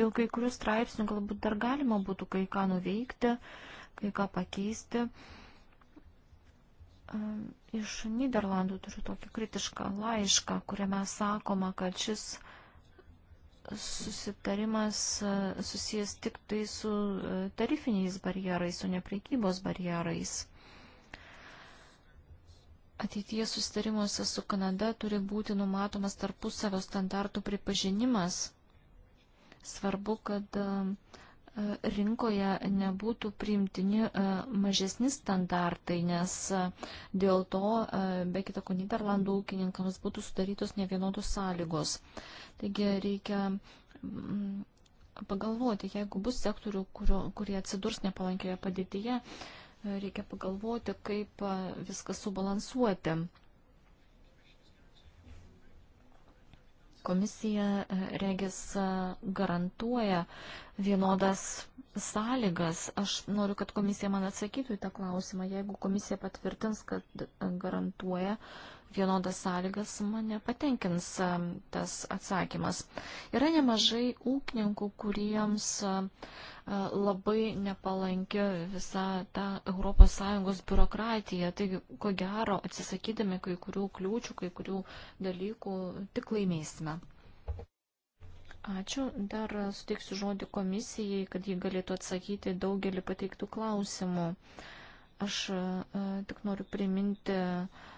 Dėl kai kurių straipsnių galbūt dar galima būtų kai ką nuveikti, kai ką pakeisti. Ehm, iš Niderlandų turiu tokį kritišką laišką, kuriame sakoma, kad šis susitarimas e, susijęs tik tai su e, tarifiniais barjerais, o ne priekybos barjerais. Ateityje susitarimuose su Kanada turi būti numatomas tarpusavio standartų pripažinimas. Svarbu, kad uh, E, rinkoje nebūtų priimtini e, mažesni standartai, nes e, dėl to, be kita ko, Niderlandų ūkininkams būtų sudarytos nevienodos sąlygos. Taigi reikia mm, pagalvoti, jeigu bus sektorių, kurio, kurie atsidurs nepalankioje padėtyje, reikia pagalvoti, kaip viską subalansuoti. Komisija e, regis e, garantuoja vienodas sąlygas. Aš noriu, kad komisija man atsakytų į tą klausimą. Jeigu komisija patvirtins, kad e, garantuoja vienodas sąlygas mane patenkins um, tas atsakymas. Yra nemažai ūkininkų, kuriems um, uh, labai nepalanki visa ta ES biurokratija. Taigi, ko gero, atsisakydami kai kurių kliūčių, kai kurių dalykų, tik laimėsime. Ačiū. Dar suteiksiu žodį komisijai, kad ji galėtų atsakyti daugelį pateiktų klausimų. Aš uh, tik noriu priminti uh,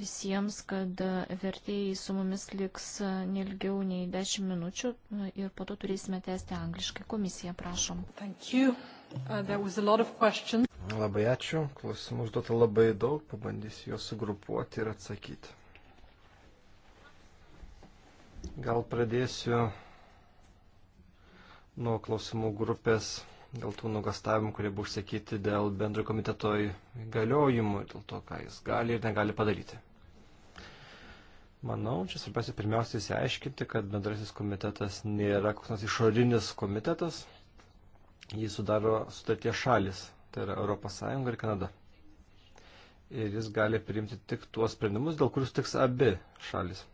visiems, kad vertėjai su mumis liks nelgiau nei 10 minučių ir po to turėsime tęsti angliškai. Komisija, prašom. Uh, labai ačiū. Klausimų užduota labai daug. Pabandysiu juos sugrupuoti ir atsakyti. Gal pradėsiu nuo klausimų grupės dėl tų nugastavimų, kurie buvo užsakyti dėl bendro komiteto įgaliojimų, dėl to, ką jis gali ir negali padaryti. Manau, čia svarbiausia pirmiausia įsiaiškinti, kad bendrasis komitetas nėra koks nors išorinis komitetas, jį sudaro sutartie šalis, tai yra ES ir Kanada. Ir jis gali priimti tik tuos sprendimus, dėl kurių tiks abi šalis.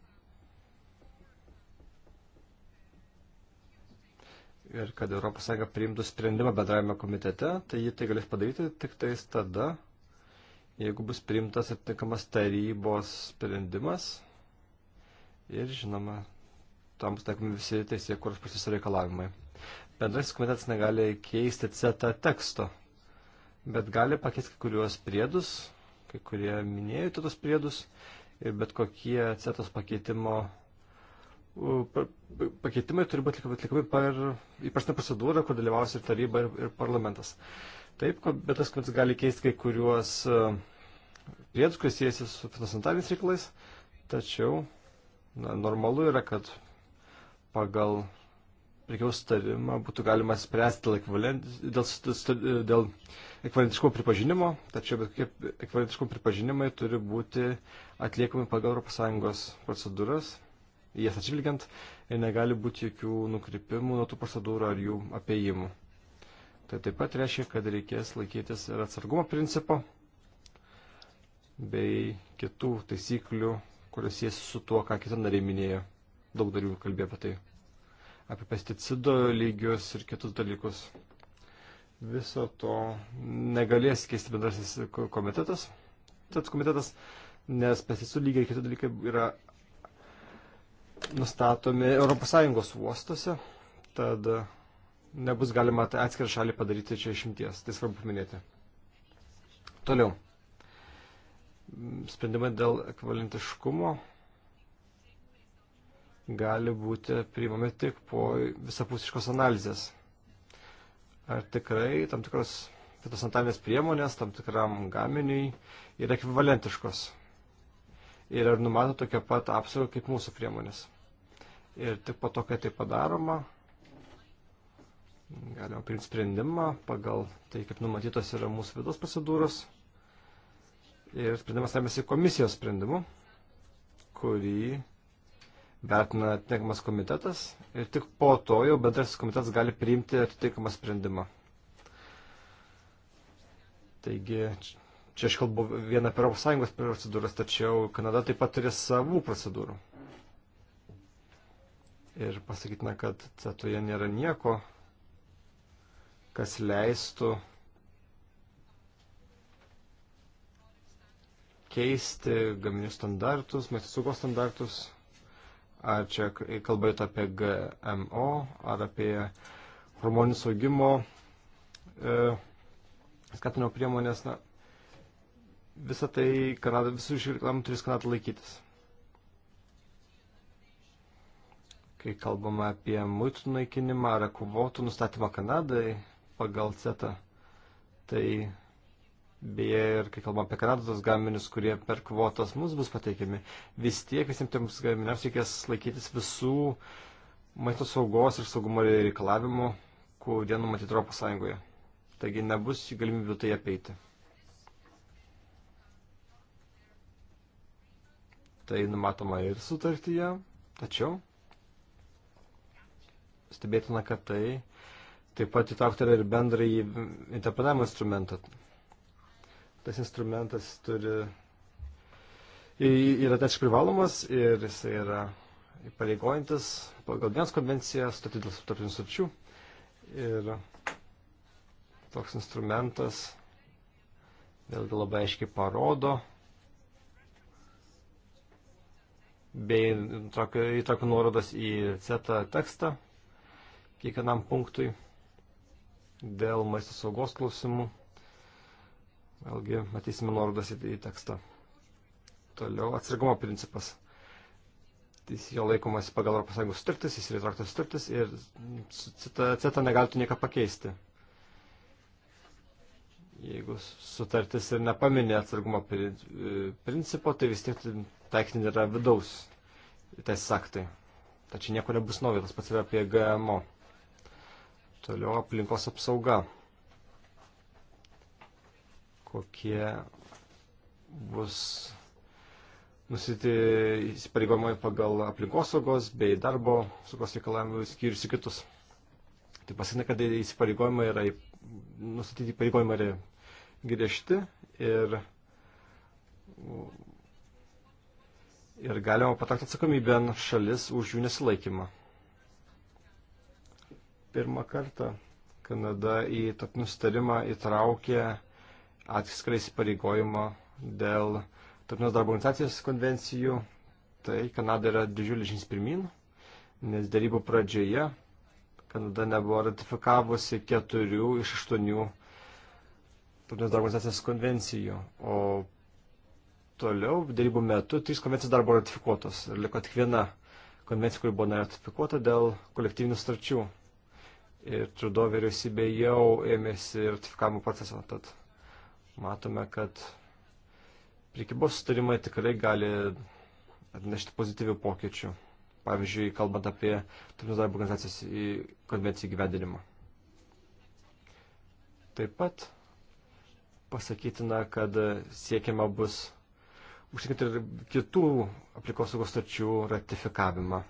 ir kad ES priimtų sprendimą bendravime komitete, tai ji tai galės padaryti tik tais tada, jeigu bus priimtas atitinkamas tarybos sprendimas ir, žinoma, tam bus taikomi visi teisėjai, kuros pusės reikalavimai. Bendrasis komitetas negali keisti CETA teksto, bet gali pakeisti kai kuriuos priedus, kai kurie minėjote tos priedus ir bet kokie CETOS pakeitimo pakeitimai turi būti atlikami per įprastą procedūrą, kur dalyvaus ir taryba, ir, ir parlamentas. Taip, bet tas komitetas gali keisti kai kuriuos e, priedus, kuris siejasi su finansiniais reikalais, tačiau na, normalu yra, kad pagal prekiaus sutarimą būtų galima spręsti dėl, ekvivalent, dėl, dėl ekvivalentiškumo pripažinimo, tačiau bet kokie ekvivalentiškumo pripažinimai turi būti atliekami pagal ES procedūras jas atžvilgiant ir negali būti jokių nukrypimų nuo tų procedūrų ar jų apėjimų. Tai taip pat reiškia, kad reikės laikytis ir atsargumo principo bei kitų taisyklių, kurios jės su tuo, ką kita nariai minėjo. Daug darių kalbėjo apie tai. Apie pesticido lygius ir kitus dalykus. Viso to negalės keisti bendrasis komitetas, tas komitetas, nes pesticidų lygiai ir kiti dalykai yra nustatomi ES uostuose, tad e, nebus galima atskirą šalį padaryti čia išimties. Tai svarbu paminėti. Toliau. Sprendimai dėl ekvalentiškumo gali būti priimami tik po visapusiškos analizės. Ar tikrai tam tikros fitosanitarinės priemonės tam tikram gaminiui yra ekvivalentiškos? Ir ar numato tokią pat apsaugą kaip mūsų priemonės? Ir tik po to, kai tai padaroma, galima priimti sprendimą pagal tai, kaip numatytos yra mūsų vidaus procedūros. Ir sprendimas remiasi komisijos sprendimu, kurį vertina atitinkamas komitetas ir tik po to jau bendrasis komitetas gali priimti atitinkamą sprendimą. Taigi, čia aš kalbu vieną per Europos Sąjungos procedūras, tačiau Kanada taip pat turi savų procedūrų ir pasakytina, kad cetoje nėra nieko, kas leistų keisti gaminių standartus, maisto saugos standartus, ar čia kalbėtų apie GMO, ar apie hormonų saugimo e, skatinimo priemonės, na, visą tai Kanada, visų šių reklamų turės Kanada laikytis. kai kalbama apie muitų naikinimą ar kvotų nustatymą Kanadai pagal CETA. Tai beje ir kai kalbam apie Kanados gaminius, kurie per kvotas mums bus pateikiami, vis tiek visiems tiems gaminiams reikės laikytis visų maisto saugos ir saugumo reikalavimų, kurie numatyti Europos Sąjungoje. Taigi nebus galimybių tai apeiti. Tai numatoma ir sutartyje, tačiau stebėtina, kad tai taip pat įtraukta yra ir bendrai interpretavimo instrumentą. Tas instrumentas turi, yra teisiškai privalomas ir jis yra įpareigojantis pagal vienas konvenciją, statyti dėl sutartinių sutarčių. Ir toks instrumentas vėlgi labai aiškiai parodo bei įtraukia nuorodas į CETA tekstą kiekvienam punktui dėl maisto saugos klausimų. Vėlgi matysime nuorodas į, į tekstą. Toliau atsargumo principas. Jis jo laikomas pagal ES sutartis, jis yra įtrauktas sutartis ir CETA, CETA negalėtų nieko pakeisti. Jeigu sutartis ir nepaminė atsargumo e, principo, tai vis tiek taikinė yra vidaus teisės aktai. Tačiau nieko nebus naujo, tas pats yra apie GMO. Toliau aplinkos apsauga. Kokie bus nusiti įsipareigojimai pagal aplinkosaugos bei darbo saugos reikalavimų skyrius ir kitus. Tai pasakė, kad įsipareigojimai yra, nusityti įpareigojimai yra griežti ir, ir galima patakti atsakomybę šalis už jų nesilaikymą. Pirmą kartą Kanada į tokį nustarimą įtraukė atskirai įsipareigojimą dėl Tarptautinės darbo organizacijos konvencijų. Tai Kanada yra didžiulis žingsnis pirmin, nes darybų pradžioje Kanada nebuvo ratifikavusi keturių iš aštuonių Tarptautinės darbo organizacijos konvencijų, o toliau darybų metu trys konvencijos dar buvo ratifikuotos ir liko tik viena konvencija, kuri buvo neratifikuota dėl kolektyvinių starčių ir Trudo vyriausybė jau ėmėsi ratifikavimo proceso. Tad matome, kad prikybos sutarimai tikrai gali atnešti pozityvių pokyčių. Pavyzdžiui, kalbant apie Tarptautinės darbo organizacijos konvencijų gyvendinimą. Taip pat pasakytina, kad siekiama bus užtikrinti ir kitų aplikosaugos starčių ratifikavimą.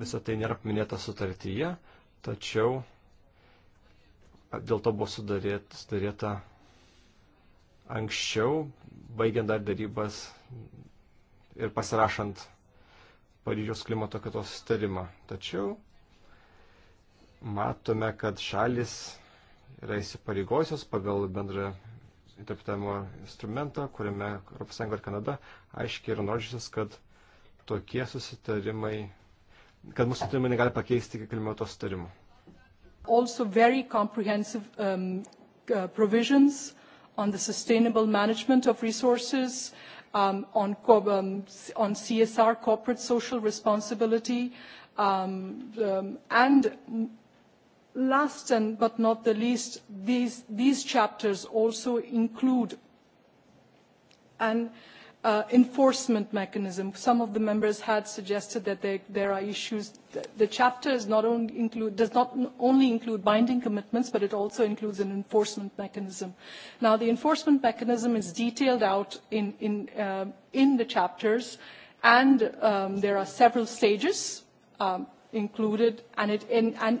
Visą tai nėra paminėta sutartyje, tačiau dėl to buvo sudarėta, sudarėta anksčiau, baigiant dar darybas ir pasirašant Paryžiaus klimato kaitos sustarimą. Tačiau matome, kad šalis yra įsipareigosios pagal bendrą interpretavimo instrumentą, kuriame ES ir Kanada aiškiai yra nurodžiusios, kad tokie susitarimai kad mūsų sutarimai negali pakeisti klimato sutarimų. Also very comprehensive um, uh, provisions on the sustainable management of resources, um, on, co um, on CSR corporate social responsibility, um, um, and last and but not the least, these, these chapters also include an uh, enforcement mechanism. Some of the members had suggested that there, there are issues. The chapter is not only include, does not only include binding commitments, but it also includes an enforcement mechanism. Now, the enforcement mechanism is detailed out in, in, uh, in the chapters, and um, there are several stages um, included, and, it, in, and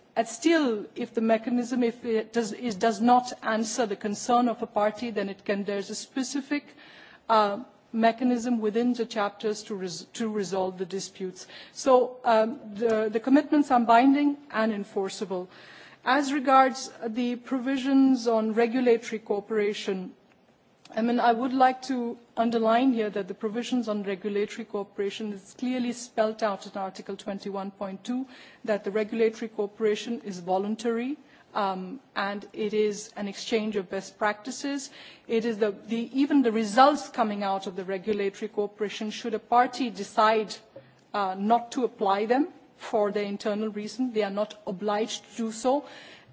And still, if the mechanism if it does, it does not answer the concern of a party, then it can, there's a specific uh, mechanism within the chapters to, res, to resolve the disputes. So um, the, the commitments are binding and enforceable. As regards the provisions on regulatory cooperation, I mean, I would like to underline here that the provisions on regulatory cooperation is clearly spelled out in Article 21.2 that the regulatory cooperation is voluntary um, and it is an exchange of best practices. It is the, the, even the results coming out of the regulatory cooperation, should a party decide uh, not to apply them for their internal reason, they are not obliged to do so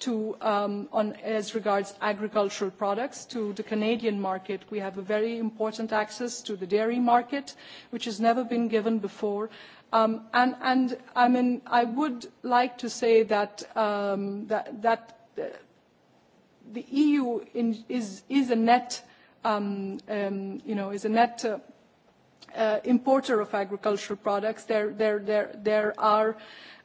to, um, on, as regards agricultural products to the Canadian market. We have a very important access to the dairy market, which has never been given before. Um, and, and I mean, I would like to say that, um, that, that uh, the EU in, is, is a net, um, um, you know, is a net uh, uh, importer of agricultural products. There, there, there, there are uh,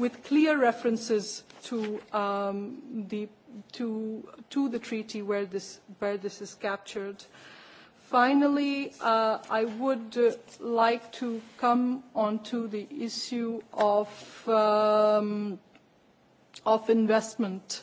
with clear references to, um, the, to, to the treaty where this, where this is captured. Finally, uh, I would uh, like to come onto the issue of, um, of investment